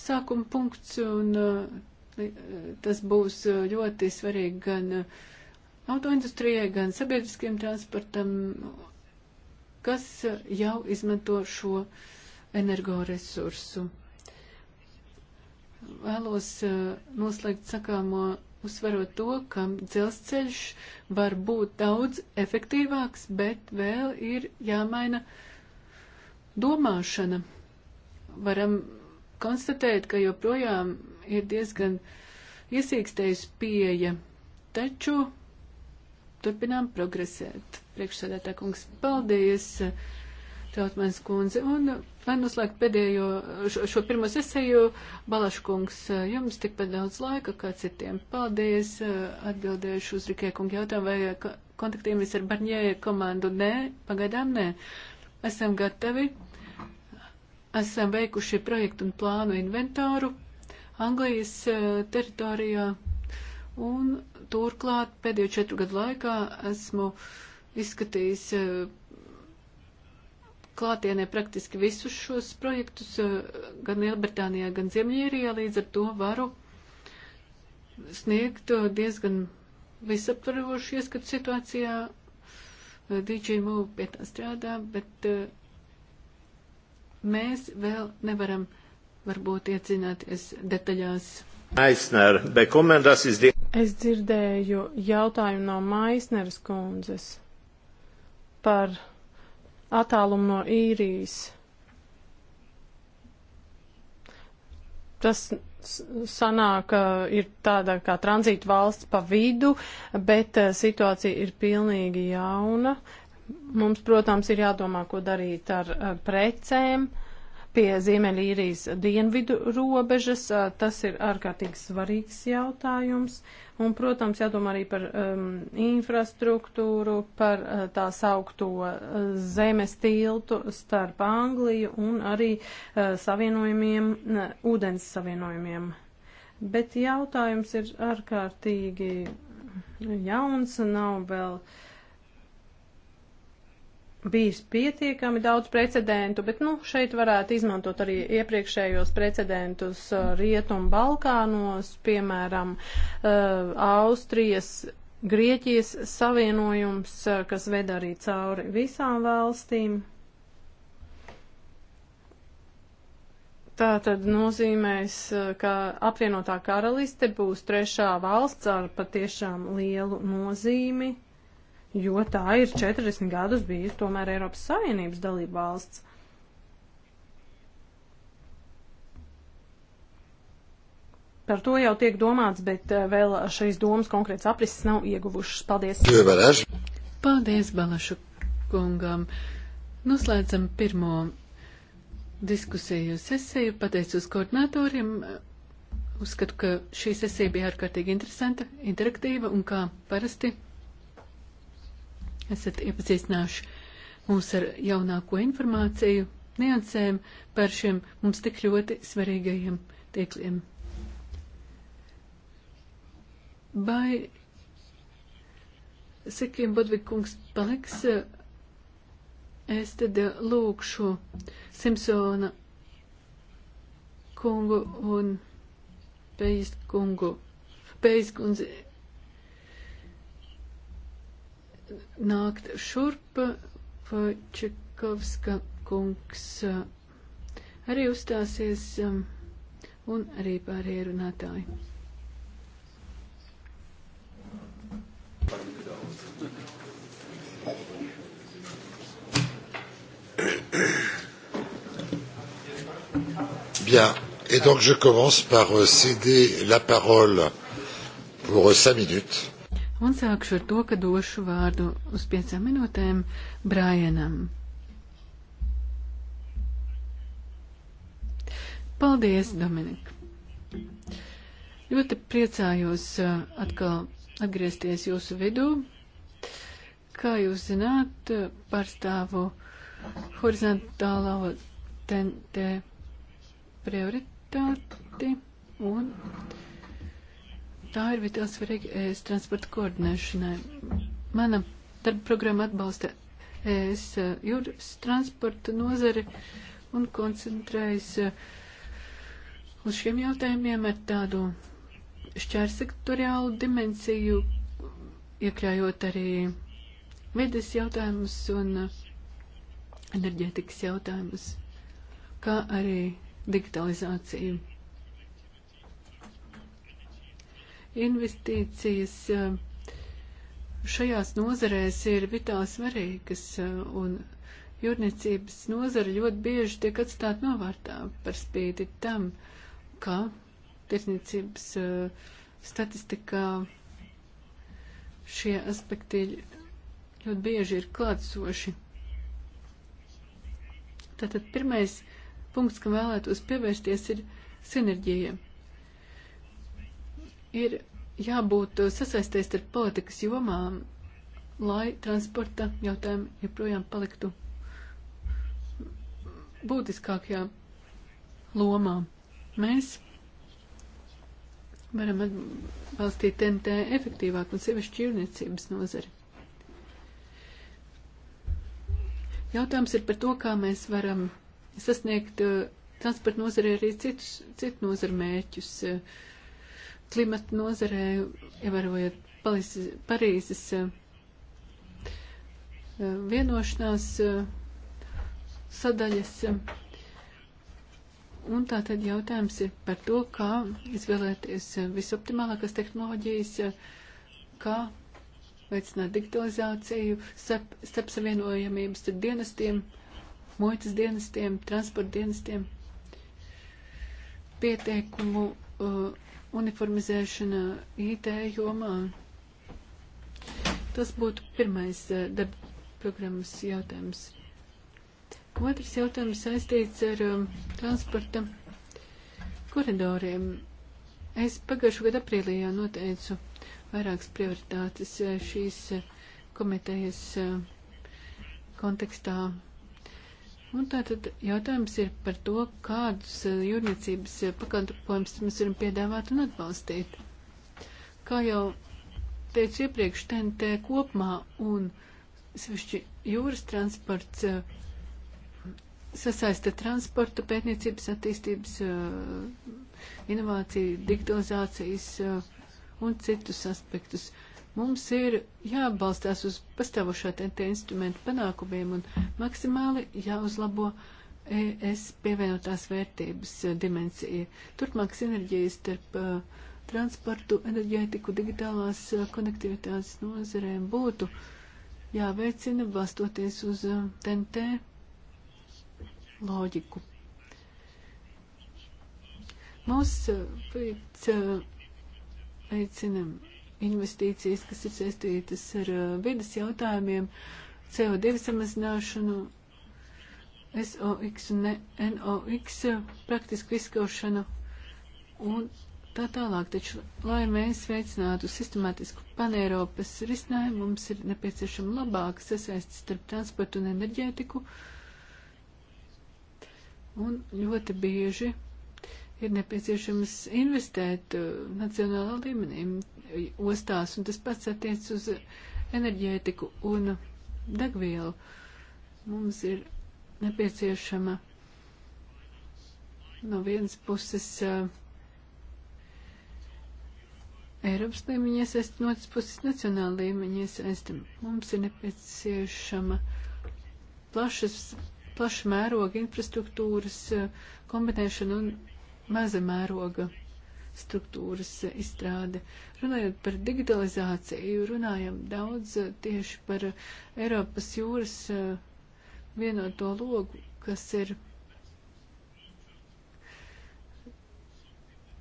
[SPEAKER 2] sākuma punkts, un tas būs ļoti svarīgi gan autoindustrijai, gan sabiedriskiem transportam, kas jau izmanto šo energoresursu vēlos eh, noslēgt sakāmo uzsverot to, ka dzelzceļš var būt daudz efektīvāks, bet vēl ir jāmaina domāšana. Varam konstatēt, ka joprojām ir diezgan iesīkstējusi pieeja, taču turpinām progresēt. Priekšsēdētā kungs, paldies! Uh, Trautmans kundze. Un, uh, lai noslēgt pēdējo, šo, šo pirmo sesiju, Balaškungs, uh, jums tikpat daudz laika kā citiem. Paldies, uh, atbildējuši uz Rikēkungu jautājumu, vai kontaktījamies ar Barņē komandu. Nē, pagaidām nē. Esam gatavi. Esam veikuši projektu un plānu inventāru Anglijas teritorijā. Un turklāt pēdējo četru gadu laikā esmu izskatījis klātienē praktiski visus šos projektus, eh, gan Lielbritānijā, gan Ziemļīrijā, līdz ar to varu sniegt eh, diezgan visaptvarošu ieskatu situācijā. Eh, DJMU pie tā strādā, bet
[SPEAKER 3] mēs vēl nevaram varbūt iedzināties detaļās. Maisner, bekomendas izdien. Es dzirdēju jautājumu no Maisneras kundzes par attālumu no īrijas. Tas sanāk, ir tāda kā tranzīta valsts pa vidu, bet eh, situācija ir pilnīgi jauna. Mums, protams, ir jādomā, ko darīt ar eh, precēm pie Ziemeļīrijas dienvidu robežas. Eh, tas ir ārkārtīgi svarīgs jautājums. Uh, Un, protams, jādomā arī par um, infrastruktūru, par uh, tā saukto uh, zemes tiltu starp Angliju un arī uh, savienojumiem, uh, ūdens savienojumiem. Bet jautājums ir ārkārtīgi jauns, nav vēl uh, bijis pietiekami daudz precedentu, bet nu, šeit varētu izmantot arī iepriekšējos precedentus uh, Rietumu Balkānos, piemēram, uh, Austrijas, Grieķijas savienojums, uh, kas ved arī cauri visām valstīm. Tā tad nozīmēs, ka apvienotā karaliste būs trešā valsts ar patiešām lielu nozīmi jo tā ir 40 gadus bijusi tomēr Eiropas Savienības dalība valsts. Par to jau tiek domāts, bet eh, vēl šīs domas konkrēts aprises nav ieguvušas. Paldies! Jūveraž. Paldies, Balašu kungam! Noslēdzam pirmo
[SPEAKER 2] diskusiju sesiju, pateicos koordinatoriem. Uzskatu, ka šī sesija bija ārkārtīgi interesanta, interaktīva un kā parasti esat iepazīstinājuši mūs ar jaunāko informāciju, niansēm par šiem mums tik ļoti svarīgajiem tiekliem. Vai Sekiem Bodvikungs paliks, es tad lūkšu Simpsona kungu un Pējas kungu. Pējas kundzi nākt šurp. Čekovska kungs eh, arī uzstāsies eh, un arī pārējie runātāji.
[SPEAKER 1] Bien. Et donc je commence par euh, céder la parole pour euh, cinq minutes
[SPEAKER 2] Un sākšu ar to, ka došu vārdu uz piecām minūtēm Brianam. Paldies, Dominika! Ļoti priecājos uh, atkal atgriezties jūsu vidū. Kā jūs zināt, pārstāvu horizontālo tentē prioritāti un Tā ir vitāli svarīga ES transporta koordinēšanai. Mana darba programma atbalsta ES jūras transporta nozari un koncentrējas uz šiem jautājumiem ar tādu šķērsektoriālu dimensiju, iekļaujot arī vides jautājumus un enerģētikas jautājumus, kā arī digitalizāciju. investīcijas eh, šajās nozarēs ir vitāli svarīgas, eh, un jūrniecības nozara ļoti bieži tiek atstāta novārtā par spīti tam, ka tirsniecības eh, statistikā šie aspekti ļoti bieži ir klātsoši. Tātad pirmais punkts, kam vēlētos pievērsties, ir sinerģija. Ir jābūt eh, sasaistēs ar politikas jomām, lai transporta jautājumi joprojām paliktu būtiskākajā lomā. Mēs varam atbalstīt TNT efektīvāk un sevišķi jūrniecības nozari. Jautājums ir par to, kā mēs varam sasniegt uh, transporta nozarē arī citus, citu nozaru mērķus. Uh, klimata nozarē, ievērojot Parīzes eh, vienošanās eh, sadaļas. Eh, un tā tad jautājums ir par to, kā izvēlēties visoptimālākās tehnoloģijas, kā veicināt digitalizāciju, starp, starp savienojamības starp dienestiem, muitas dienestiem, transporta dienestiem, pieteikumu uh, uniformizēšana IT jomā. Tas būtu pirmais eh, darba programmas jautājums. Otrs jautājums saistīts ar um, transporta koridoriem. Es pagājušajā gadā aprīlī jau noteicu vairākas prioritātes eh, šīs eh, komitejas kontekstā Un tātad jautājums ir par to, kādus eh, jūrniecības eh, pakalpojumus mēs varam piedāvāt un atbalstīt. Kā jau teicu iepriekš, TNT kopumā un sevišķi jūras transports eh, sasaista transporta pētniecības attīstības, inovāciju, digitalizācijas un citus aspektus. Mums ir jābalstās uz pastāvošā TNT instrumentu panākumiem un maksimāli jāuzlabo ES pievienotās vērtības e, dimensija. Turpmāk sinerģijas starp uh, transportu, enerģētiku, digitālās uh, konektivitātes nozerēm būtu jāveicina balstoties uz uh, TNT loģiku. Mūs pēc aicinam investīcijas, kas ir saistītas ar uh, vidas jautājumiem, CO2 samazināšanu, SOX un NOX uh, praktisku izskaušanu un tā tālāk. Taču, lai mēs veicinātu sistemātisku paneiropas risinājumu, mums ir nepieciešama labāka sasaistes starp transportu un enerģētiku. Un ļoti bieži ir nepieciešams investēt uh, nacionālā līmenī ostās, un tas pats attiec uz enerģētiku un degvielu. Mums ir nepieciešama no vienas puses uh, Eiropas līmeņa iesaist, no otras puses nacionāla līmeņa iesaist. Mums ir nepieciešama plašas, plaša mēroga infrastruktūras kombinēšana un maza mēroga struktūras izstrāde. Runājot par digitalizāciju, runājam daudz tieši par Eiropas jūras eh, vienoto logu, kas ir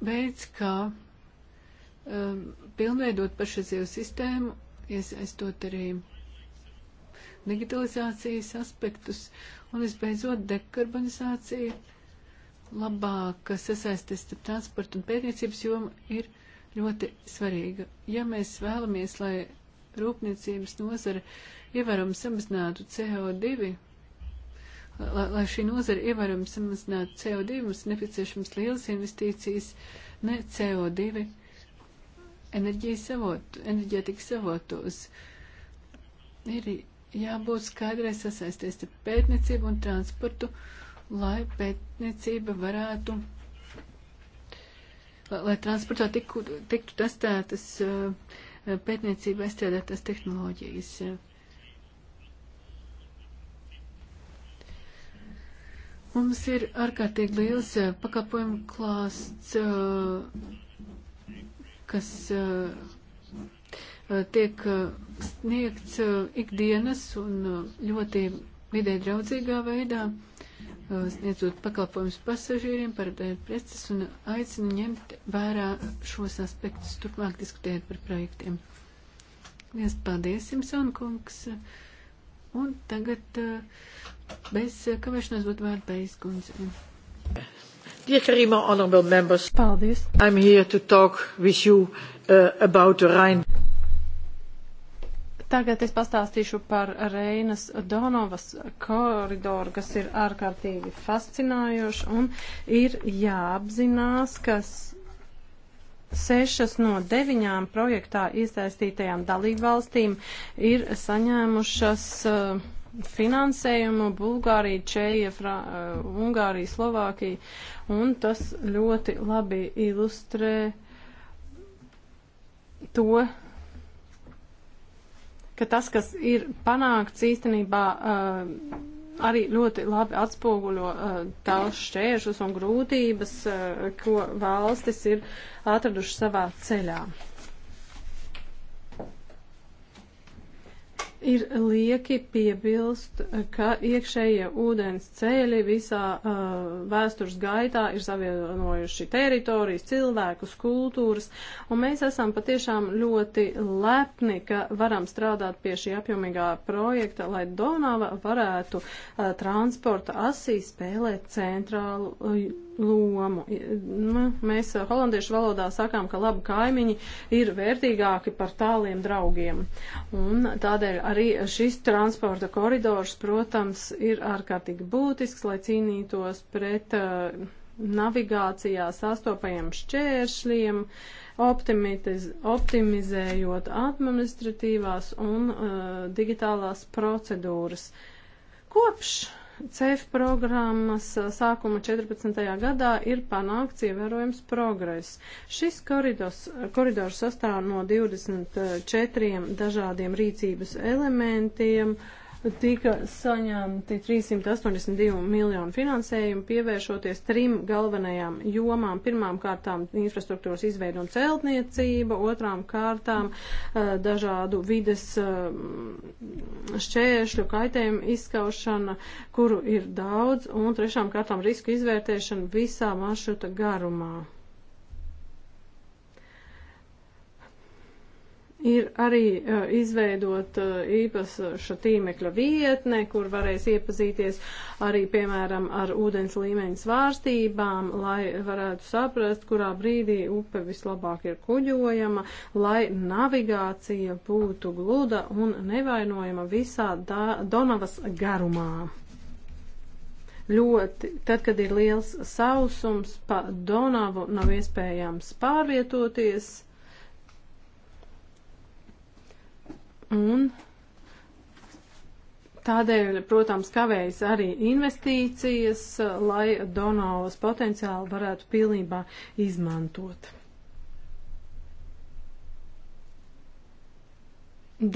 [SPEAKER 2] veids, kā um, pilnveidot pašreizējo sistēmu, iesaistot arī digitalizācijas aspektus un visbeidzot dekarbonizāciju labāka sasaistes starp transportu un pētniecības jomu ir ļoti svarīga. Ja mēs vēlamies, lai rūpniecības nozara ievērojami samazinātu CO2, lai, lai šī nozara ievērojami samazinātu CO2, mums nepieciešams liels investīcijas, ne CO2 enerģijas avotu, enerģētikas avotos. Ir jābūt skaidrai sasaistēs starp pētniecību un transportu. Uh, lai pētniecība varētu, lai, lai transportā tiku, tiktu testētas eh, pētniecība aizstrādātās tehnoloģijas. Mums ir ārkārtīgi liels eh, pakalpojumu klāsts, eh, kas tiek sniegts ikdienas un ļoti vidē draudzīgā veidā. Uh, sniedzot pakalpojumus pasažieriem, paredzēt preces un aicinu ņemt vērā šos aspektus, turpmāk diskutēt par projektiem. Lies paldies, Simpson kungs! Un tagad bez kavēšanās būtu vārdu beidz kundzēm.
[SPEAKER 3] Dear Karima, honorable members, Paldies. I'm here to talk with you uh, about the Rhine. Tagad es pastāstīšu par Reinas Donovas koridoru, kas ir ārkārtīgi fascinējoši un ir jāapzinās, kas sešas no deviņām projektā iesaistītajām dalībvalstīm ir saņēmušas uh, finansējumu Bulgārija, Čeija, Fra, uh, Ungārija, Slovākija, un tas ļoti labi ilustrē to, ka tas, kas ir panākts īstenībā, uh, arī ļoti labi atspoguļo uh, tās šķēršus un grūtības, uh, ko valstis ir atraduši savā ceļā. Ir lieki piebilst, ka iekšējie ūdens ceļi visā uh, vēstures gaitā ir savienojuši teritorijas, cilvēkus, kultūras, un mēs esam patiešām ļoti lepni, ka varam strādāt pie šī apjomīgā projekta, lai Donava varētu uh, transporta asī spēlēt centrālu. Uh, lomu. Nu, mēs eh, holandiešu valodā sakām, ka labi kaimiņi ir vērtīgāki par tāliem draugiem. Un tādēļ arī šis transporta koridors, protams, ir ārkārtīgi būtisks, lai cīnītos pret uh, navigācijā sastopajiem šķēršļiem, optimiz, optimizējot administratīvās un uh, digitālās procedūras. Kopš CEF programmas sākuma 14. gadā ir panākts ievērojams progress. Šis koridors, koridors sastāv no 24 dažādiem rīcības elementiem. Uh, tika saņemti 382 miljonu finansējumu, pievēršoties trim galvenajām jomām. Pirmām kārtām infrastruktūras izveidu un celtniecība, otrām kārtām eh, dažādu vides eh, šķēršļu kaitējumu izskaušana, kuru ir daudz, un trešām kārtām riska izvērtēšana visā maršruta garumā. Ir arī uh, izveidot uh, īpaša tīmekļa vietne, kur varēs iepazīties arī, piemēram, ar ūdens līmeņa svārstībām, lai varētu saprast, kurā brīdī upe vislabāk ir kuģojama, lai navigācija būtu gluda un nevainojama visā da Donavas garumā. Ļoti, tad, kad ir liels sausums, pa Donavu nav iespējams pārvietoties un tādēļ, protams, kavējas arī investīcijas, lai Donavas potenciāli varētu pilnībā izmantot.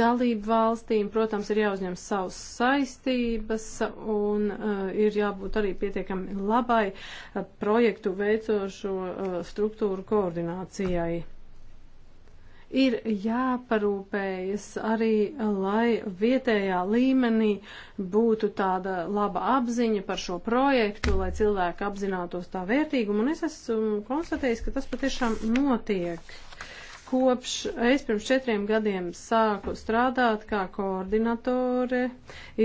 [SPEAKER 3] Dalību valstīm, protams, ir jāuzņem savas saistības un uh, ir jābūt arī pietiekami labai uh, projektu veicošo uh, struktūru koordinācijai ir jāparūpējas arī, lai vietējā līmenī būtu tāda laba apziņa par šo projektu, lai cilvēki apzinātos tā vērtīgumu, un es esmu konstatējis, ka tas patiešām notiek. Kopš es pirms četriem gadiem sāku strādāt kā koordinatore,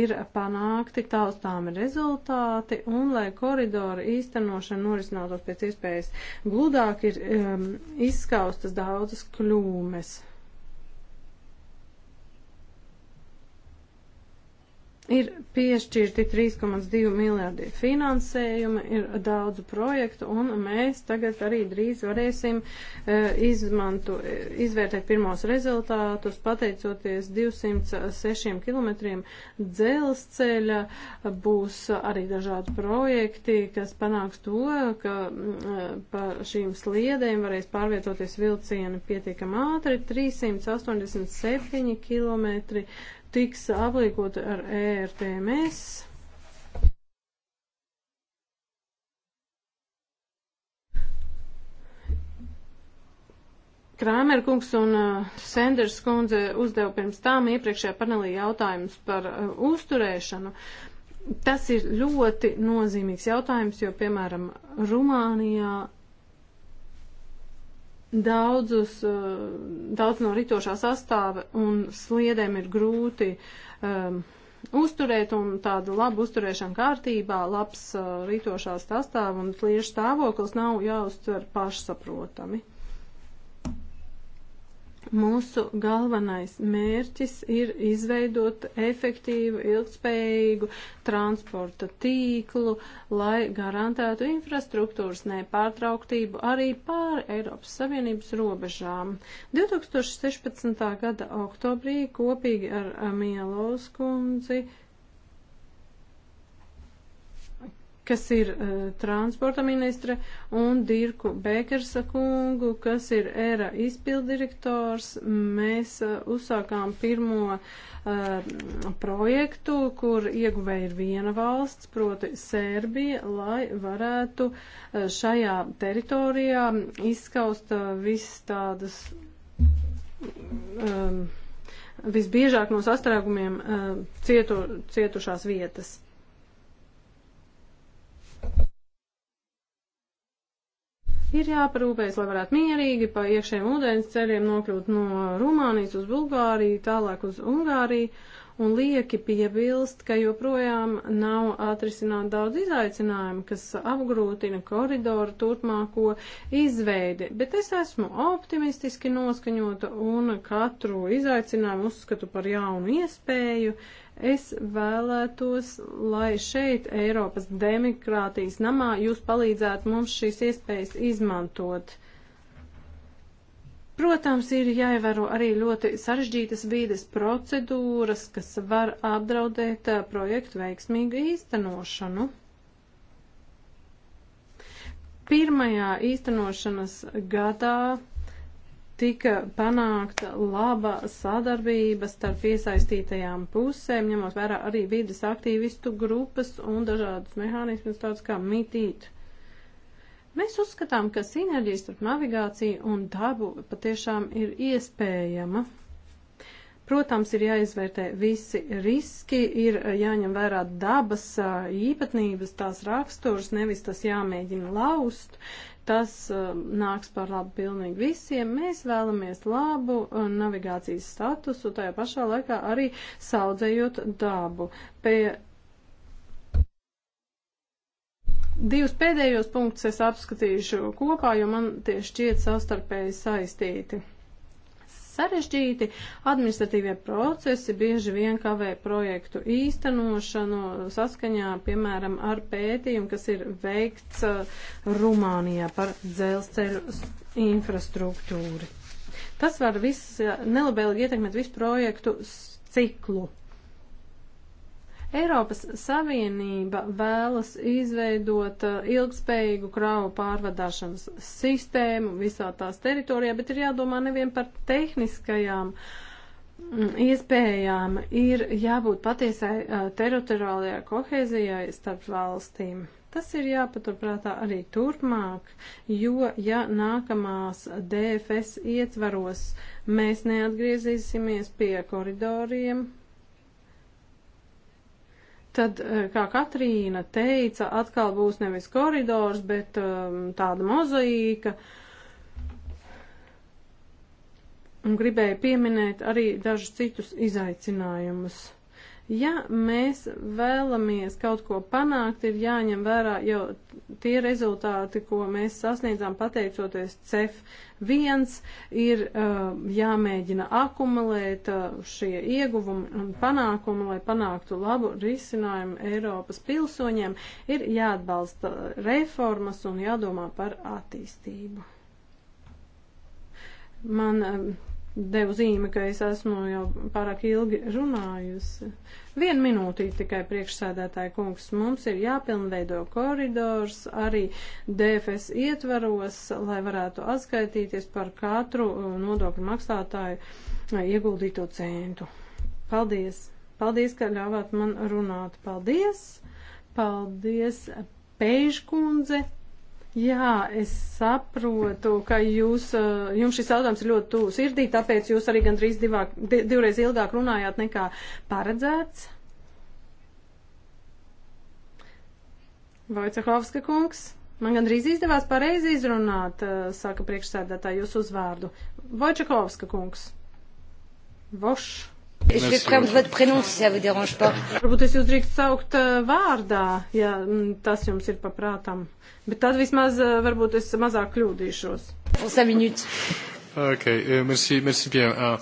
[SPEAKER 3] ir panākti taustāmi rezultāti, un lai koridora īstenošana norisinātos pēc iespējas gludāk, ir um, izskaustas daudzas kļūmes. Ir piešķirti 3,2 miljardi finansējuma, ir daudz projektu, un mēs tagad arī drīz varēsim e, izmanto, e, izvērtēt pirmos rezultātus, pateicoties 206 kilometriem dzelzceļa. Būs arī dažādi projekti, kas panāks to, ka mm, e, pa šīm sliedēm varēs pārvietoties vilcieni pietiekam ātri - 387 kilometri tiks apliekota ar ERTMS. Krāmer kungs un uh, Sanders kundze uzdeva pirms tām iepriekšējā panelī jautājumus par uh, uzturēšanu. Tas ir ļoti nozīmīgs jautājums, jo, piemēram, Rumānijā daudzus, eh, daudz no ritošā sastāva un sliedēm ir grūti um, uzturēt un tādu labu uzturēšanu kārtībā, labs uh, eh, ritošā sastāva un sliežu stāvoklis nav jāuztver pašsaprotami. Mūsu galvenais mērķis ir izveidot efektīvu, ilgspējīgu transporta tīklu, lai garantētu infrastruktūras nepārtrauktību arī pāri Eiropas Savienības robežām. 2016. gada oktobrī kopīgi ar Mielovskundzi um, kas ir uh, transporta ministre, un Dirku Bekersa kungu, kas ir ERA izpildirektors. Mēs uh, uzsākām pirmo uh, projektu, kur ieguvēja ir viena valsts, proti Sērbija, lai varētu uh, šajā teritorijā izskaust uh, visas tādas. Um, visbiežāk no sastrēgumiem uh, cietu, cietušās vietas. Ir jāparūpējas, lai varētu mierīgi pa iekšējiem ūdens ceļiem nokļūt no Rumānijas uz Bulgāriju, tālāk uz Ungāriju, un lieki piebilst, ka joprojām nav atrisināt daudz izaicinājumu, kas apgrūtina koridoru turpmāko izveidi, bet es esmu optimistiski noskaņota un katru izaicinājumu uzskatu par jaunu iespēju, uh, Es vēlētos, lai šeit, Eiropas demokrātijas namā, jūs palīdzētu mums šīs iespējas izmantot. Protams, ir jāievēro arī ļoti sarežģītas vīdes procedūras, kas var apdraudēt projektu veiksmīgu īstenošanu. Pirmajā īstenošanas gadā tika panākta laba sadarbība starp iesaistītajām pusēm, ņemot vērā arī vidas aktīvistu grupas un dažādus mehānismus, tādus kā mitīt. Mēs uzskatām, ka sinerģija starp navigāciju un dabu patiešām ir iespējama. Protams, ir jāizvērtē visi riski, ir jāņem vērā dabas īpatnības, tās raksturs, nevis tas jāmēģina laust, Tas um, nāks par labu pilnīgi visiem. Mēs vēlamies labu um, navigācijas statusu, tajā pašā laikā arī saudzējot dabu. Pie Divus pēdējos punktus es apskatīšu kopā, jo man tie šķiet savstarpēji saistīti sarežģīti, administratīvie procesi bieži vien kavē projektu īstenošanu saskaņā, piemēram, ar pētījumu, kas ir veikts uh, Rumānijā par dzelzceļu infrastruktūru. Tas var viss uh, nelabēlīgi ietekmēt visu projektu ciklu. Eiropas Savienība vēlas izveidot uh, ilgspējīgu kravu pārvadāšanas sistēmu visā tās teritorijā, bet ir jādomā nevien par tehniskajām mm, iespējām, ir jābūt patiesai uh, teritoriālajai kohēzijai starp valstīm. Tas ir jāpaturprātā arī turpmāk, jo ja nākamās DFS ietvaros mēs neatgriezīsimies pie koridoriem, tad, eh, kā Katrīna teica, atkal būs nevis koridors, bet um, tāda mozaīka. Un gribēju pieminēt arī dažus citus izaicinājumus. Ja mēs vēlamies kaut ko panākt, ir jāņem vērā jau tie rezultāti, ko mēs sasniedzām pateicoties CEF. Viens ir uh, jāmēģina akumulēt uh, šie ieguvumi un panākumi, lai panāktu labu risinājumu Eiropas pilsoņiem, ir jāatbalsta reformas un jādomā par attīstību. Man um, devu zīmi, ka es esmu jau pārāk ilgi runājusi. Vienu minūtī tikai priekšsēdētāja kungs. Mums ir jāpilnveido koridors arī DFS ietvaros, lai varētu atskaitīties par katru uh, nodokļu maksātāju ieguldīto centu. Paldies! Paldies, ka ļāvāt man runāt. Paldies! Paldies, Peižkundze! Jā, es saprotu, ka jūs, eh, jums šis jautājums ir ļoti tūs sirdī, tāpēc jūs arī gandrīz divāk, divreiz ilgāk runājāt nekā paredzēts. Vojcehovska kungs, man gandrīz izdevās pareizi izrunāt, eh, saka priekšsēdētāji, jūsu uzvārdu. Vojcehovska kungs. Vošs. Es vais prendre votre prénom, si ça vous dérange pas. Varbūt es jūs drīkst saukt vārdā, ja mm, tas jums ir paprātam. Bet tad vismaz varbūt es mazāk kļūdīšos. Un 5 minūtes.
[SPEAKER 2] Ok, merci, merci bien. Uh,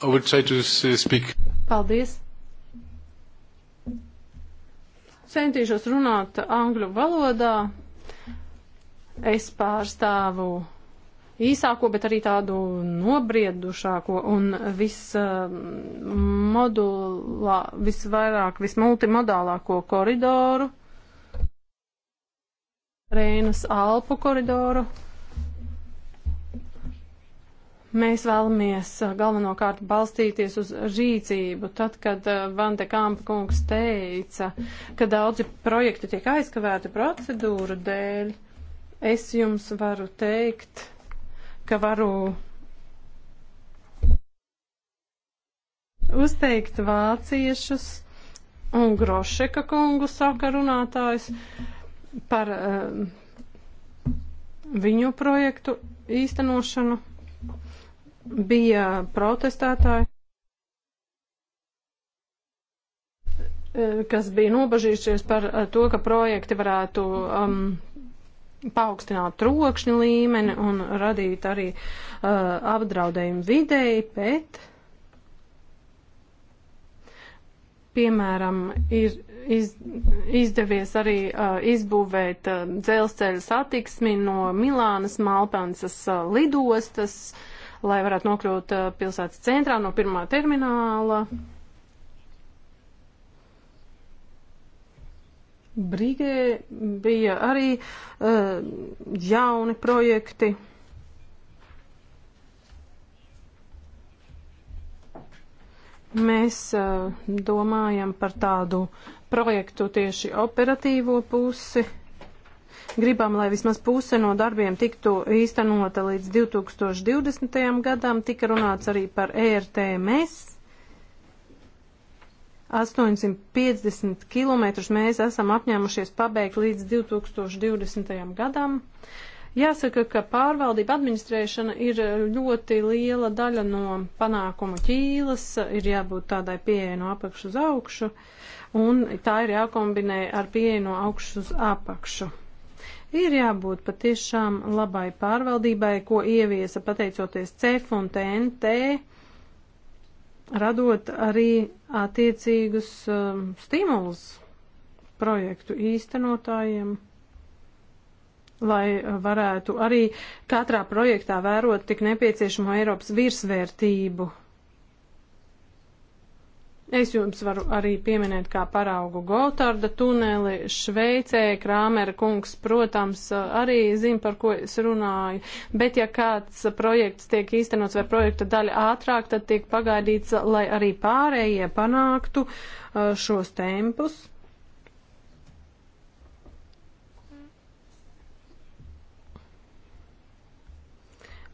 [SPEAKER 2] I will try to speak.
[SPEAKER 3] Paldies. Centīšos runāt angļu valodā. Es pārstāvu īsāko, bet arī tādu nobriedušāko un vismodulā, uh, visvairāk, vismultimodālāko koridoru, Reinas Alpu koridoru. Mēs vēlamies uh, galvenokārt balstīties uz rīcību. Tad, kad uh, Vante Kampa kungs teica, ka daudzi projekti tiek aizkavēti procedūru dēļ, es jums varu teikt, ka varu uzteikt vāciešus un Grošeka kungu saka runātājs par uh, viņu projektu īstenošanu. Bija protestētāji. Eh, kas bija nobažījušies par eh, to, ka projekti varētu um, paaugstināt trokšņu līmeni un radīt arī uh, apdraudējumu videi, bet, piemēram, ir iz, izdevies arī uh, izbūvēt uh, dzelzceļa satiksmi no Milānas Malpensas uh, lidostas, lai varētu nokļūt uh, pilsētas centrā no pirmā termināla. Mm. Brigē bija arī uh, jauni projekti. Mēs uh, domājam par tādu projektu tieši operatīvo pusi. Gribam, lai vismaz puse no darbiem tiktu īstenota līdz 2020. gadam. Tika runāts arī par ERTMS. 850 km mēs esam apņēmušies pabeigt līdz 2020. gadam. Jāsaka, ka pārvaldība administrēšana ir ļoti liela daļa no panākumu ķīlas, ir jābūt tādai pieeja no apakšu uz augšu, un tā ir jākombinē ar pieeju no augšu uz apakšu. Ir jābūt patiešām labai pārvaldībai, ko ieviesa pateicoties CEF un TNT radot arī attiecīgus um, stimulus projektu īstenotājiem, lai varētu arī katrā projektā vērot tik nepieciešamo Eiropas virsvērtību Es jums varu arī pieminēt kā paraugu Gotarda tuneli Šveicē, Krāmera kungs, protams, arī zina, par ko es runāju, bet ja kāds projekts tiek īstenots vai projekta daļa ātrāk, tad tiek pagaidīts, lai arī pārējie panāktu uh, šos tempus.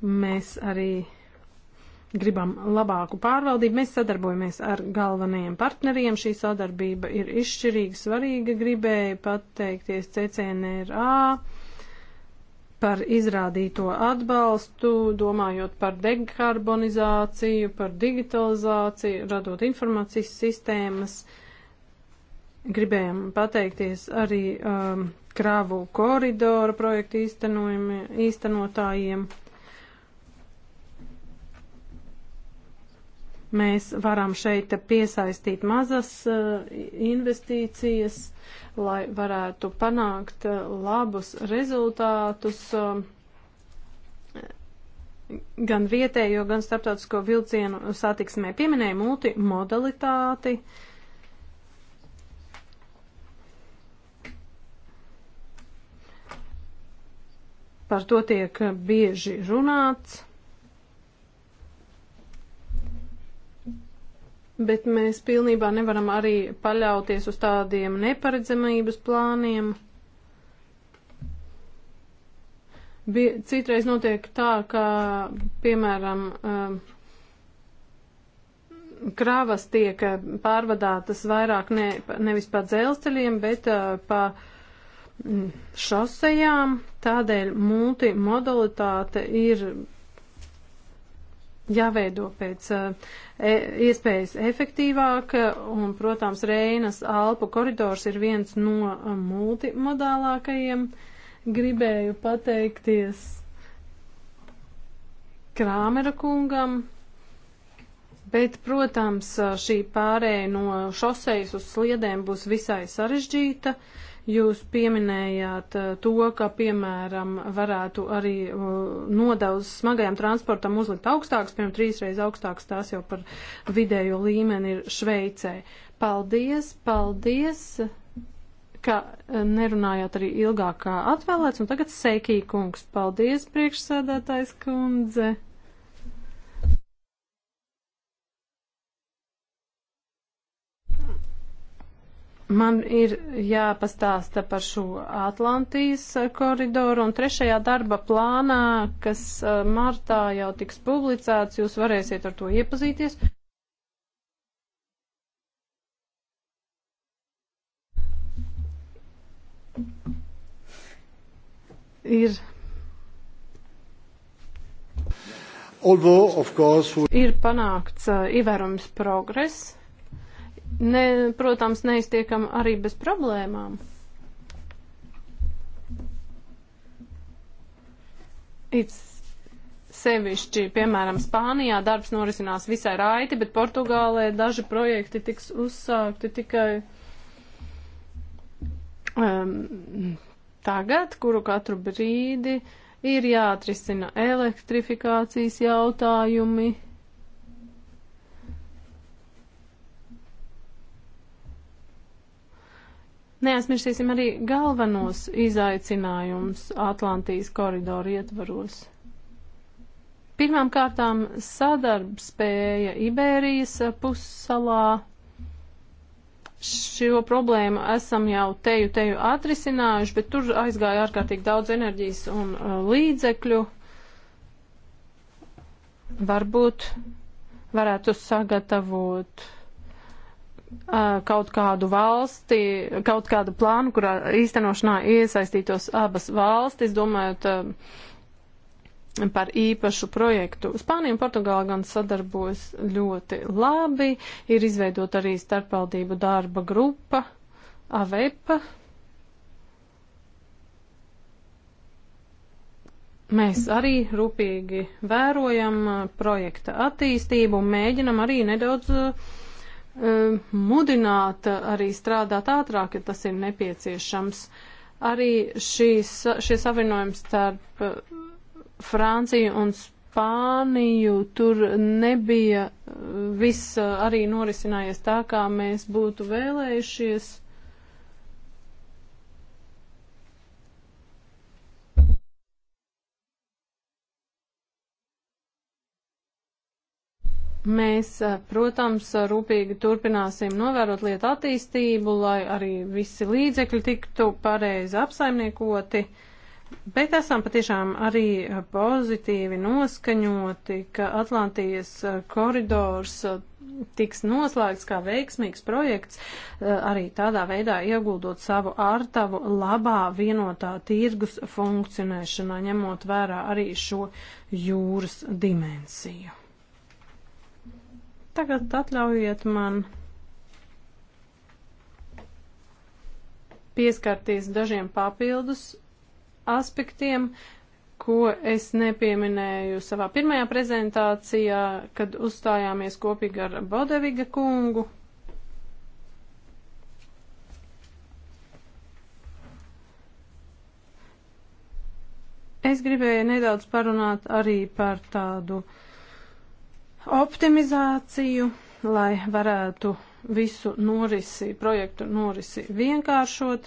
[SPEAKER 3] Mēs arī gribam labāku pārvaldību. Mēs sadarbojamies ar galvenajiem partneriem. Šī sadarbība ir izšķirīgi svarīga. Gribēju pateikties CCNRA par izrādīto atbalstu, domājot par dekarbonizāciju, par digitalizāciju, radot informācijas sistēmas. Gribējām pateikties arī um, kravu koridoru projektu īstenotājiem. Mēs varam šeit piesaistīt mazas eh, investīcijas, lai varētu panākt eh, labus rezultātus eh, gan vietējo, gan starptautisko vilcienu satiksmē. Pieminēja multimodalitāti. Par to tiek bieži runāts. Bet mēs pilnībā nevaram arī paļauties uz tādiem neparedzamības plāniem. Bija, citreiz notiek tā, ka, piemēram, um, kravas tiek pārvadātas vairāk ne, nevis pa dzelzceļiem, bet uh, pa mm, šosejām. Tādēļ multimodalitāte ir jāveido pēc eh, e, iespējas efektīvāk, un, protams, Reinas Alpu koridors ir viens no multimodālākajiem. Gribēju pateikties Krāmera kungam, bet, protams, šī pārēja no šosejas uz sliedēm būs visai sarežģīta. Uh, Jūs pieminējāt eh, to, ka, piemēram, varētu arī eh, nodevs smagajam transportam uzlikt augstāks, piemēram, trīsreiz augstāks tās jau par vidējo līmeni ir Šveicē. Paldies, paldies, ka eh, nerunājāt arī ilgāk kā atvēlēts, un tagad Seikī kungs. Paldies, priekšsēdētājs kundze. Man ir jāpastāsta par šo Atlantijas eh, koridoru un trešajā darba plānā, kas eh, martā jau tiks publicēts, jūs varēsiet ar to iepazīties. Ir Although, of course, we... Ir panākts uh, ievērojams progress ne, protams, neiztiekam arī bez problēmām. It's sevišķi, piemēram, Spānijā darbs norisinās visai raiti, bet Portugālē daži projekti tiks uzsākti tikai um, tagad, kuru katru brīdi ir jāatrisina elektrifikācijas jautājumi. Neaizmirsīsim arī galvenos izaicinājumus Atlantijas koridoru ietvaros. Pirmām kārtām sadarbspēja Ibērijas pussalā. Šo problēmu esam jau teju teju atrisinājuši, bet tur aizgāja ārkārtīgi daudz enerģijas un uh, līdzekļu. Varbūt varētu sagatavot kaut kādu valsti, kaut kādu plānu, kurā īstenošanā iesaistītos abas valstis, domājot par īpašu projektu. Spānija un Portugāla gan sadarbojas ļoti labi, ir izveidot arī starpvaldību darba grupa, AVEPA. E Mēs arī rūpīgi vērojam projekta attīstību un mēģinam arī nedaudz uh, Um, mudināt uh, arī strādāt ātrāk, ja tas ir nepieciešams. Arī šīs, šie savienojumi starp uh, Franciju un Spāniju tur nebija uh, viss arī norisinājies tā, kā mēs būtu vēlējušies. Mēs, eh, protams, rūpīgi turpināsim novērot lietu attīstību, lai arī visi līdzekļi tiktu pareizi apsaimniekoti, bet esam patiešām arī pozitīvi noskaņoti, ka Atlantijas eh, koridors eh, tiks noslēgts kā veiksmīgs projekts, arī tādā veidā ieguldot savu ārtavu labā vienotā tirgus funkcionēšanā, ņemot vērā arī šo jūras dimensiju. Tagad atļaujiet man pieskarties dažiem papildus aspektiem, ko es nepieminēju savā pirmajā prezentācijā, kad uzstājāmies kopīgi ar Bodeviga kungu. Es gribēju nedaudz parunāt arī par tādu uh, optimizāciju, lai varētu visu norisi, projektu norisi vienkāršot.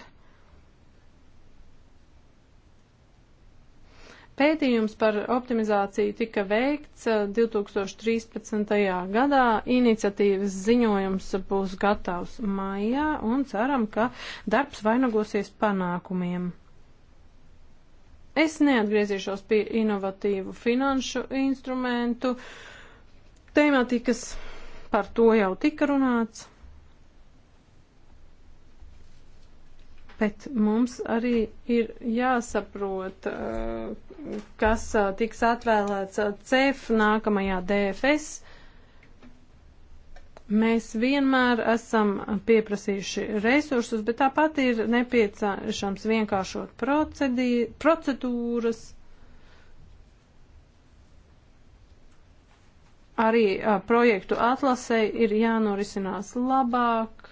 [SPEAKER 3] Pētījums par optimizāciju tika veikts 2013. Eh, gadā. Iniciatīvas ziņojums būs gatavs maijā un ceram, ka darbs vainagosies panākumiem. Es neatgriezīšos pie inovatīvu finanšu instrumentu. Uh, tematikas, par to jau tika runāts. Bet mums arī ir jāsaprot, eh, kas eh, tiks atvēlēts eh, CEF nākamajā DFS. Mēs vienmēr esam pieprasījuši resursus, bet tāpat ir nepieciešams vienkāršot procedūras Arī uh, projektu atlasei ir jānorisinās labāk,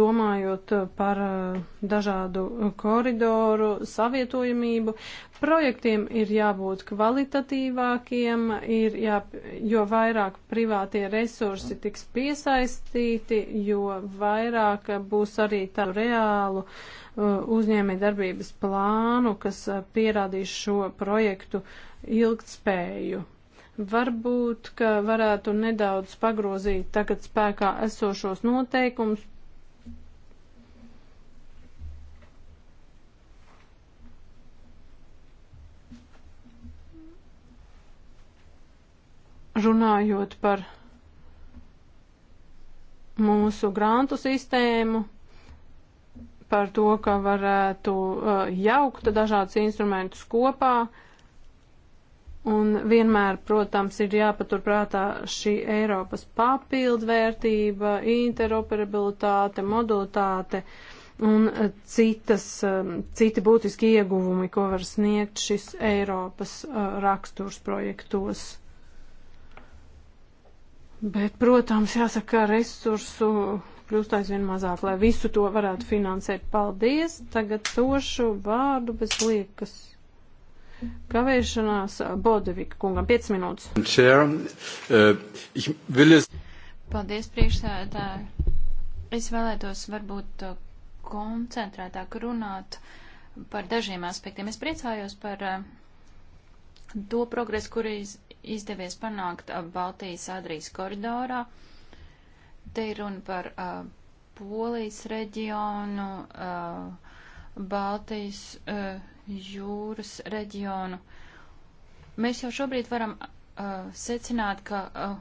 [SPEAKER 3] domājot par uh, dažādu koridoru savietojamību. Projektiem ir jābūt kvalitatīvākiem, ir jā, jo vairāk privātie resursi tiks piesaistīti, jo vairāk būs arī tādu reālu uh, uzņēmē darbības plānu, kas uh, pierādīs šo projektu ilgtspēju. Varbūt, ka varētu nedaudz pagrozīt tagad spēkā esošos noteikumus. Runājot par mūsu grantu sistēmu, par to, ka varētu uh, jaukt dažādus instrumentus kopā, uh, Un vienmēr, protams, ir jāpaturprātā šī Eiropas papildvērtība, interoperabilitāte, modulitāte un eh, citas, eh, citi būtiski ieguvumi, ko var sniegt šis Eiropas eh, raksturs projektos. Bet, protams, jāsaka, resursu kļūst aizvien mazāk, lai visu to varētu finansēt. Paldies! Tagad tošu vārdu bez liekas kavēšanās eh,
[SPEAKER 1] Bodevika kungam. 5 minūtes. Chair, uh, Paldies, priekšsēdētāji. Es vēlētos varbūt eh, koncentrētāk runāt par dažiem aspektiem. Es priecājos par to progresu, kur izdevies panākt Baltijas Adrijas koridorā. Te ir runa par uh, Polijas reģionu, uh, Baltijas uh, jūras reģionu. Mēs jau šobrīd varam uh, secināt, ka uh,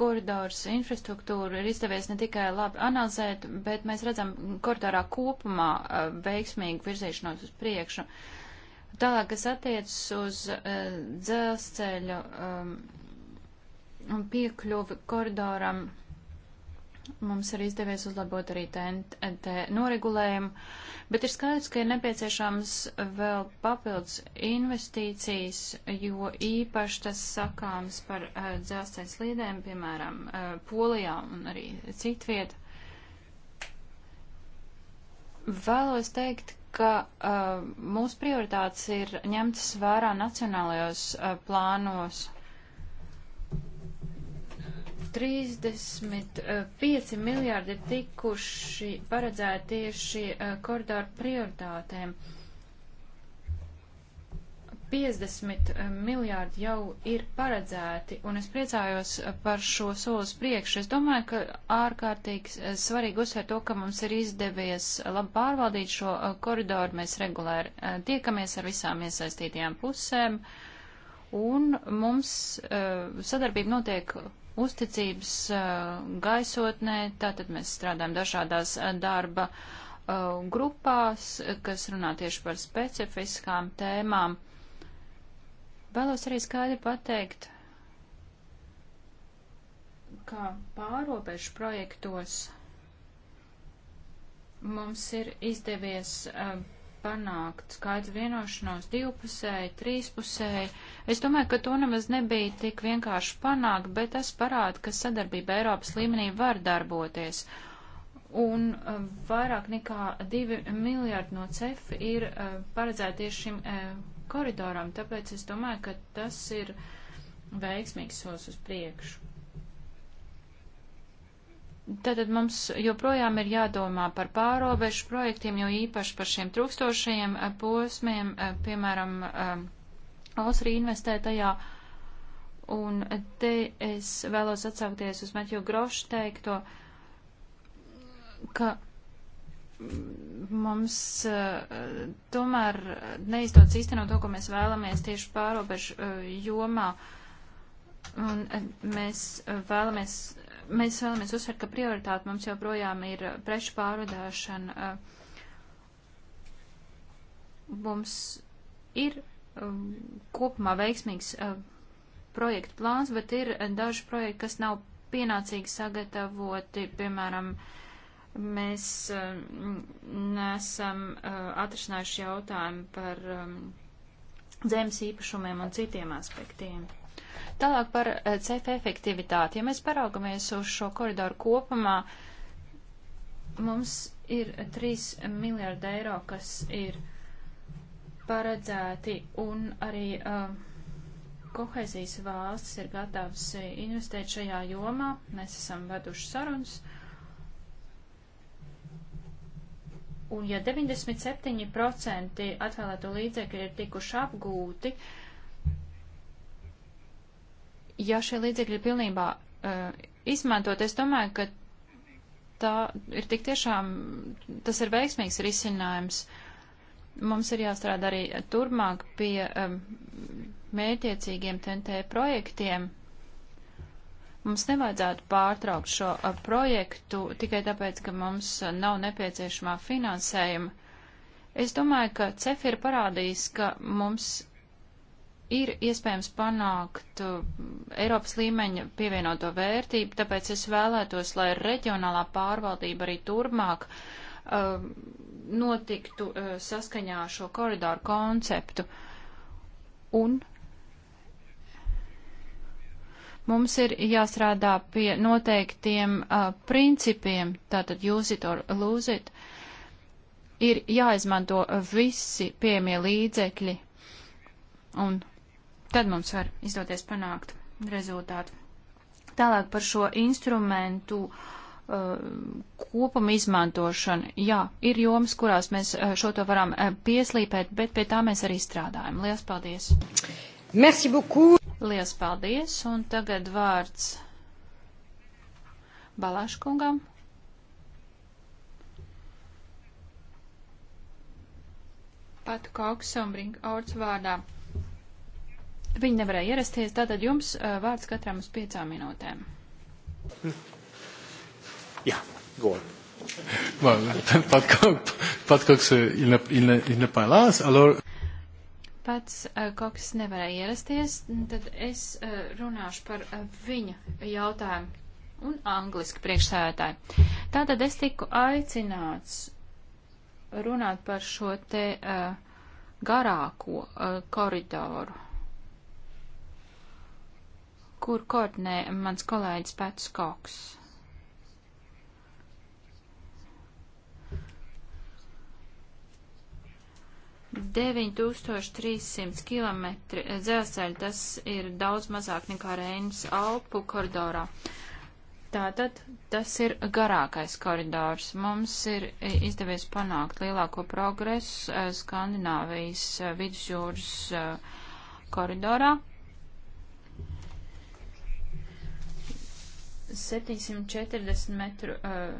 [SPEAKER 1] koridors infrastruktūru ir izdevies ne tikai labi analizēt, bet mēs redzam koridorā kopumā uh, veiksmīgu virzīšanos uz priekšu. Tālāk, kas attiecas uz uh, dzelzceļu um, piekļuvi koridoram Mums ir izdevies uzlabot arī TNT noregulējumu, bet ir skaidrs, ka ir nepieciešams vēl papildus investīcijas, jo īpaši tas sakāms par uh, dzelzceļa slīdēm, piemēram, uh, Polijā un arī citviet. Vēlos teikt, ka uh, mūsu prioritātes ir ņemtas vērā nacionālajos uh, plānos. 35 eh, miljārdi ir tikuši paredzēti tieši eh, koridoru prioritātēm. 50 eh, miljārdi jau ir paredzēti, un es priecājos par šo solis priekšu. Es domāju, ka ārkārtīgi svarīgi uzsvērt to, ka mums ir izdevies labi pārvaldīt šo koridoru. Mēs regulēri tiekamies ar visām iesaistītajām pusēm, un mums sadarbība notiek uzticības uh, gaisotnē. Tātad mēs strādājam dažādās uh, darba uh, grupās, kas runā tieši par specifiskām tēmām. Vēlos arī skaidri pateikt, ka pārobežu projektos mums ir izdevies uh, panākt skaidru vienošanos divpusēji, trīspusēji. Es domāju, ka to nemaz nebija tik vienkārši panākt, bet tas parāda, ka sadarbība Eiropas līmenī var darboties. Un uh, vairāk nekā divi miljardi no CEF ir uh, paredzēti tieši šim uh, koridoram, tāpēc es domāju, ka tas ir veiksmīgs solis uz priekšu. Tātad mums joprojām ir jādomā par pārobežu projektiem, jo īpaši par šiem trūkstošajiem eh, posmiem, eh, piemēram, eh, Osri investē tajā. Un te es vēlos atsaukties uz Matju Grošu teikto, ka mums tomēr neizdodas īstenot to, ko mēs vēlamies tieši pārobežu jomā. Un mēs vēlamies mēs vēlamies uzsvērt, ka prioritāte mums joprojām ir preču pārvadāšana. Mums ir um, kopumā veiksmīgs uh, projektu plāns, bet ir daži projekti, kas nav pienācīgi sagatavoti, piemēram, mēs um, nesam uh, atrisinājuši jautājumu par um, zemes īpašumiem un citiem aspektiem. Tālāk par eh, CF efektivitāti. Ja mēs paraugamies uz šo koridoru kopumā, mums ir 3 miljārdi eiro, kas ir paredzēti un arī uh, eh, kohezijas valstis ir gatavs eh, investēt šajā jomā. Mēs esam veduši sarunas. Un ja 97% atvēlēto līdzekļu ir tikuši apgūti, uh, ja šie līdzekļi ir pilnībā uh, izmantot, es domāju, ka tā ir tik tiešām, tas ir veiksmīgs risinājums. Mums ir jāstrādā arī turmāk pie um, mērķiecīgiem TNT projektiem. Mums nevajadzētu pārtraukt šo uh, projektu tikai tāpēc, ka mums nav nepieciešamā finansējuma. Es domāju, ka CEF ir parādījis, ka mums ir iespējams panākt uh, Eiropas līmeņa pievienoto vērtību, tāpēc es vēlētos, lai reģionālā pārvaldība arī turpmāk uh, notiktu uh, saskaņā ar šo koridoru konceptu. Un mums ir jāstrādā pie noteiktiem uh, principiem, tātad use it or lose it. Ir jāizmanto visi piemie līdzekļi, un Tad mums var izdoties panākt rezultātu. Tālāk par šo instrumentu uh, kopuma izmantošanu. Jā, ir jomas, kurās mēs uh, šo to varam uh, pieslīpēt, bet pie tā mēs arī strādājam. Lielas paldies! Merci beaucoup! Lielas paldies! Un tagad vārds Balaškungam. Pat Kauksam Brink Orts vārdā. Viņi nevarēja ierasties, tātad jums eh, vārds katram uz piecām minūtēm.
[SPEAKER 3] Jā, gol. Bon, pat, kaut, pat kaut kas eh, il
[SPEAKER 2] ne, il ne, il ne pas là, alors...
[SPEAKER 1] Pats eh, Koks nevarēja ierasties, tad es runāšu par viņa jautājumu un angliski priekšsēdētāji. Tātad es tiku aicināts runāt par šo te uh, garāko uh, koridoru kur koordinē mans kolēģis Pēts Koks. Deviņi tūkstoši trīs simts kilometri dzelzceļa, tas ir daudz mazāk nekā Reinas Alpu koridorā. Tātad tas ir garākais koridors. Mums ir izdevies panākt lielāko progresu eh, Skandināvijas eh, vidusjūras eh, koridorā. 740 metru uh,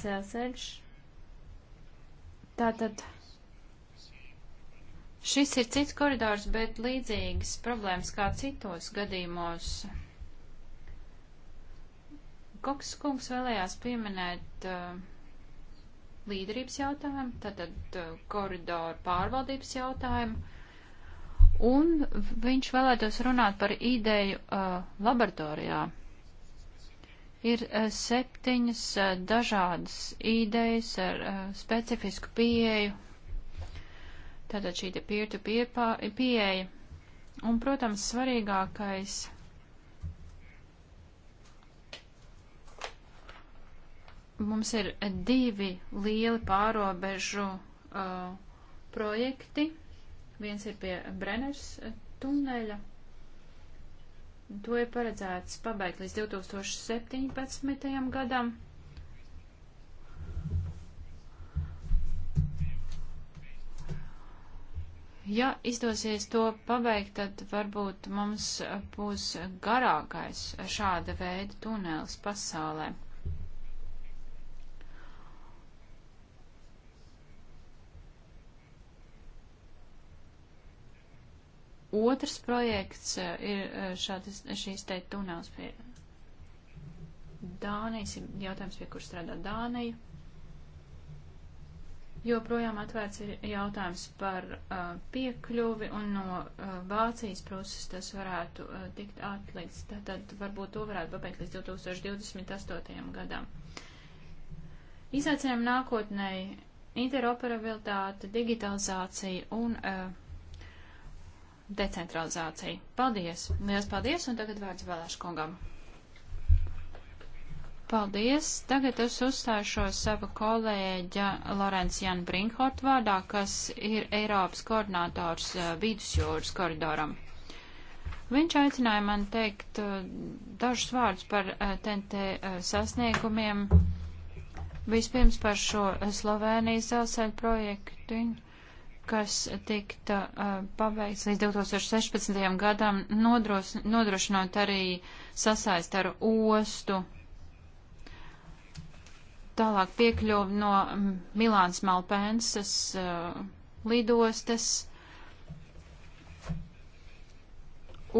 [SPEAKER 1] dzelzceļš. Tātad šis ir cits koridors, bet līdzīgas problēmas kā citos gadījumos. Koks kungs vēlējās pieminēt uh, līderības jautājumu, tātad uh, koridoru pārvaldības jautājumu. Un viņš vēlētos runāt par ideju uh, laboratorijā. Ir uh, septiņas uh, dažādas idejas ar uh, specifisku pieeju. Tātad šī te peer-to-peer -peer pieeja. Un, protams, svarīgākais. Mums ir divi lieli pārobežu uh, projekti Viens ir pie Brenners eh, tuneļa. To ir paredzēts pabeigt līdz 2017. gadam. Ja izdosies to pabeigt, tad varbūt mums eh, būs garākais eh, šāda veida tunelis pasaulē. Otrs projekts eh, ir eh, šādas, šīs te tunels pie Dānijas, jautājums, pie kur strādā Dānija. Joprojām atvērts ir jautājums par uh, piekļuvi un no uh, Vācijas puses tas varētu uh, tikt atlikts. Tātad varbūt to varētu pabeigt līdz 2028. gadam. Izaicinājumi nākotnēji - interoperabilitāte, digitalizācija un uh, decentralizāciju. Paldies! Lielas paldies! Un tagad vārds vēlēšu kungam. Paldies! Tagad es uzstāšos savu kolēģa Lorenz Jan Brinkhort vārdā, kas ir Eiropas koordinātors eh, vidusjūras koridoram. Viņš aicināja man teikt eh, dažus vārdus par TNT eh, sasniegumiem. Vispirms par šo Slovēnijas dzelzceļa projektu kas tikta uh, paveikts līdz 2016. gadam, nodros, nodrošinot arī sasaist ar ostu. Tālāk piekļuvi no mm, Milāns Malpensas uh, eh, lidostas.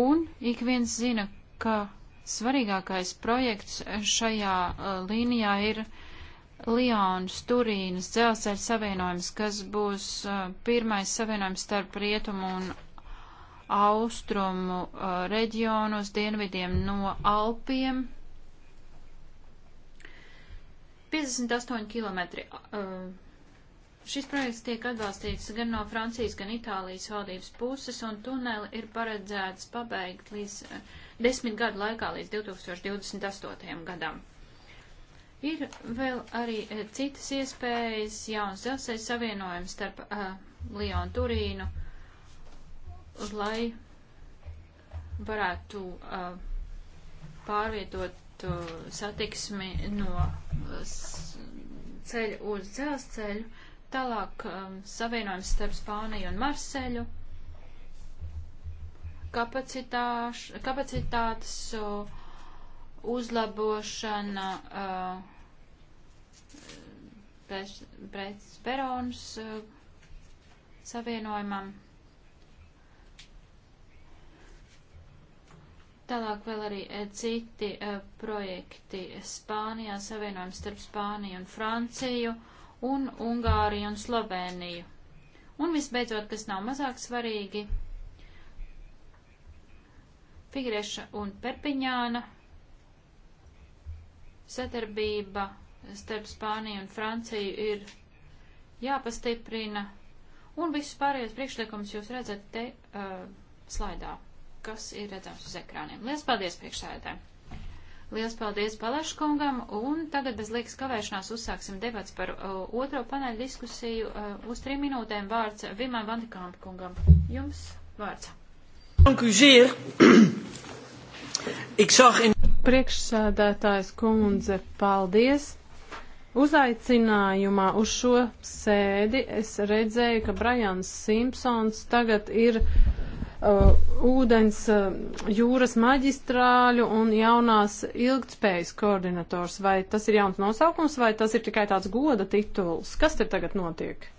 [SPEAKER 1] Un ik viens zina, ka svarīgākais projekts šajā uh, līnijā ir uh, Lionas Turīnas dzelzceļa savienojums, kas būs uh, pirmais savienojums starp rietumu un austrumu uh, reģionu uz dienvidiem no Alpiem. 58 km. Uh, šis projekts tiek atbalstīts gan no Francijas, gan Itālijas valdības puses, un tuneli ir paredzēts pabeigt līdz uh, desmit gadu laikā līdz 2028. gadam. Ir vēl arī eh, citas iespējas, jauns dzelzceļa savienojums starp uh, eh, Lionu Turīnu, lai varētu uh, pārvietot uh, satiksmi no ceļa uz dzelzceļu, tālāk um, savienojums starp Spāniju un Marseļu, kapacitātes. Uh, uzlabošana uh, pēc peronas uh, savienojumam. Tālāk vēl arī uh, citi uh, projekti Spānijā, savienojums starp Spāniju un Franciju, un Ungāriju un Sloveniju. Un visbeidzot, kas nav mazāk svarīgi, Figreša un Perpiņāna sadarbība starp Spāniju un Franciju ir jāpastiprina, un visus pārējos priekšlikumus jūs redzat te uh, slaidā, kas ir redzams uz ekrāniem. Lielas paldies priekšsēdētājiem! Lielas paldies Balaškungam, un tagad bez liekas kavēšanās uzsāksim debats par uh, otro paneļu diskusiju. Uh, uz trim minūtēm vārds Vimam Vandekamp kungam. Jums vārds.
[SPEAKER 2] Dank u zeer. Ik
[SPEAKER 3] zag in Priekšsēdētājs kundze, paldies! Uzaicinājumā uz šo sēdi es redzēju, ka Brajans Simpsons tagad ir uh, ūdens uh, jūras maģistrāļu un jaunās ilgtspējas koordinators. Vai tas ir jauns nosaukums vai tas ir tikai tāds goda tituls? Kas te tagad notiek?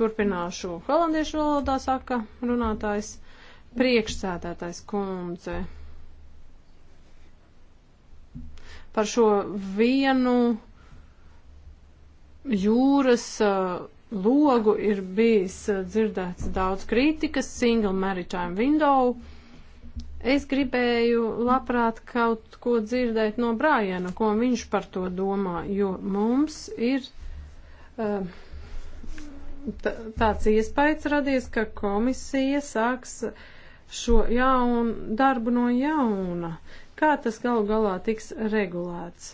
[SPEAKER 3] Turpināšu holandiešu valodā, saka runātājs priekšsēdētājs kundze. par šo vienu jūras uh, logu ir bijis uh, dzirdēts daudz kritikas, single maritime window. Es gribēju labprāt kaut ko dzirdēt no Brājana, ko viņš par to domā, jo mums ir uh, tāds iespējas radies, ka komisija sāks šo jaunu darbu no jauna kā tas galu galā tiks regulēts.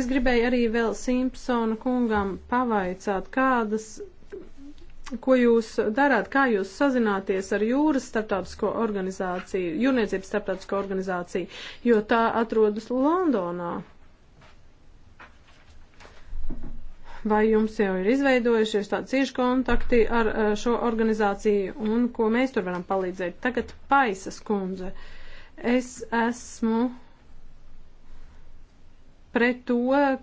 [SPEAKER 3] Es gribēju arī vēl Simpsona kungam pavaicāt, kādas, ko jūs darāt, kā jūs sazināties ar jūras starptautisko organizāciju, jūrniecības starptautisko organizāciju, jo tā atrodas Londonā. Vai jums jau ir izveidojušies tādi cieši kontakti ar eh, šo organizāciju un ko mēs tur varam palīdzēt? Tagad Paisas kundze. Es esmu pret to,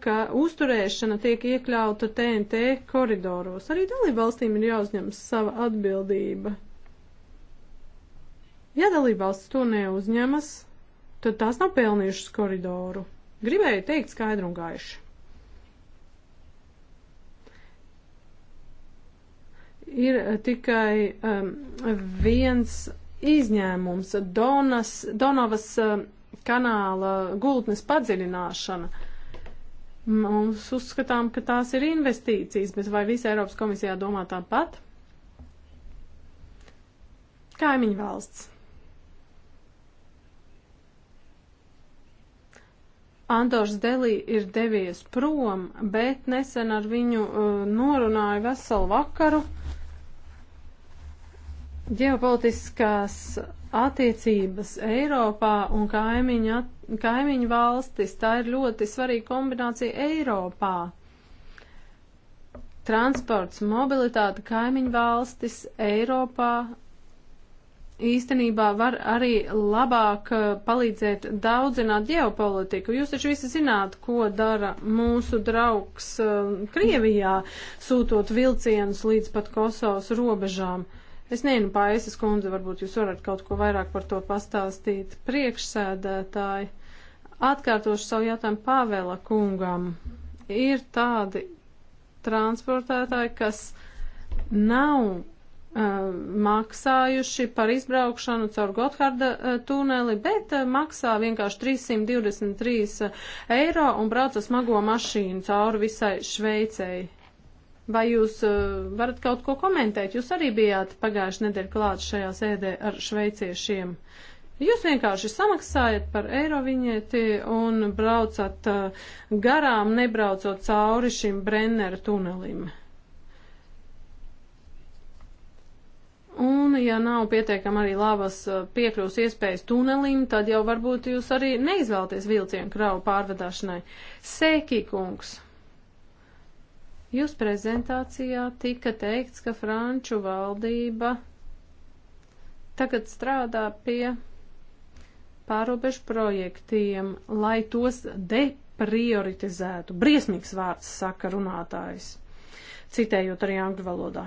[SPEAKER 3] ka uzturēšana tiek iekļauta TNT koridoros. Arī dalībvalstīm ir jāuzņemas sava atbildība. Ja dalībvalsts to neuzņemas, tad tās nav pelnījušas koridoru. Gribēju teikt skaidru un gaišu. Ir tikai um, viens izņēmums - Donas, Donavas um, kanāla gultnes padziļināšana. Mums uzskatām, ka tās ir investīcijas, bet vai visa Eiropas komisijā domā tāpat? Kaimiņu valsts. Andors Delī ir devies prom, bet nesen ar viņu uh, norunāju veselu vakaru ģeopolitiskās attiecības Eiropā un kaimiņu, at, kaimiņu valstis, tā ir ļoti svarīga kombinācija Eiropā. Transports, mobilitāte kaimiņu valstis Eiropā īstenībā var arī labāk eh, palīdzēt daudzināt ģeopolitiku. Jūs taču visi zināt, ko dara mūsu draugs eh, Krievijā, sūtot vilcienus līdz pat Kosovas robežām. Uh, Es nezinu, Paisas kundze, varbūt jūs varat kaut ko vairāk par to pastāstīt. Priekšsēdētāji, atkārtošu savu jautājumu Pāvēla kungam. Ir tādi transportētāji, kas nav uh, maksājuši par izbraukšanu caur Gotharda uh, tuneli, bet uh, maksā vienkārši 323 uh, eiro un brauc ar smago mašīnu cauri visai Šveicei. Vai jūs uh, varat kaut ko komentēt? Jūs arī bijāt pagājuši nedēļu klāt šajā sēdē ar šveiciešiem. Jūs vienkārši samaksājat par eiro viņieti un braucat uh, garām, nebraucot cauri šim Brennera tunelim. Un, ja nav pietiekami arī labas eh, piekļuvas iespējas tunelim, tad jau varbūt jūs arī neizvēlaties vilcienu kravu pārvedāšanai. Sēkī kungs. Jūs prezentācijā tika teikts, ka Franču valdība tagad strādā pie pārobežu projektiem, lai tos deprioritizētu. Briesmīgs vārds saka runātājs, citējot arī angļu valodā.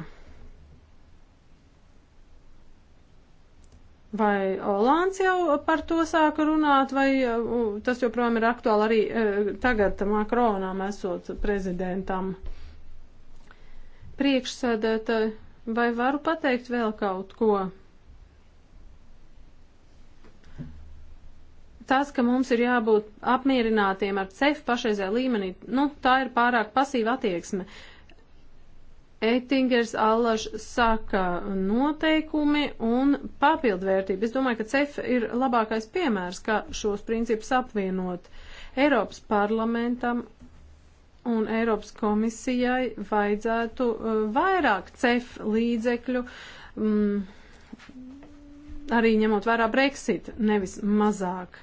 [SPEAKER 3] Vai Olāns jau par to sāka runāt, vai uh, tas joprojām ir aktuāli arī uh, tagad Makronam esot prezidentam? Priekšsēdētāji, vai varu pateikt vēl kaut ko? tas, ka mums ir jābūt apmierinātiem ar cefu pašreizajā līmenī, nu, tā ir pārāk pasīva attieksme. Eitingers allaž saka noteikumi un papildvērtība. Es domāju, ka cefa ir labākais piemērs, kā šos principus apvienot Eiropas parlamentam un Eiropas komisijai vajadzētu uh, vairāk cef līdzekļu, mm, arī ņemot vērā Brexit, nevis mazāk.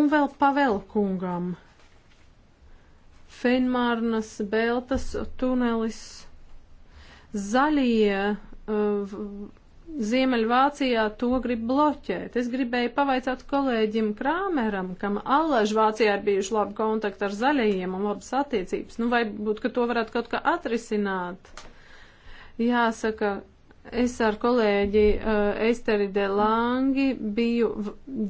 [SPEAKER 3] Un vēl pavelkungam. Fenmārnas, Beltas tunelis, zaļie. Uh, Ziemeļvācijā to grib bloķēt. Es gribēju pavaicāt kolēģim Krāmeram, kam allaž Vācijā ir bijuši labi kontakti ar zaļajiem un labas attiecības. Nu, vai būtu, ka to varētu kaut kā atrisināt? Jāsaka, es ar kolēģi uh, Esteri de Langi biju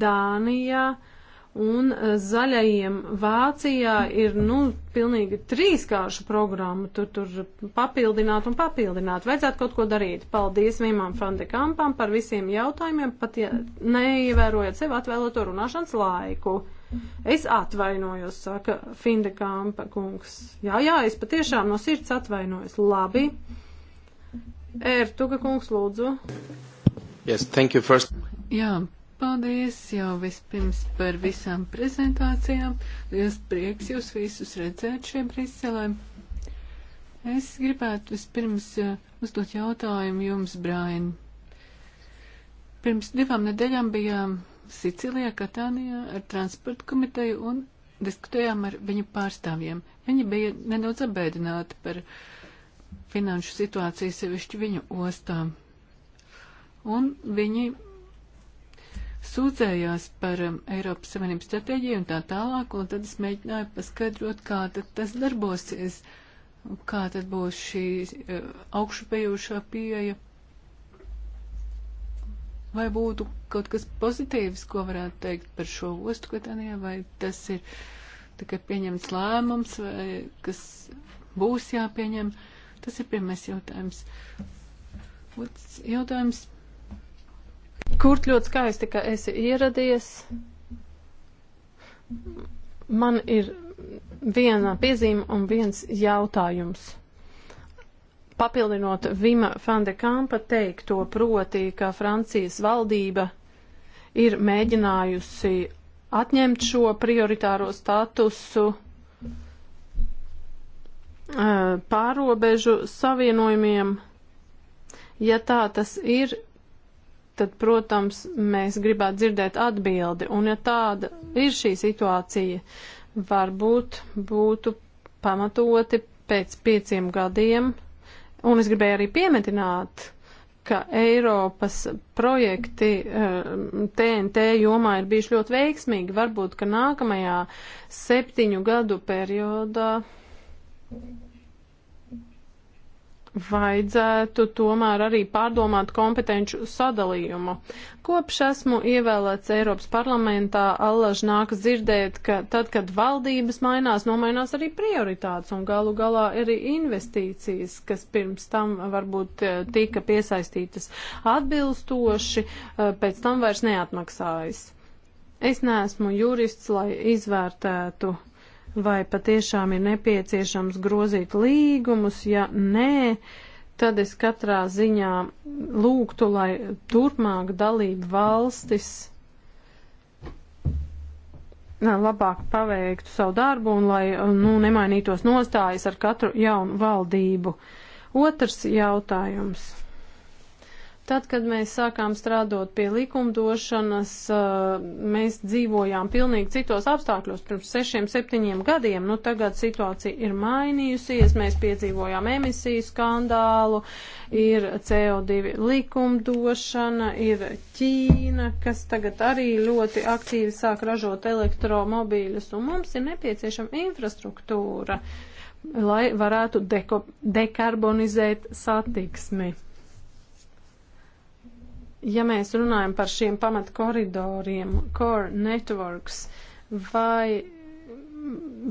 [SPEAKER 3] Dānijā. Uh, Un eh, zaļajiem Vācijā ir, nu, pilnīgi trīskārša programma, tur, tur papildināt un papildināt. Vajadzētu kaut ko darīt. Paldies Vimam Frandekampam par visiem jautājumiem, pat ja neievērojat sev atvēlēto runāšanas laiku. Es atvainojos, saka Findekampa kungs. Jā, jā, es patiešām no sirds atvainojos. Labi. Ērtuga kungs, lūdzu. Yes, thank you first. Jā,
[SPEAKER 2] Paldies jau vispirms par visām prezentācijām. Liels prieks jūs visus redzēt šeit Briselē. Es gribētu vispirms eh, uzdot jautājumu jums, Brain. Pirms divām nedēļām bijām Sicilijā, Katānijā ar transporta komiteju un diskutējām ar viņu pārstāvjiem. Viņi bija nedaudz abēdināti par finanšu situāciju sevišķi viņu ostām. Un viņi sūdzējās par um, Eiropas Savienības stratēģiju un tā tālāk, un tad es mēģināju paskaidrot, kā tad tas darbosies, kā tad būs šī uh, augšupējošā pieeja, vai būtu kaut kas pozitīvs, ko varētu teikt par šo ostu Katanijā, vai tas ir tikai pieņemts lēmums, vai kas būs jāpieņem. Tas ir pirmais jautājums. Otrs
[SPEAKER 3] jautājums Kurt ļoti skaisti, ka esi ieradies. Man ir viena piezīme un viens jautājums. Papildinot Vima Fandekampa teikto proti, ka Francijas valdība ir mēģinājusi atņemt šo prioritāro statusu eh, pārobežu savienojumiem. Ja tā tas ir, tad, protams, mēs gribētu dzirdēt atbildi. Un ja tāda ir šī situācija, varbūt būtu pamatoti pēc pieciem gadiem. Un es gribēju arī piemetināt, ka Eiropas projekti TNT eh, jomā ir bijuši ļoti veiksmīgi. Varbūt, ka nākamajā septiņu gadu periodā. Thank you vajadzētu tomēr arī pārdomāt kompetenču sadalījumu. Kopš esmu ievēlēts Eiropas parlamentā, allaž nākas dzirdēt, ka tad, kad valdības mainās, nomainās arī prioritātes un galu galā arī investīcijas, kas pirms tam varbūt eh, tika piesaistītas atbilstoši, eh, pēc tam vairs neatmaksājas. Es neesmu jurists, lai izvērtētu uh, vai patiešām ir nepieciešams grozīt līgumus, ja nē, tad es katrā ziņā lūgtu, lai turpmāk dalību valstis labāk paveiktu savu darbu un lai nu, nemainītos nostājas ar katru jaunu valdību. Otrs jautājums. Tad, kad mēs sākām strādāt pie likumdošanas, eh, mēs dzīvojām pilnīgi citos apstākļos. Pirms sešiem, septiņiem gadiem, nu tagad situācija ir mainījusies, mēs piedzīvojām emisiju skandālu, ir CO2 likumdošana, ir Ķīna, kas tagad arī ļoti aktīvi sāk ražot elektromobīļus, un mums ir nepieciešama infrastruktūra, lai varētu deko, dekarbonizēt satiksmi ja mēs runājam par šiem pamat koridoriem, core networks, vai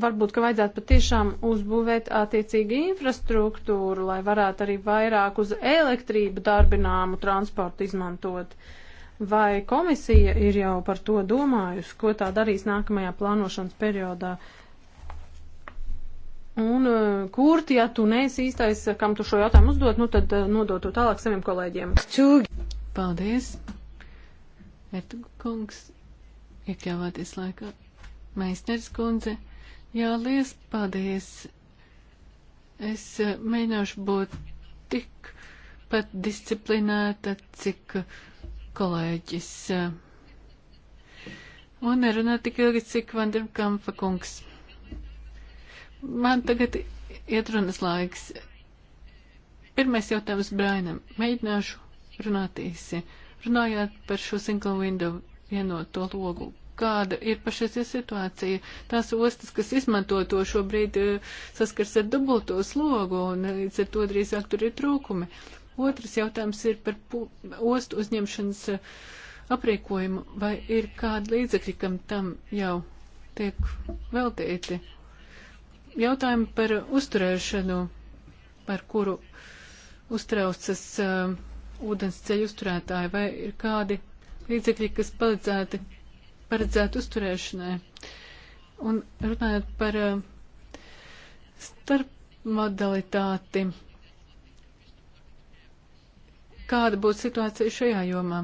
[SPEAKER 3] varbūt, ka vajadzētu patiešām uzbūvēt attiecīgi infrastruktūru, lai varētu arī vairāk uz elektrību darbināmu transportu izmantot. Vai komisija ir jau par to domājusi, ko tā darīs nākamajā plānošanas periodā? Un uh, kur, ja tu neesi īstais, kam tu šo jautājumu uzdot, nu tad uh, nodot to tālāk saviem kolēģiem.
[SPEAKER 2] Čūgi. Paldies, Ertuga kungs, iekļāvāties laikā. Meisners kundze, jā, liels paldies. Es eh, mēģināšu būt tik pat disciplinēta, cik kolēģis. Eh. Un nerunā tik ilgi, cik Vanderkampa kungs. Man tagad iet runas laiks. Pirmais jautājums Brainam. Mēģināšu runāt īsi. Runājāt par šo single window vienoto logu. Kāda ir pašreizie situācija? Tās ostas, kas izmanto to šobrīd, eh, saskars ar dubulto slogu, un eh, līdz ar to drīzāk tur ir trūkumi. Otrs jautājums ir par ostu uzņemšanas eh, aprīkojumu. Vai ir kādi līdzekļi, kam tam jau tiek veltīti? Jautājumi par uzturēšanu, par kuru uztraucas uh, ūdens ceļu uzturētāji, vai ir kādi līdzekļi, kas paredzēti, paredzēti uzturēšanai. Un runājot par eh, starpmodalitāti, kāda būtu situācija šajā jomā?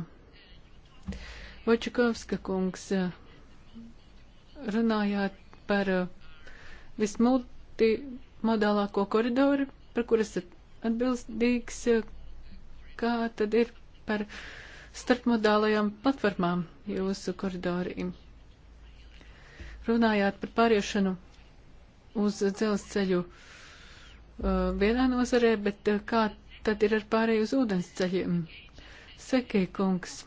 [SPEAKER 2] Vočikovska kungs, eh, runājāt par eh, vismultimodālāko koridoru, par kuras atbildīgs kā tad ir par starpmodālajām platformām jūsu koridoriem? Runājāt par pāriešanu uz dzelzceļu uh, vienā nozarē, bet uh, kā tad ir ar pārēju uz ūdensceļiem? Sekī kungs.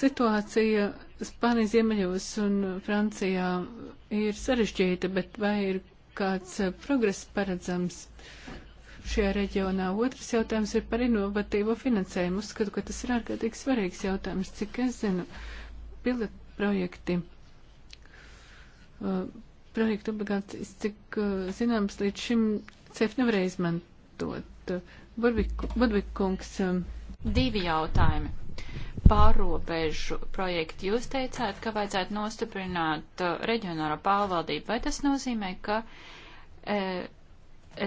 [SPEAKER 2] Situācija Spānijas ziemeļos un Francijā ir sarežģīta, bet vai ir kāds uh, progress paredzams šajā reģionā. Otrs jautājums ir par inovatīvo finansējumu. Uzskatu, ka tas ir ārkārtīgi svarīgs jautājums. Cik es zinu, pilot projekti, uh, projektu obligācijas, cik uh, zināms, līdz šim CEF nevarēja izmantot. Budvikungs. Um,
[SPEAKER 1] Divi jautājumi pārobežu projektu. Jūs teicāt, ka vajadzētu nostiprināt uh, reģionālo pārvaldību. Vai tas nozīmē, ka e,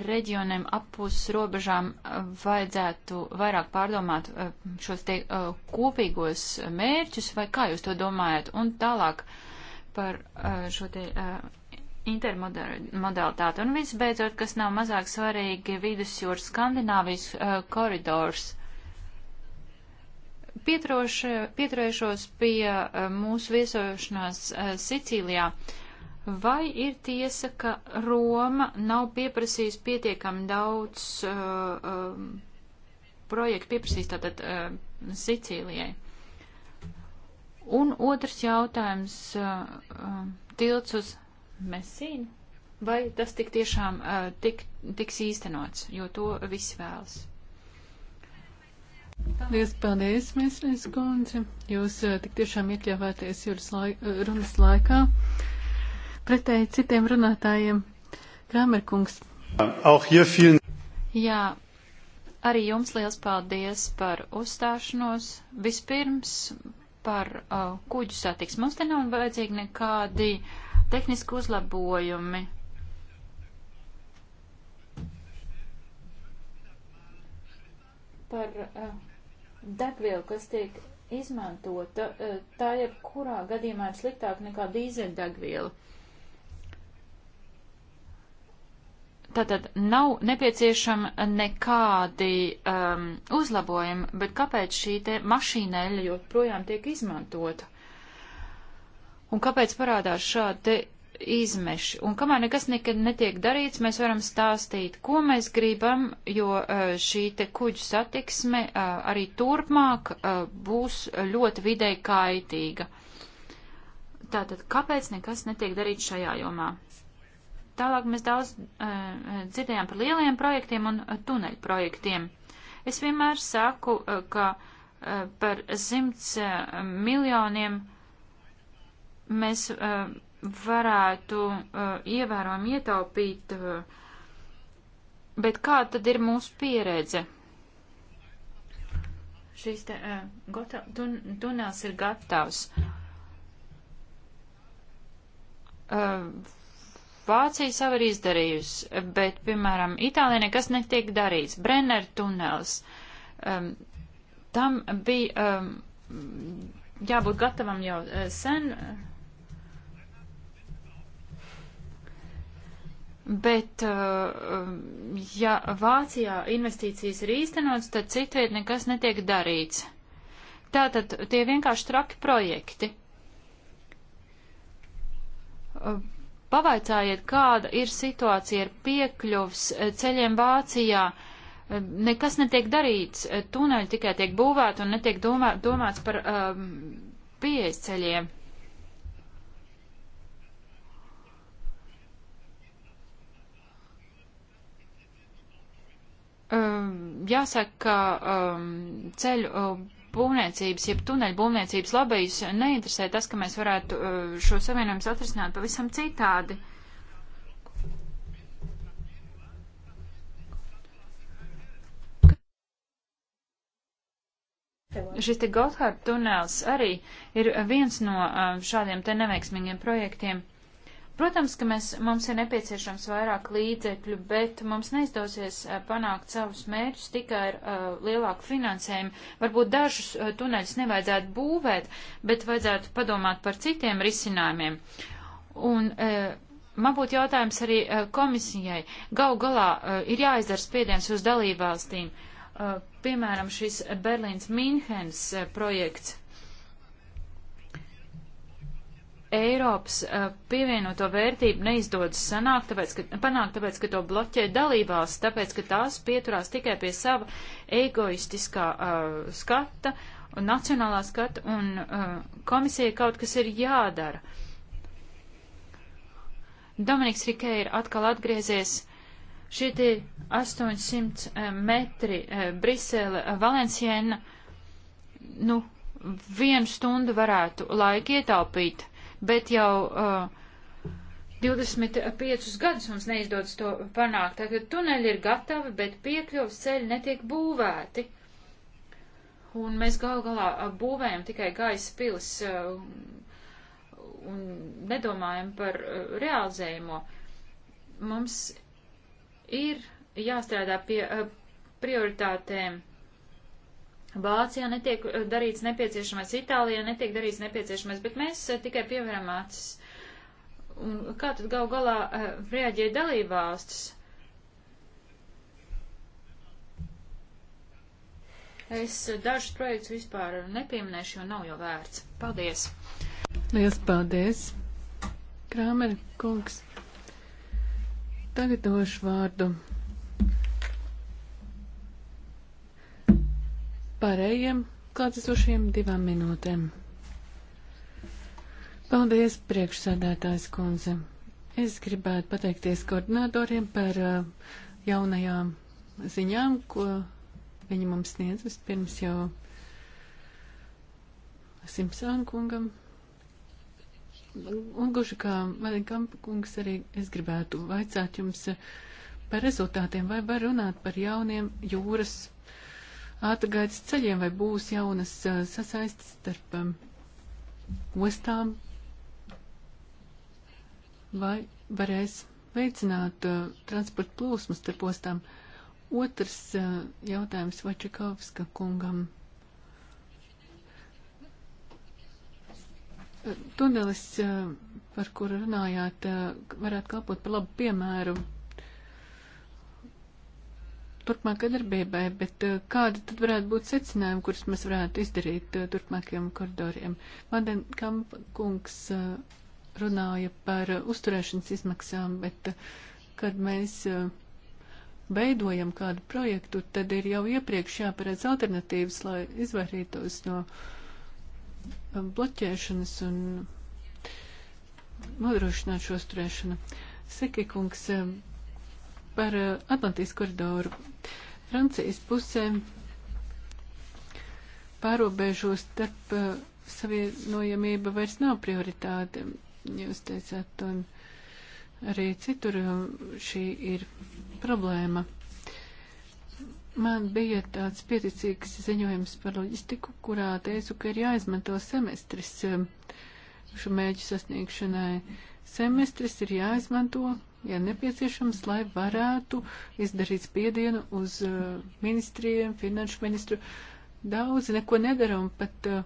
[SPEAKER 1] reģioniem appuses robežām eh, vajadzētu vairāk pārdomāt eh, šos te eh, kopīgos mērķus, vai kā jūs to domājat? Un tālāk par šo te intermodalitāti. Un visbeidzot, kas nav mazāk svarīgi, vidusjūras Skandināvijas koridors. Pietrošos pie mūsu viesošanās Sicīlijā. Uh, Vai ir tiesa, ka Roma nav pieprasījusi pietiekami daudz uh, uh, projektu, pieprasījusi tātad uh, Sicīlijai? Un otrs jautājums uh, uh, tilts uz Mesīnu. Vai tas tik tiešām uh, tik, tiks īstenots, jo to visi vēlas?
[SPEAKER 2] Lielas paldies, Mēsnes kundze. Jūs uh, tik tiešām iekļāvāties jūras laik, uh, runas laikā. Uh, pretēji citiem runātājiem.
[SPEAKER 1] Kramerkungs. Jā, arī jums liels paldies par uzstāšanos. Vispirms par uh, kuģu satiksmi. Mums te nav vajadzīgi nekādi tehniski uzlabojumi. Par uh, degvielu, kas tiek izmantota, uh, tā jebkurā gadījumā ir sliktāk nekā dīzeļdegviela. Uh, Tātad nav nepieciešama nekādi um, uzlabojumi, bet kāpēc šī te mašīnēļa joprojām tiek izmantota? Un kāpēc parādās šādi izmeši. Un kamēr nekas nekad netiek darīts, mēs varam stāstīt, ko mēs gribam, jo uh, šī te kuģu satiksme uh, arī turpmāk uh, būs ļoti videi kaitīga. Tātad, kāpēc nekas netiek darīts šajā jomā? Tālāk mēs daudz uh, dzirdējām par lieliem projektiem un uh, tuneļu projektiem. Es vienmēr saku, uh, ka uh, par simts uh, miljoniem mēs uh, varētu uh, ievērojami ietaupīt, uh, bet kā tad ir mūsu pieredze? Šis te, uh, gatav, tun, tunels ir gatavs. Uh, Vācija savu ir izdarījusi, bet, piemēram, Itālijā nekas netiek darīts. Brenner tunels. Um, tam bija um, jābūt gatavam jau uh, sen. Bet, uh, um, ja Vācijā investīcijas ir īstenotas, tad citviet nekas netiek darīts. Tātad tie vienkārši traki projekti. Uh, Pavaicājiet, kāda ir situācija ar piekļuvs eh, ceļiem Vācijā. Eh, nekas netiek darīts, eh, tuneļi tikai tiek būvēti un netiek domā, domāts par um, pieejas ceļiem. Um, jāsaka, ka um, ehm, ceļu um, būvniecības, jeb tuneļu būvniecības lobbyus neinteresē tas, ka mēs varētu uh, šo savienojumus atrisināt pavisam citādi. Šis te Gotthard tunels arī ir viens no uh, šādiem te neveiksmīgiem projektiem. Protams, ka mēs, mums ir nepieciešams vairāk līdzekļu, bet mums neizdosies eh, panākt savus mērķus tikai ar uh, lielāku finansējumu. Varbūt dažus uh, tuneļus nevajadzētu būvēt, bet vajadzētu padomāt par citiem risinājumiem. Un, uh, man būtu jautājums arī uh, komisijai. Gau galā uh, ir jāizdara spiediens uz dalībvalstīm. Uh, piemēram, šis Berlīns-Minhens uh, projekts Eiropas uh, pievienoto vērtību neizdodas sanākt, tāpēc, ka, panākt, tāpēc, ka to bloķē dalībās, tāpēc, ka tās pieturās tikai pie sava egoistiskā uh, skata, nacionālā skata, un uh, komisijai kaut kas ir jādara. Dominiks Rikē ir atkal atgriezies. Šie tie 800 metri Brisele, Valenciena, nu, vienu stundu varētu laiku ietaupīt bet jau uh, 25 gadus mums neizdodas to panākt. Tagad tuneļi ir gatavi, bet piekļuvas ceļi netiek būvēti. Un mēs gal galā uh, būvējam tikai gaisa pils uh, un nedomājam par uh, realizējumu. Mums ir jāstrādā pie uh, prioritātēm Vācijā netiek eh, darīts nepieciešamais, Itālijā netiek darīts nepieciešamais, bet mēs eh, tikai pievēram acis. Un kā tad gal galā eh, reaģē dalībvalstis? Es dažus projektus vispār nepieminēšu, jo nav jau vērts. Paldies!
[SPEAKER 2] Lielas paldies! Krāmeri kungs! Tagad došu vārdu pārējiem klātesošiem divām minūtēm. Paldies, priekšsādātājs kundze. Es gribētu pateikties koordinatoriem par uh, jaunajām ziņām, ko viņi mums sniedz vispirms jau Simpsonu kungam. Un gluži kā Marinkampa kungs arī es gribētu vaicāt jums uh, par rezultātiem, vai var runāt par jauniem jūras ātrgaitas ceļiem, vai būs jaunas uh, sasaistes starp um, ostām, vai varēs veicināt uh, transporta plūsmas starp ostām. Otrs uh, jautājums Vačakovska kungam. Uh, tunelis, uh, par kuru runājāt, uh, varētu kalpot par labu piemēru turpmākai darbībai, bet eh, kāda tad varētu būt secinājumi, kurus mēs varētu izdarīt eh, turpmākajiem koridoriem? Vanden Kampkungs eh, runāja par uzturēšanas izmaksām, bet kad mēs veidojam kādu projektu, tad ir jau iepriekš jāparedz alternatīvas, lai izvairītos no um, bloķēšanas un nodrošināt šo uzturēšanu. Sekikungs, par eh, Atlantijas koridoru. Francijas pusē pārobežos starp eh, savienojamība vairs nav prioritāte, jūs teicāt, un arī citur eh, šī ir problēma. Man bija tāds pieticīgs ziņojums par loģistiku, kurā teicu, ka ir jāizmanto semestris šo mēģu sasniegšanai. Semestris ir jāizmanto, ja nepieciešams, lai varētu izdarīt spiedienu uz uh, ministriem, finanšu ministru. Daudzi neko nedara un pat uh,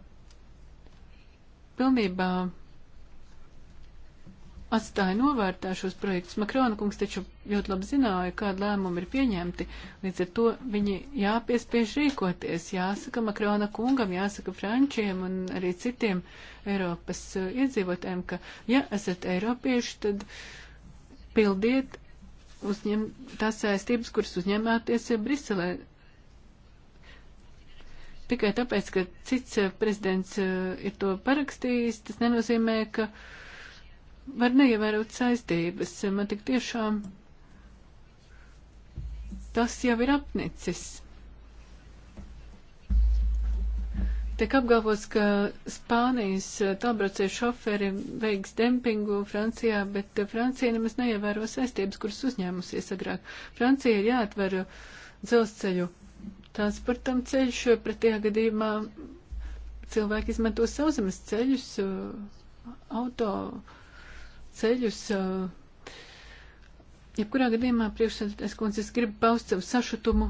[SPEAKER 2] pilnībā atstāja novērtā šos projektus. Makrona kungs taču ļoti labi zināja, kāda lēmuma ir pieņemti, līdz ar to viņi jāpiespiež rīkoties, jāsaka Makrona kungam, jāsaka frančiem un arī citiem Eiropas uh, iedzīvotājiem, ka ja esat eiropieši, tad uh, pildiet uzņem, tās saistības, kuras uzņemāties Briselē. Tikai tāpēc, ka cits eh, prezidents eh, ir to parakstījis, tas nenozīmē, ka var neievērot saistības. Man tik tiešām tas jau ir apnicis. Tiek apgalvots, ka Spānijas eh, tālbraucēju šoferi veiks dempingu Francijā, bet eh, Francija nemaz neievēro saistības, kuras uzņēmusies agrāk. Francija ir jāatver dzelzceļu transportam ceļš, pretējā gadījumā cilvēki izmanto sauzemes ceļus, eh, auto ceļus. Jebkurā gadījumā priekšsēdētājs kundze, es gribu paust savu sašutumu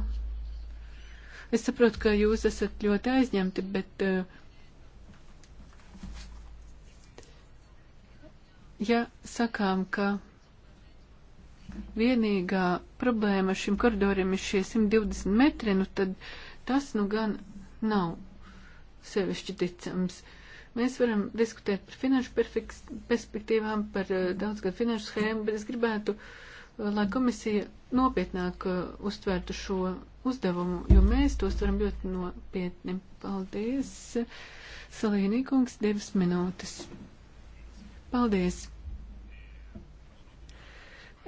[SPEAKER 2] Es saprotu, ka jūs esat ļoti aizņemti, bet eh, ja sakām, ka vienīgā problēma ar šim koridorim ir šie 120 metri, nu tad tas nu gan nav sevišķi ticams. Mēs varam diskutēt par finanšu perspektīvām, par eh, daudzgadu finanšu schēmu, bet es gribētu uh, lai komisija nopietnāk uh, uztvertu šo uzdevumu, jo mēs to uztveram ļoti nopietni. Paldies, Salīnīkungs, divas minūtes. Paldies!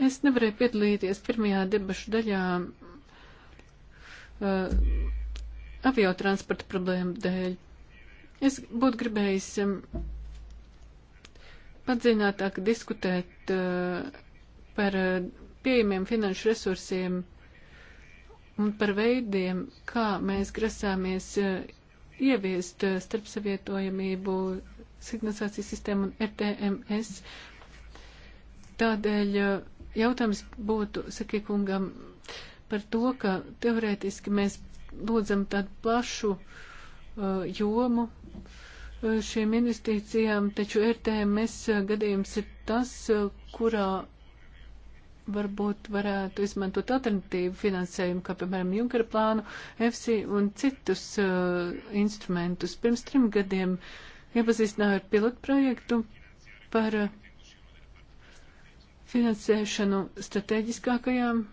[SPEAKER 2] Es nevarēju piedalīties pirmajā debašu daļā uh, aviotransporta problēmu dēļ. Es būtu gribējis um, padziļinātāk diskutēt uh, par eh, pieejamiem finanšu resursiem un par veidiem, kā mēs grasāmies eh, ieviest eh, starpsavietojamību signalizācijas sistēmu un RTMS. Tādēļ jautājums būtu Sakikungam par to, ka teorētiski mēs lūdzam tādu plašu uh, jomu šīm investīcijām, taču RTMS gadījums ir tas, kurā varbūt varētu izmantot alternatīvu finansējumu, kā piemēram Junkara plānu, EFSI un citus uh, instrumentus. Pirms trim gadiem iepazīstināju ar pilotprojektu par uh, finansēšanu strateģiskākajām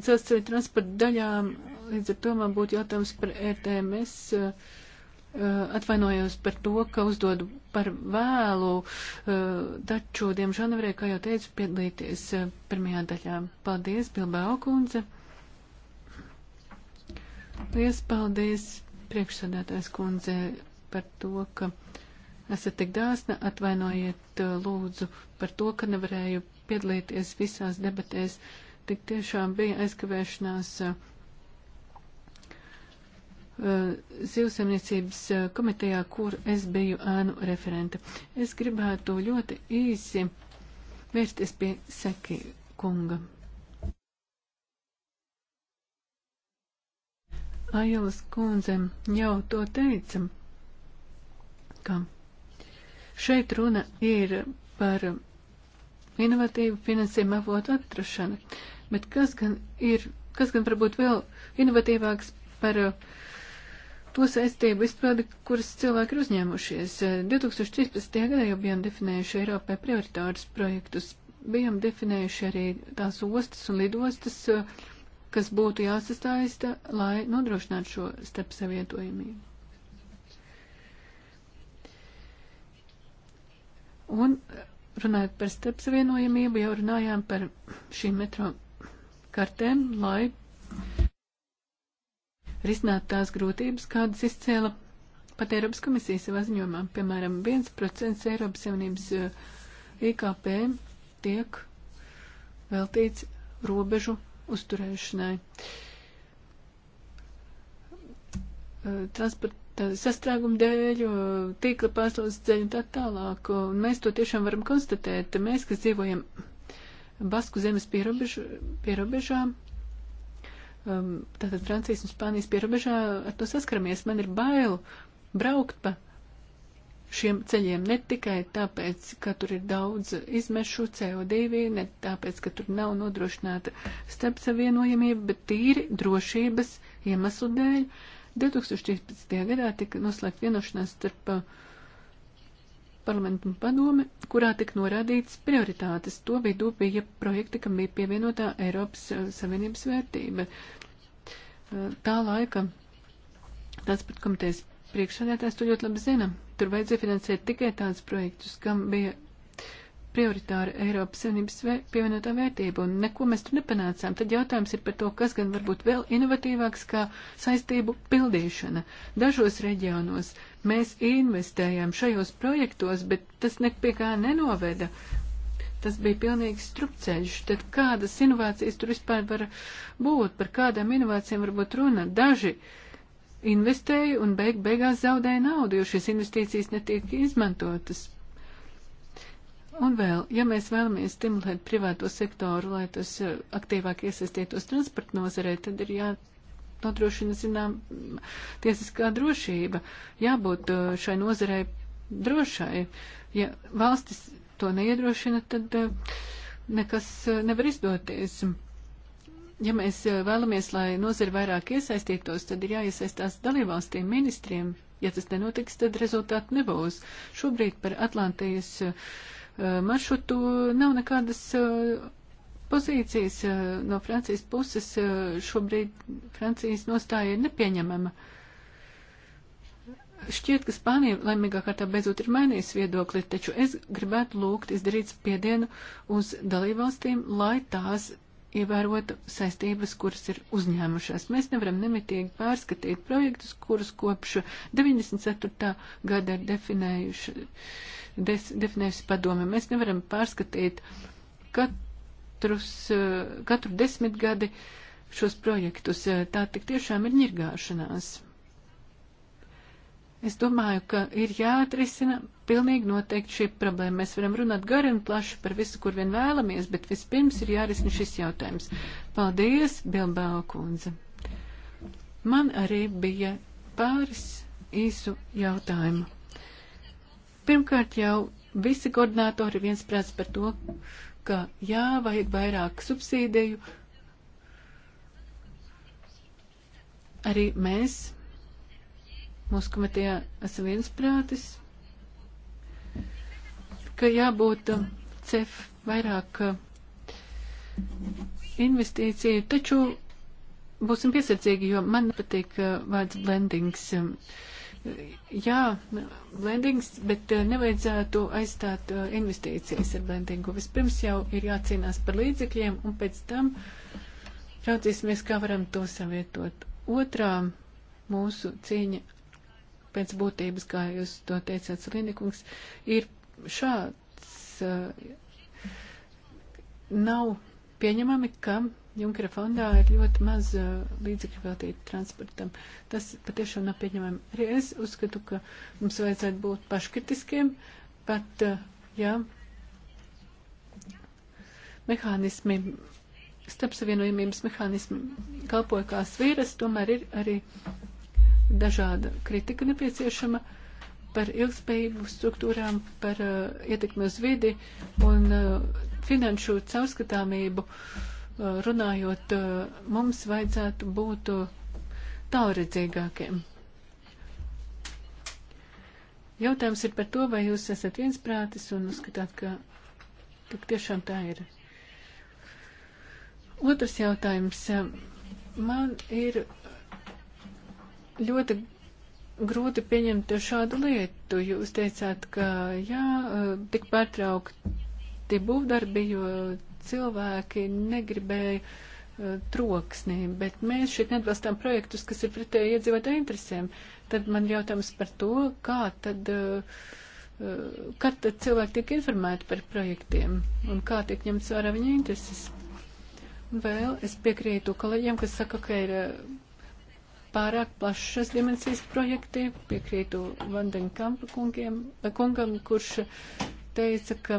[SPEAKER 2] dzelzceļa transporta daļām. Līdz ar to man būtu jautājums par RTMS. E uh, Eh, atvainojos par to, ka uzdodu par vēlu, eh, taču, diemžēl, nevarēju, kā jau teicu, piedalīties eh, pirmajā daļā. Paldies, Bilbao kundze! Liels paldies, priekšsādātājs kundze, par to, ka esat tik dāsna. Atvainojiet, lūdzu, par to, ka nevarēju piedalīties visās debatēs. Tik tiešām bija aizkavēšanās. Uh, Eh, zivsaimniecības eh, komitejā, kur es biju ēnu referente. Es gribētu ļoti īsi vērsties pie Seki kunga. Ailas kundzem jau to teicam, ka šeit runa ir par inovatīvu finansējumu avotu atrašanu, bet kas gan ir, kas gan varbūt vēl inovatīvāks par uh, to saistību izpildi, kuras cilvēki ir uzņēmušies. 2013. gadā jau bijām definējuši Eiropai prioritārus projektus, bijām definējuši arī tās ostas un lidostas, kas būtu jāsastāista, lai nodrošinātu šo starp savietojamību. Un runājot par starp savienojamību, jau runājām par šīm metro kartēm, lai risināt tās grūtības, kādas izcēla pat Eiropas komisijas savā ziņojumā. Piemēram, 1% Eiropas Savienības eh, IKP tiek veltīts robežu uzturēšanai. Eh, transporta sastrēguma dēļ, tīkla pārslēdzes dēļ un tā tālāk. Un mēs to tiešām varam konstatēt. Mēs, kas dzīvojam Basku zemes pierobežām, um, tātad Francijas un Spānijas pierobežā ar to saskaramies. Man ir bail braukt pa šiem ceļiem ne tikai tāpēc, ka tur ir daudz izmešu CO2, ne tāpēc, ka tur nav nodrošināta starp savienojamība, bet tīri drošības iemeslu dēļ. 2014. gadā tika noslēgta vienošanās starp uh, parlamentu un padome, kurā tika norādīts prioritātes. To vidū bija projekti, kam bija pievienotā Eiropas eh, Savienības vērtība. Eh, tā laika tāds pat komitejas priekšsādētājs to ļoti labi zina. Tur vajadzēja finansēt tikai tādus projektus, kam bija prioritāra Eiropas Savienības vē, pievienotā vērtība, un neko mēs tur nepanācām. Tad jautājums ir par to, kas gan varbūt vēl inovatīvāks kā saistību pildīšana. Dažos reģionos uh, Mēs investējām šajos projektos, bet tas nepie kā nenoveda. Tas bija pilnīgi strupceļš. Tad kādas inovācijas tur vispār var būt? Par kādām inovācijām var būt runa? Daži investēja un beig beigās zaudēja naudu, jo šīs investīcijas netiek izmantotas. Un vēl, ja mēs vēlamies stimulēt privāto sektoru, lai tas eh, aktīvāk iesaistītos transporta nozarē, tad ir jā, nodrošina, zinām, tiesiskā drošība. Jābūt uh, šai nozarei drošai. Ja valstis to neiedrošina, tad uh, nekas uh, nevar izdoties. Ja mēs vēlamies, lai nozara vairāk iesaistītos, tad ir jāiesaistās dalībvalstīm, ministriem. Ja tas nenotiks, tad rezultāti nebūs. Šobrīd par Atlantijas maršrutu nav nekādas pozīcijas eh, no Francijas puses eh, šobrīd Francijas nostāja ir nepieņemama. Šķiet, ka Spānija laimīgā kārtā beidzot ir mainījusi viedokli, taču es gribētu lūgt izdarīt spiedienu uz dalībvalstīm, lai tās ievērotu saistības, kuras ir uzņēmušās. Mēs nevaram nemitīgi pārskatīt projektus, kurus kopš 94. gada ir definējuši, des, definējusi padome. Mēs nevaram pārskatīt katru katrus, eh, katru desmitgadi šos projektus. Eh, tā tik tiešām ir ņirgāšanās. Es domāju, ka ir jāatrisina pilnīgi noteikti šī problēma. Mēs varam runāt gari un plaši par visu, kur vien vēlamies, bet vispirms ir jārisina šis jautājums. Paldies, Bilbao kundze. Man arī bija pāris īsu jautājumu. Pirmkārt jau visi koordinātori viensprāts par to, ka jā, vajag vairāk subsīdiju. Arī mēs, mūsu komitejā, esam viensprātis, ka jābūt um, cef vairāk uh, investīciju, taču būsim piesardzīgi, jo man nepatīk uh, vārds blendings. Uh, Jā, blendings, bet eh, nevajadzētu aizstāt eh, investīcijas ar blendingu. Vispirms jau ir jācīnās par līdzekļiem un pēc tam raucīsimies, kā varam to savietot. Otrā mūsu cīņa pēc būtības, kā jūs to teicāt, Slinikungs, ir šāds. Eh, nav pieņemami, ka Junkera fondā ir ļoti maz uh, līdzekļu veltīti transportam. Tas patiešām nav pieņemami. Arī es uzskatu, ka mums vajadzētu būt paškritiskiem, pat, uh, ja mehānismi, starpsavienojumības mehānismi kalpoja kā svīras, tomēr ir arī dažāda kritika nepieciešama. Uh, par ilgspējību struktūrām, par uh, ietekmi uz vidi un uh, finanšu caurskatāmību uh, runājot, uh, mums vajadzētu būt uh, tālredzīgākiem. Jautājums ir par to, vai jūs esat viensprātis un uzskatāt, ka tik tiešām tā ir. Otrs jautājums. Man ir ļoti grūti pieņemt šādu lietu. Jūs teicāt, ka jā, tik pārtraukti būvdarbi, jo cilvēki negribēja eh, troksnī, bet mēs šeit neatbalstām projektus, kas ir pretēji iedzīvotāju interesēm. Tad man jautājums par to, kā tad, eh, kad tad cilvēki tiek informēti par projektiem un kā tiek ņemts vērā viņa intereses. Vēl es piekrītu kolēģiem, kas saka, ka ir eh, pārāk plašas dimensijas projekti. Piekrītu Vandenkampu kungam, kurš teica, ka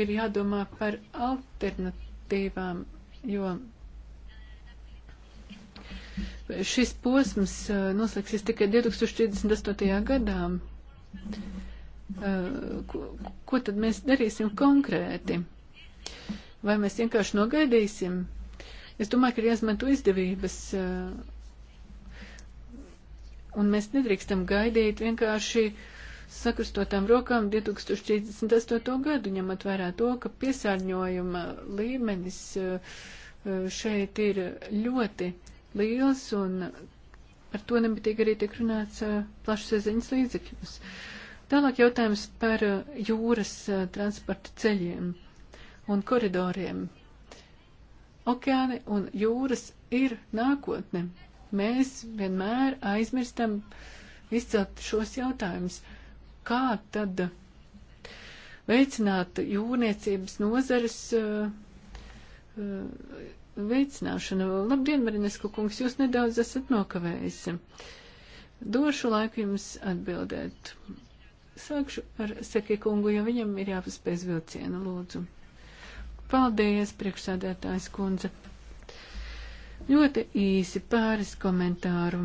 [SPEAKER 2] ir jādomā par alternatīvām, jo šis posms uh, noslēgsies tikai 2038. gadā. Uh, ko, ko tad mēs darīsim konkrēti? Vai mēs vienkārši nogaidīsim Es domāju, ka ir jāizmanto izdevības. Eh, un mēs nedrīkstam gaidīt vienkārši sakristotām rokām 2038. gadu, ņemot vērā to, ka piesārņojuma līmenis eh, šeit ir ļoti liels un par to nebitīgi arī tiek runāts eh, plašsaziņas līdzekļos. Tālāk jautājums par jūras transporta ceļiem un koridoriem. Okeāni un jūras ir nākotne. Mēs vienmēr aizmirstam izcelt šos jautājumus. Kā tad veicināt jūrniecības nozares uh, uh, veicināšanu? Labdien, Marinesku kungs, jūs nedaudz esat nokavējis. Došu laiku jums atbildēt. Sākšu ar Seki kungu, jo viņam ir jāpaspēj vilcienu, lūdzu. Paldies, priekšsādātājs kundze. Ļoti īsi pāris komentāru,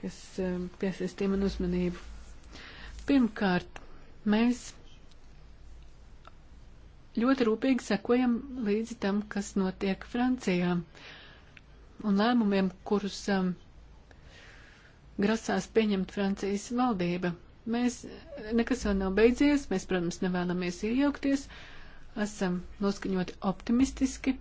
[SPEAKER 2] kas eh, piesaistīja man uzmanību. Pirmkārt, mēs ļoti rūpīgi sekojam līdzi tam, kas notiek Francijā un lēmumiem, kurus um, grasās pieņemt Francijas valdība. Mēs, nekas vēl nav beidzies, mēs, protams, nevēlamies iejaukties. Uh, esam noskaņoti optimistiski.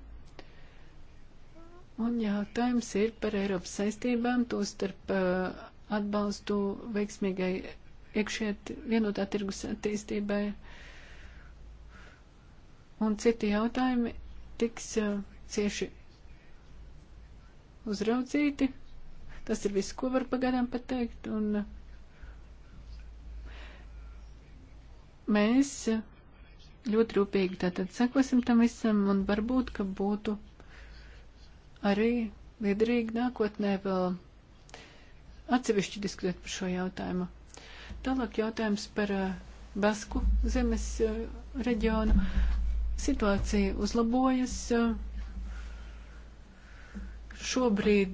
[SPEAKER 2] Un jautājums ir par Eiropas saistībām, to starp uh, atbalstu veiksmīgai iekšiet vienotā tirgus attīstībai. Un citi jautājumi tiks uh, cieši uzraudzīti. Tas ir viss, ko var pagaidām pateikt. Un uh, mēs. Uh, ļoti rūpīgi tātad sekosim tam visam un varbūt, ka būtu arī liederīgi nākotnē vēl atsevišķi diskutēt par šo jautājumu. Tālāk jautājums par eh, Basku zemes eh, reģionu. Situācija uzlabojas. Eh, šobrīd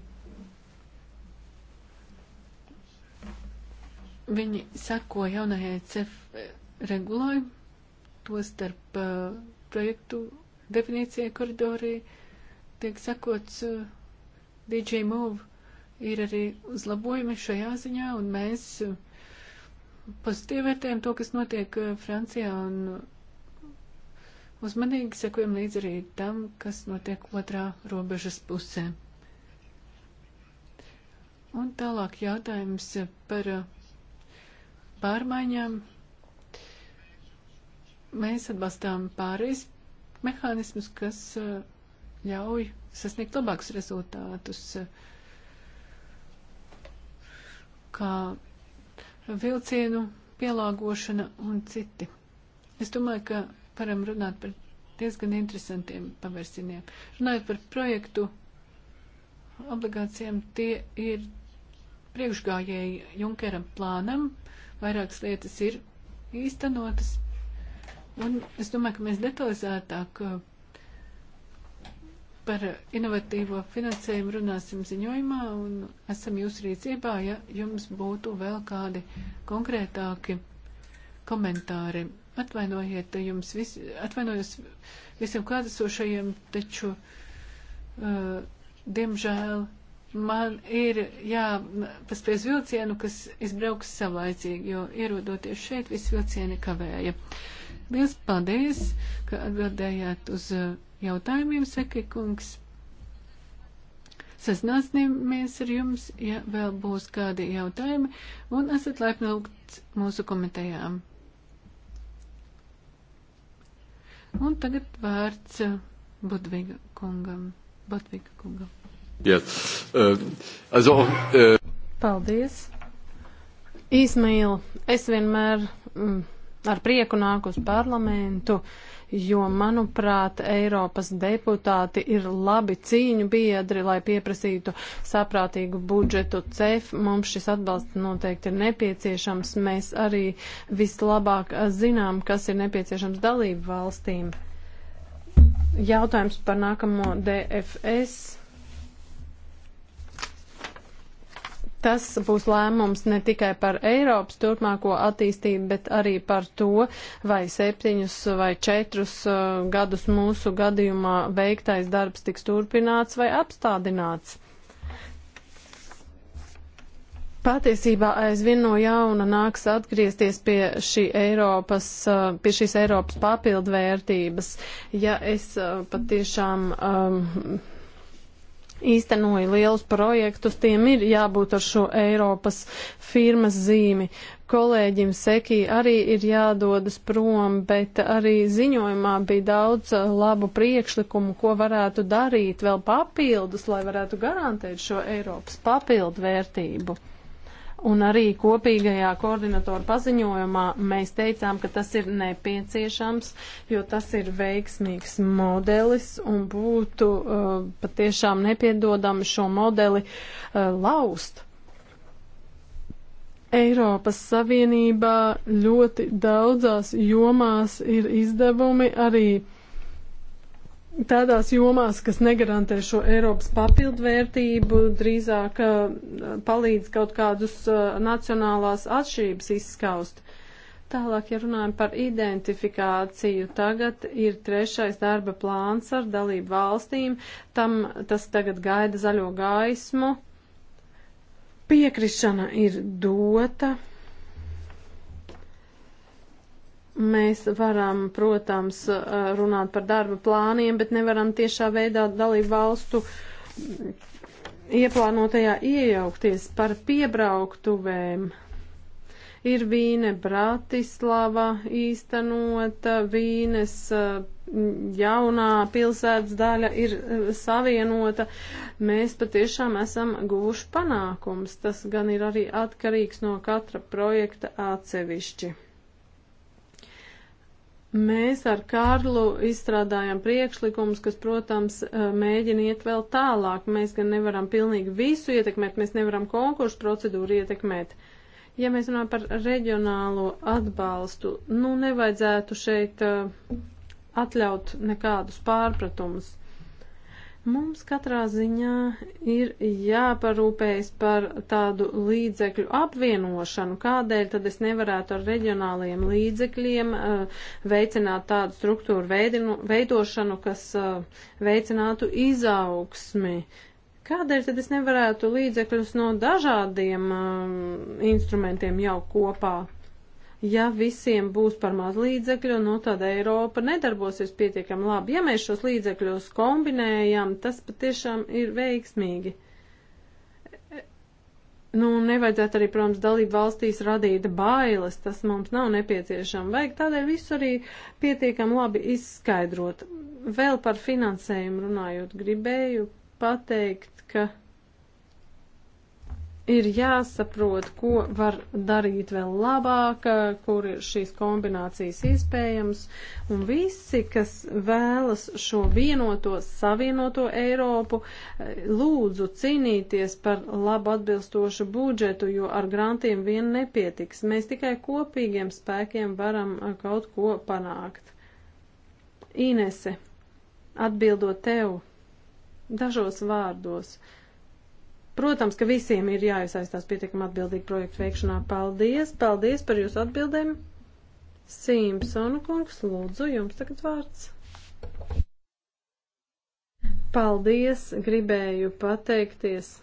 [SPEAKER 2] viņi seko jaunajai CEF regulējumu to starp uh, projektu definīcija koridorī tiek sakots uh, DJ Move ir arī uzlabojumi šajā ziņā, un mēs uh, pozitīvi vērtējam to, kas notiek uh, Francijā, un uh, uzmanīgi sekojam līdz arī tam, kas notiek otrā robežas pusē. Un tālāk jautājums par pārmaiņām Mēs atbalstām pārējais mehānismus, kas uh, ļauj sasniegt labākus rezultātus, kā vilcienu pielāgošana un citi. Es domāju, ka varam runāt par diezgan interesantiem pavērsieniem. Runājot par projektu obligācijām, tie ir priekšgājēji Junkeram plānam. Vairākas lietas ir īstenotas. Un es domāju, ka mēs detalizētāk uh, par inovatīvo finansējumu runāsim ziņojumā un esam jūs rīcībā, ja jums būtu vēl kādi konkrētāki komentāri. Atvainojiet jums vis, atvainojos visiem klātesošajiem, taču, uh, diemžēl, man ir jāpaspēj vilcienu, kas izbrauks savlaicīgi, jo ierodoties šeit, visi vilcieni kavēja. Uh, Liels paldies, ka atbildējāt uz uh, jautājumiem, saka kungs. Sazināsimies ar jums, ja vēl būs kādi jautājumi, un esat laipni lūgts mūsu komitejām. Un tagad vārds uh,
[SPEAKER 3] Budviga kungam. Budviga kungam.
[SPEAKER 2] Yes. Uh, also,
[SPEAKER 3] uh... Paldies. Īsmail, es vienmēr. Mm, ar prieku nāk uz parlamentu, jo, manuprāt, Eiropas deputāti ir labi cīņu biedri, lai pieprasītu saprātīgu budžetu CEF. Mums šis atbalsts noteikti ir nepieciešams. Mēs arī vislabāk zinām, kas ir nepieciešams dalību valstīm. Jautājums par nākamo DFS Tas būs lēmums ne tikai par Eiropas turpmāko attīstību, bet arī par to, vai septiņus vai četrus uh, gadus mūsu gadījumā veiktais darbs tiks turpināts vai apstādināts. Patiesībā aizvien no jauna nāks atgriezties pie, šī Eiropas, uh, pie šīs Eiropas papildvērtības. Ja es uh, patiešām um, īstenoja lielus projektus, tiem ir jābūt ar šo Eiropas firmas zīmi. Kolēģim Sekī arī ir jādodas prom, bet arī ziņojumā bija daudz eh, labu priekšlikumu, ko varētu darīt vēl papildus, lai varētu garantēt šo Eiropas papildu vērtību. Un arī kopīgajā koordinatora paziņojumā mēs teicām, ka tas ir nepieciešams, jo tas ir veiksmīgs modelis un būtu uh, patiešām nepiedodami šo modeli uh, laust. Eiropas Savienībā ļoti daudzās jomās ir izdevumi arī uh, tādās jomās, kas negarantē šo Eiropas papildvērtību, drīzāk uh, palīdz kaut kādus uh, nacionālās atšķirības izskaust. Tālāk, ja runājam par identifikāciju, tagad ir trešais darba plāns ar dalību valstīm, tam tas tagad gaida zaļo gaismu. Piekrišana ir dota. Mēs varam, protams, eh, runāt par darba plāniem, bet nevaram tiešā veidā dalību valstu ieplānotajā iejaukties par piebrauktuvēm. Ir Vīne Bratislava īstenota, Vīnes eh, jaunā pilsētas daļa ir eh, savienota. Mēs patiešām esam guvuši panākums. Tas gan ir arī atkarīgs no katra projekta atsevišķi. Mēs ar Kārlu izstrādājam priekšlikumus, kas, protams, eh, mēģina iet vēl tālāk. Mēs gan nevaram pilnīgi visu ietekmēt, mēs nevaram konkursu procedūru ietekmēt. Ja mēs runājam par reģionālo atbalstu, nu nevajadzētu šeit eh, atļaut nekādus pārpratumus. Mums katrā ziņā ir jāparūpējas par tādu līdzekļu apvienošanu, kādēļ tad es nevarētu ar reģionāliem līdzekļiem uh, veicināt tādu struktūru veidinu, veidošanu, kas uh, veicinātu izaugsmi. Kādēļ tad es nevarētu līdzekļus no dažādiem uh, instrumentiem jau kopā Ja visiem būs par maz līdzekļu, nu tad Eiropa nedarbosies pietiekami labi. Ja mēs šos līdzekļus kombinējam, tas patiešām ir veiksmīgi. Nu, nevajadzētu arī, protams, dalību valstīs radīt bailes, tas mums nav nepieciešama. Vajag tādēļ visu arī pietiekami labi izskaidrot. Vēl par finansējumu runājot, gribēju pateikt, ka ir jāsaprot, ko var darīt vēl labāk, kur ir šīs kombinācijas iespējams, un visi, kas vēlas šo vienoto, savienoto Eiropu, lūdzu cīnīties par labu atbilstošu budžetu, jo ar grantiem vien nepietiks. Mēs tikai kopīgiem spēkiem varam uh, kaut ko panākt. Inese, atbildot tev dažos vārdos. Uh, Protams, ka visiem ir jāiesaistās pietiekam atbildīgi projektu veikšanā. Paldies, paldies par jūsu atbildēm. Simpsona kungs, lūdzu, jums tagad vārds. Paldies, gribēju pateikties.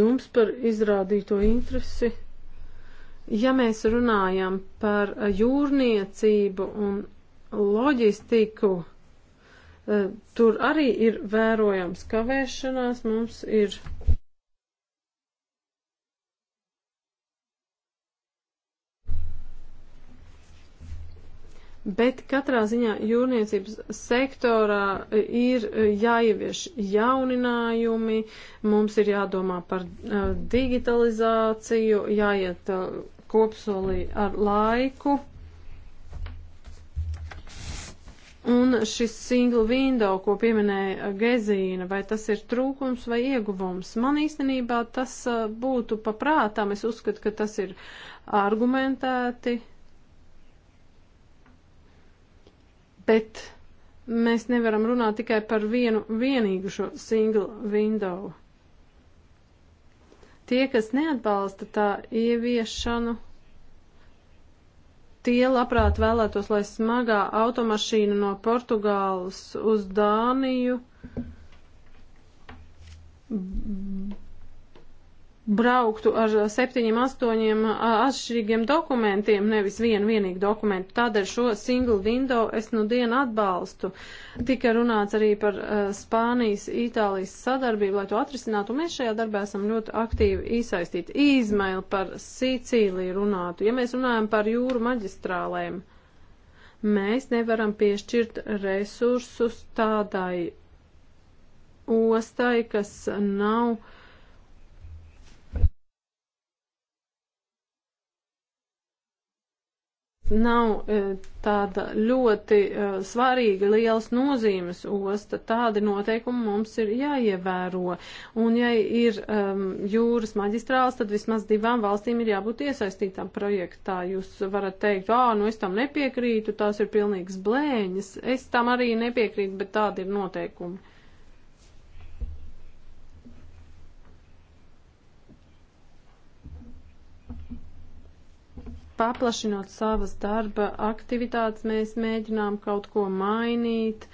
[SPEAKER 3] Jums par izrādīto interesi. Ja mēs runājam par jūrniecību un loģistiku, e, tur arī ir vērojams kavēšanās, mums ir. Bet katrā ziņā jūrniecības sektorā ir jāievieš jauninājumi, mums ir jādomā par e, digitalizāciju, jāiet e, kopsolī ar laiku. Un šis single window, ko pieminēja Gezīna, vai tas ir trūkums vai ieguvums? Man īstenībā tas uh, būtu paprātām, es uzskatu, ka tas ir argumentēti, bet mēs nevaram runāt tikai par vienu vienīgu šo single window. Tie, kas neatbalsta tā ieviešanu. Ja Tie labprāt vēlētos, lai smagā automašīna no Portugāles uz Dāniju brauktu ar septiņiem, astoņiem atšķirīgiem dokumentiem, nevis vienu vienīgu dokumentu. Tādēļ šo single window es nu dienu atbalstu. Tika runāts arī par uh, Spānijas, Itālijas sadarbību, lai to atrisinātu. Mēs šajā darbā esam ļoti aktīvi iesaistīti. Izmaili par Sīcīliju runātu. Ja mēs runājam par jūru maģistrālēm, mēs nevaram piešķirt resursus tādai ostai, kas nav nav e, tāda ļoti e, svarīga lielas nozīmes osta. Tādi noteikumi mums ir jāievēro. Un ja ir um, jūras maģistrāls, tad vismaz divām valstīm ir jābūt iesaistītām projektā. Jūs varat teikt, ā, nu es tam nepiekrītu, tās ir pilnīgas blēņas. Es tam arī nepiekrītu, bet tādi ir noteikumi. paplašinot savas darba aktivitātes, mēs mēģinām kaut ko mainīt,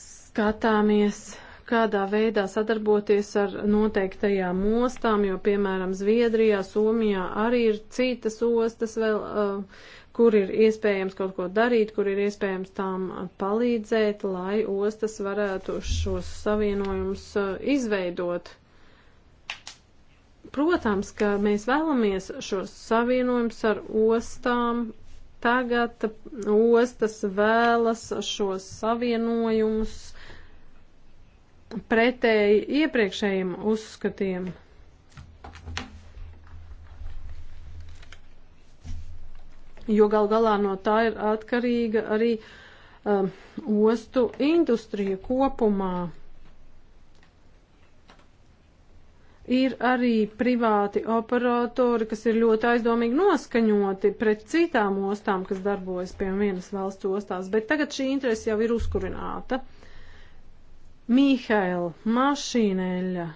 [SPEAKER 3] skatāmies, kādā veidā sadarboties ar noteiktajām ostām, jo, piemēram, Zviedrijā, Somijā arī ir citas ostas vēl, uh, kur ir iespējams kaut ko darīt, kur ir iespējams tām palīdzēt, lai ostas varētu šos savienojumus uh, izveidot. Protams, ka mēs vēlamies šos savienojumus ar ostām. Tagad ostas vēlas šos savienojumus pretēji iepriekšējiem uzskatiem. jo gal galā no tā ir atkarīga arī um, ostu industrija kopumā. Ir arī privāti operatori, kas ir ļoti aizdomīgi noskaņoti pret citām ostām, kas darbojas pie vienas valsts ostās, bet tagad šī interese jau ir uzkurināta. Mīhaila, mašīneļa,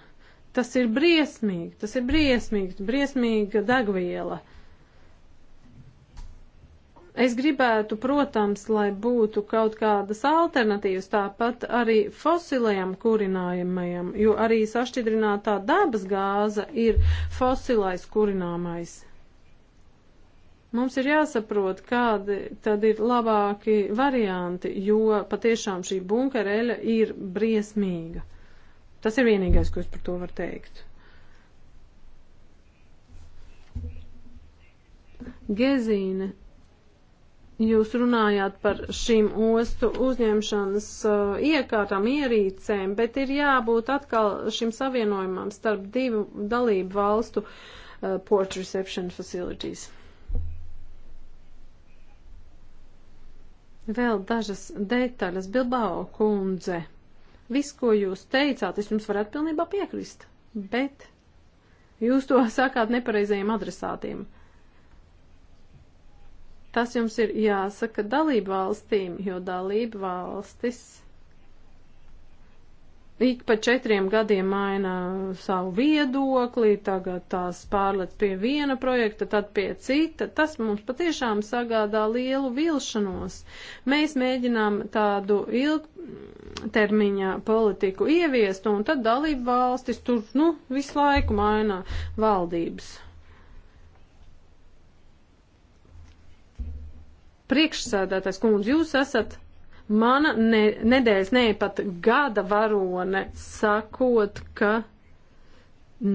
[SPEAKER 3] tas ir briesmīgi, tas ir briesmīgi, briesmīga degviela. Uh, Es gribētu, protams, lai būtu kaut kādas alternatīvas tāpat arī fosilajam kurinājumajam, jo arī sašķidrinātā dabas gāza ir fosilais kurināmais. Mums ir jāsaprot, kādi tad ir labāki varianti, jo patiešām šī bunkereļa ir briesmīga. Tas ir vienīgais, ko es par to varu teikt. Gezīne Jūs runājāt par šīm ostu uzņemšanas uh, iekārtām, ierīcēm, bet ir jābūt atkal šim savienojumam starp divu dalību valstu uh, port reception facilities. Vēl dažas detaļas, Bilbao kundze. Viss, ko jūs teicāt, es jums varētu pilnībā piekrist, bet jūs to sakāt nepareizajiem adresātiem. Uh, Tas jums ir jāsaka dalību valstīm, jo dalību valstis ik pa četriem gadiem maina savu viedokli, tagad tās pārlec pie viena projekta, tad pie cita. Tas mums patiešām sagādā lielu vilšanos. Mēs mēģinām tādu ilgtermiņā politiku ieviest, un tad dalību valstis tur, nu, visu laiku maina valdības. Priekšsēdētais kundze, jūs esat mana ne, nedēļas, ne pat gada varone, sakot, ka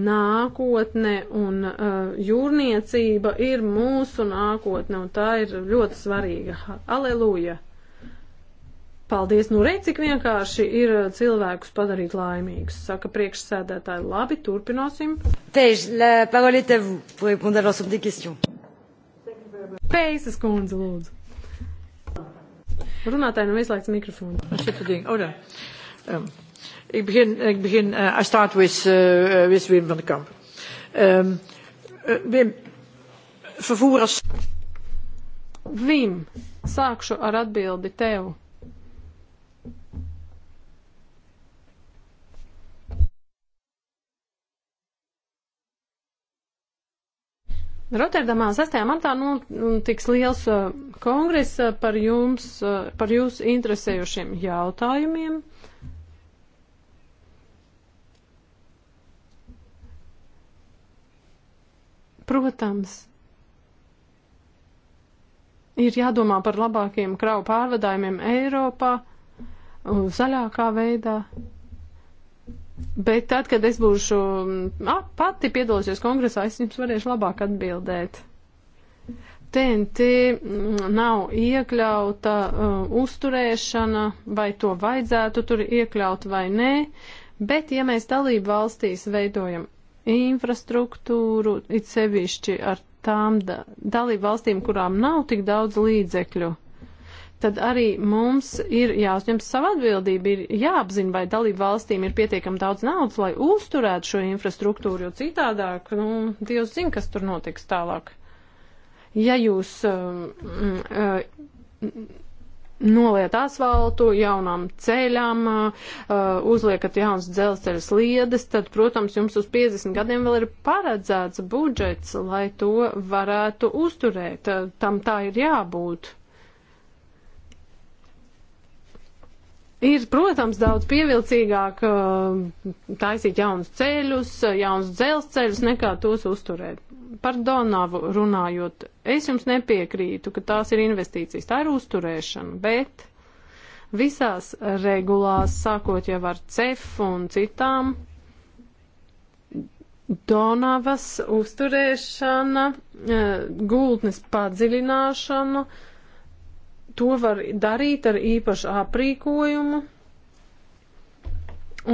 [SPEAKER 3] nākotne un uh, jūrniecība ir mūsu nākotne, un tā ir ļoti svarīga. Aleluja! Paldies, nu redz, cik vienkārši ir uh, cilvēkus padarīt laimīgus, saka priekšsēdētāji. Labi, turpināsim. Tēž, la parole est à vous pour répondre à l'ensemble des questions. Pēcas kundze, lūdzu. Runātāji nav izlaikts mikrofonu. Ora. Um, ik begin, ik begin uh, I start with, uh, with Wim van de Kamp. Um, uh, Wim, vervoer als... Wim, sākšu ar atbildi tev. Rotterdamā 6. martā notiks nu, liels uh, kongress uh, par jums, uh, par jūs interesējošiem jautājumiem. Protams, ir jādomā par labākiem kravu pārvadājumiem Eiropā, zaļākā veidā. Bet tad, kad es būšu mm, a, pati piedalīsies kongresā, es jums varēšu labāk atbildēt. TNT mm, nav iekļauta uh, uzturēšana, vai to vajadzētu tur iekļaut vai nē, bet ja mēs dalību valstīs veidojam infrastruktūru, it sevišķi ar tām da dalību valstīm, kurām nav tik daudz līdzekļu, tad arī mums ir jāuzņem sava atbildība, ir jāapzina, vai dalību valstīm ir pietiekami daudz naudas, lai uzturētu šo infrastruktūru, jo citādāk, nu, Dievs zina, kas tur notiks tālāk. Ja jūs uh, uh, noliet asfaltu, jaunām ceļām, uh, uzliekat jaunas dzelzceļa sliedes, tad, protams, jums uz 50 gadiem vēl ir paredzēts budžets, lai to varētu uzturēt. Tam tā ir jābūt. Ir, protams, daudz pievilcīgāk uh, taisīt jaunus ceļus, uh, jaunus dzelzceļus, nekā tos uzturēt. Par Donavu runājot, es jums nepiekrītu, ka tās ir investīcijas, tā ir uzturēšana, bet visās regulās, sākot jau ar CEF un citām, Donavas uzturēšana, uh, gultnes padziļināšana, uh, To var darīt ar īpašu aprīkojumu.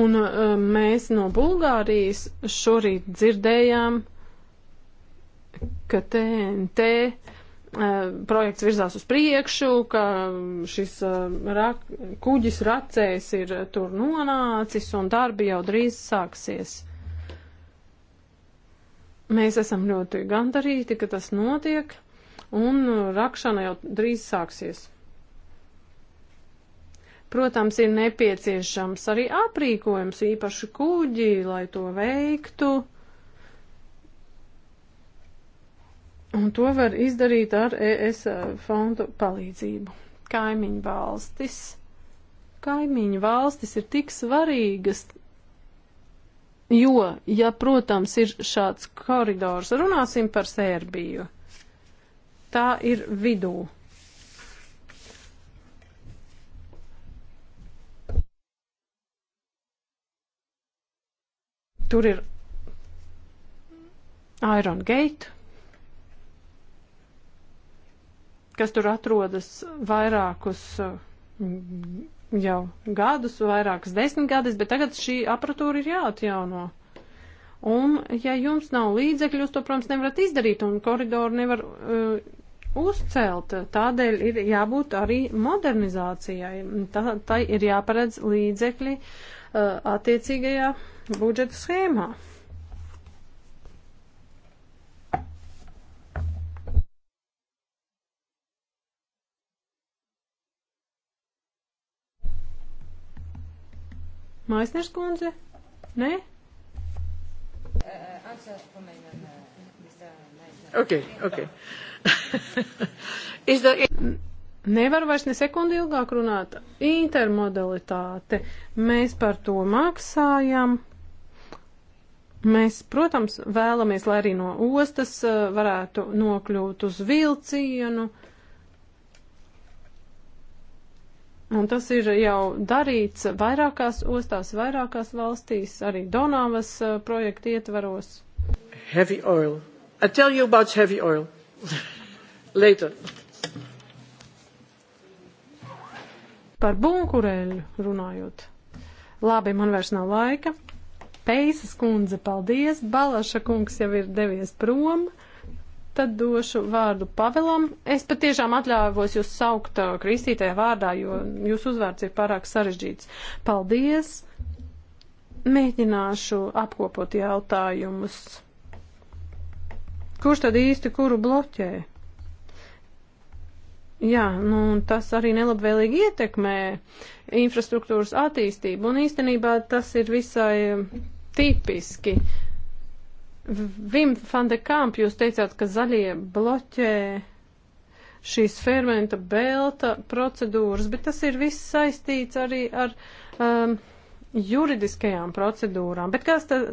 [SPEAKER 3] Un eh, mēs no Bulgārijas šorīt dzirdējām, ka TNT eh, projekts virzās uz priekšu, ka šis eh, rak, kuģis racēs ir tur nonācis un darbi jau drīz sāksies. Mēs esam ļoti gandarīti, ka tas notiek, un rakšana jau drīz sāksies. Protams, ir nepieciešams arī aprīkojums, īpaši kuģi, lai to veiktu. Un to var izdarīt ar ES fondu palīdzību. Kaimiņu valstis. Kaimiņu valstis ir tik svarīgas, jo, ja, protams, ir šāds koridors, runāsim par Sērbiju. Tā ir vidū Tur ir Iron Gate, kas tur atrodas vairākus mm, jau gadus, vairākas desmitgades, bet tagad šī aparatūra ir jāatjauno. Un, ja jums nav līdzekļu, jūs to, protams, nevarat izdarīt, un koridoru nevar uh, uzcelt. Tādēļ ir jābūt arī modernizācijai. Tā, tai ir jāparedz līdzekļi uh, attiecīgajā budžeta schēmā. Maisners kundze? Nē?
[SPEAKER 1] Ok, ok.
[SPEAKER 3] there... Nevaru vairs ne sekundi ilgāk runāt. Intermodalitāte. Mēs par to maksājam, Mēs, protams, vēlamies, lai arī no ostas eh, varētu nokļūt uz vilcienu. Un tas ir jau darīts vairākās ostās, vairākās valstīs, arī Donavas eh, projekta ietvaros. Heavy oil. I tell you about heavy oil. Later. Par bunkurēļu runājot. Labi, man vairs nav laika. Peisas kundze, paldies, Balaša kungs jau ir devies prom, tad došu vārdu Pavelam. Es patiešām atļāvos jūs saukt uh, Kristītē vārdā, jo jūsu uzvārds ir pārāk sarežģīts. Paldies! Mēģināšu apkopot jautājumus. Kurš tad īsti kuru bloķē? Jā, nu, tas arī nelabvēlīgi ietekmē infrastruktūras attīstību, un īstenībā tas ir visai tipiski. Vim Fandekāmp, jūs teicāt, ka zaļie bloķē šīs fermenta belta procedūras, bet tas ir viss saistīts arī ar um, juridiskajām procedūrām. Bet kas tad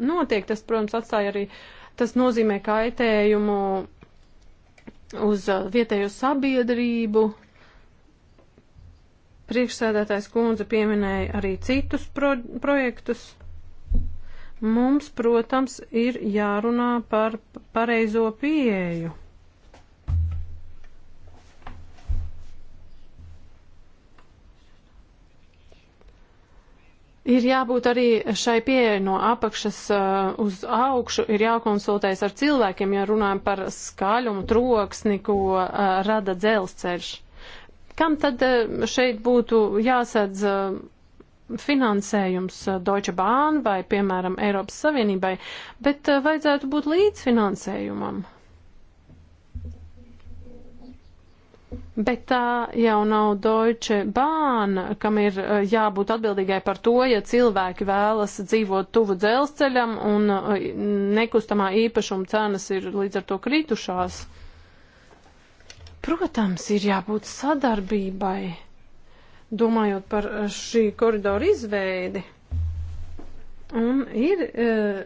[SPEAKER 3] notiek? Tas, protams, atstāja arī, tas nozīmē kaitējumu uz uh, vietējo sabiedrību, Priekšsēdētājs kundze pieminēja arī citus pro projektus. Mums, protams, ir jārunā par pareizo pieeju. Ir jābūt arī šai pieeja no apakšas uh, uz augšu, ir jākonsultējas ar cilvēkiem, ja runājam par skaļumu, troksni, ko uh, rada dzelzceļš. Kam tad eh, šeit būtu jāsadz eh, finansējums eh, Deutsche Bahn vai, piemēram, Eiropas Savienībai, bet vajadzētu būt līdzfinansējumam? Bet tā jau nav Deutsche Bahn, kam ir jābūt atbildīgai par to, ja cilvēki vēlas dzīvot tuvu dzelzceļam un nekustamā īpašuma cenas ir līdz ar to kritušās. Protams, ir jābūt sadarbībai, domājot par eh, šī koridora izveidi. Un ir eh,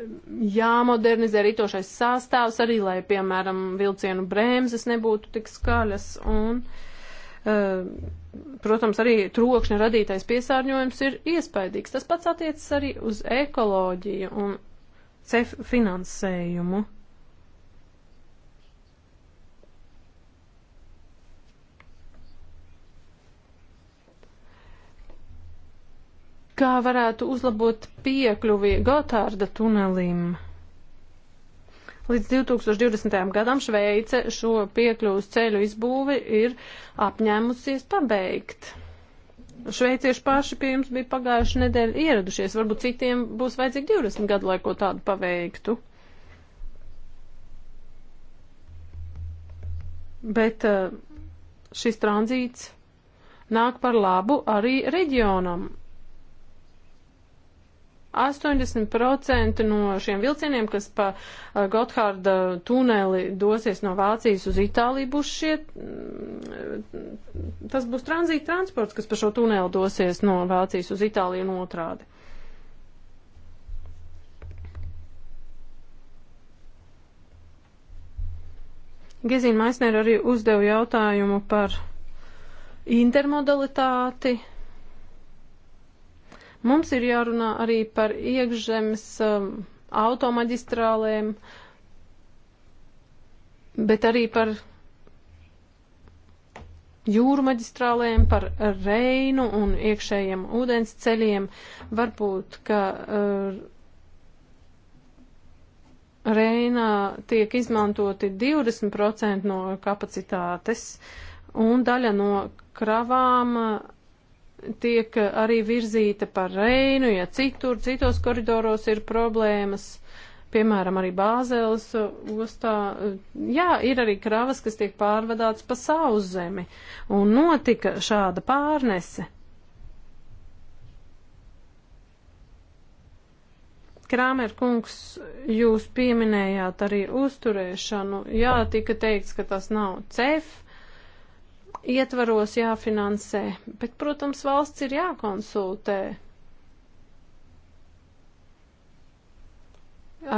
[SPEAKER 3] jāmodernizē arī tošais sastāvs, arī lai, piemēram, vilcienu bremzes nebūtu tik skaļas. Un, eh, protams, arī trokšņa radītais piesārņojums ir iespaidīgs. Tas pats attiecas arī uz ekoloģiju un cef finansējumu. kā varētu uzlabot piekļuvi Gotārda tunelim. Līdz 2020. gadam Šveice šo piekļuvas ceļu izbūvi ir apņēmusies pabeigt. Šveicieši paši pie jums bija pagājuši nedēļa ieradušies, varbūt citiem būs vajadzīgi 20 gadu, lai ko tādu paveiktu. Bet eh, šis tranzīts nāk par labu arī reģionam, 80% no šiem vilcieniem, kas pa eh, Gotthārda eh, tuneli dosies no Vācijas uz Itāliju, būs šie, mm, tas būs tranzīta transports, kas pa šo tuneli dosies no Vācijas uz Itāliju un otrādi. Gezīna Maisner arī uzdeva jautājumu par intermodalitāti Mums ir jārunā arī par iekšzemes um, automaģistrālēm, bet arī par jūru maģistrālēm, par Reinu un iekšējiem ūdens ceļiem. Varbūt, ka uh, Reinā tiek izmantoti 20% no kapacitātes un daļa no kravām. Uh, tiek arī virzīta pa Reinu, ja citur, citos koridoros ir problēmas, piemēram, arī Bāzēles ostā. Jā, ir arī kravas, kas tiek pārvadāts pa sauszemi, un notika šāda pārnese. Krāmer kungs, jūs pieminējāt arī uzturēšanu. Jā, tika teikts, ka tas nav cef ietvaros jāfinansē, bet, protams, valsts ir jākonsultē.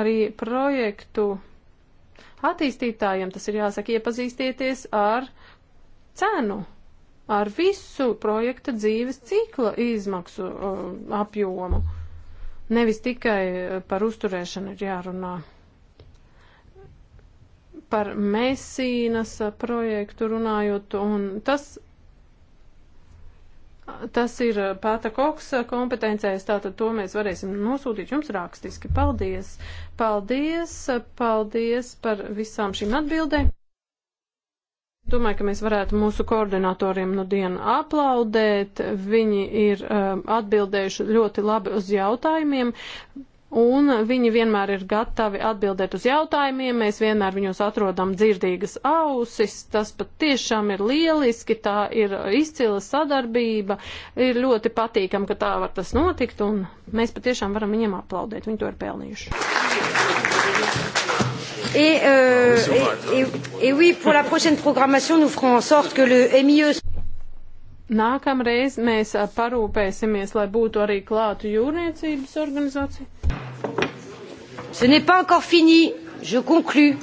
[SPEAKER 3] Arī projektu attīstītājiem tas ir jāsaka iepazīstieties ar cenu, ar visu projekta dzīves cikla izmaksu uh, apjomu. Nevis tikai uh, par uzturēšanu ir jārunā par Mēsīnas projektu runājot, un tas, tas ir Pāta Koksa kompetencijas, tātad to mēs varēsim nosūtīt jums rakstiski. Paldies! Paldies! Paldies par visām šīm atbildēm! Domāju, ka mēs varētu mūsu koordinatoriem nu dienu aplaudēt. Viņi ir uh, atbildējuši ļoti labi uz jautājumiem un viņi vienmēr ir gatavi atbildēt uz jautājumiem, mēs vienmēr viņos atrodam dzirdīgas ausis, tas pat tiešām ir lieliski, tā ir izcila sadarbība, ir ļoti patīkam, ka tā var tas notikt, un mēs pat tiešām varam viņiem aplaudēt, viņi to ir pelnījuši. Et, euh, et, et, et oui, pour la prochaine
[SPEAKER 1] programmation, nous ferons en sorte que
[SPEAKER 3] le MIE Nākamreiz mēs parūpēsimies, lai būtu arī klātu jūrniecības organizācija. Ce n'est pas encore fini, je conclus.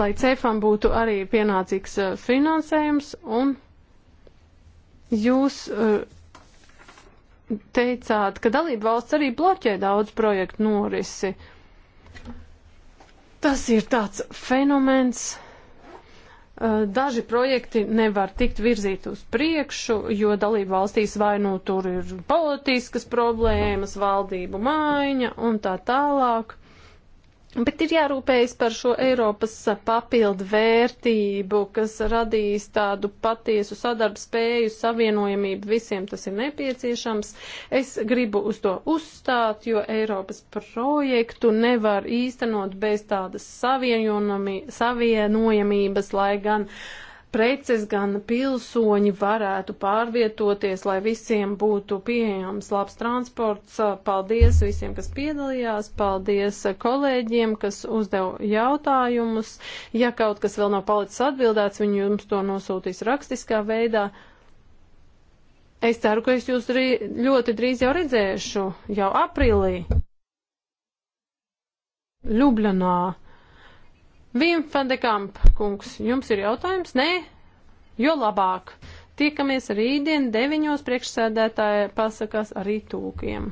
[SPEAKER 3] Lai cefam būtu arī pienācīgs finansējums un jūs teicāt, ka dalība valsts arī bloķē daudz projektu norisi. Tas ir tāds fenomens Eh, daži projekti nevar tikt virzīt uz priekšu, jo dalību valstīs vai nu tur ir politiskas problēmas, valdību maiņa un tā tālāk. Bet ir jārūpējas par šo Eiropas papildu vērtību, kas radīs tādu patiesu sadarbspēju, savienojamību visiem tas ir nepieciešams. Es gribu uz to uzstāt, jo Eiropas projektu nevar īstenot bez tādas savienojamības, lai gan uh, preces, gan pilsoņi varētu pārvietoties, lai visiem būtu pieejams labs transports. Paldies visiem, kas piedalījās, paldies kolēģiem, kas uzdev jautājumus. Ja kaut kas vēl nav palicis atbildēts, viņi jums to nosūtīs rakstiskā veidā. Es ceru, ka es jūs drī, ļoti drīz jau redzēšu, jau aprīlī. Ljubljanā. Vim Fandekamp, kungs, jums ir jautājums? Nē? Jo labāk. Tiekamies rītdien deviņos priekšsēdētāja pasakas arī tūkiem.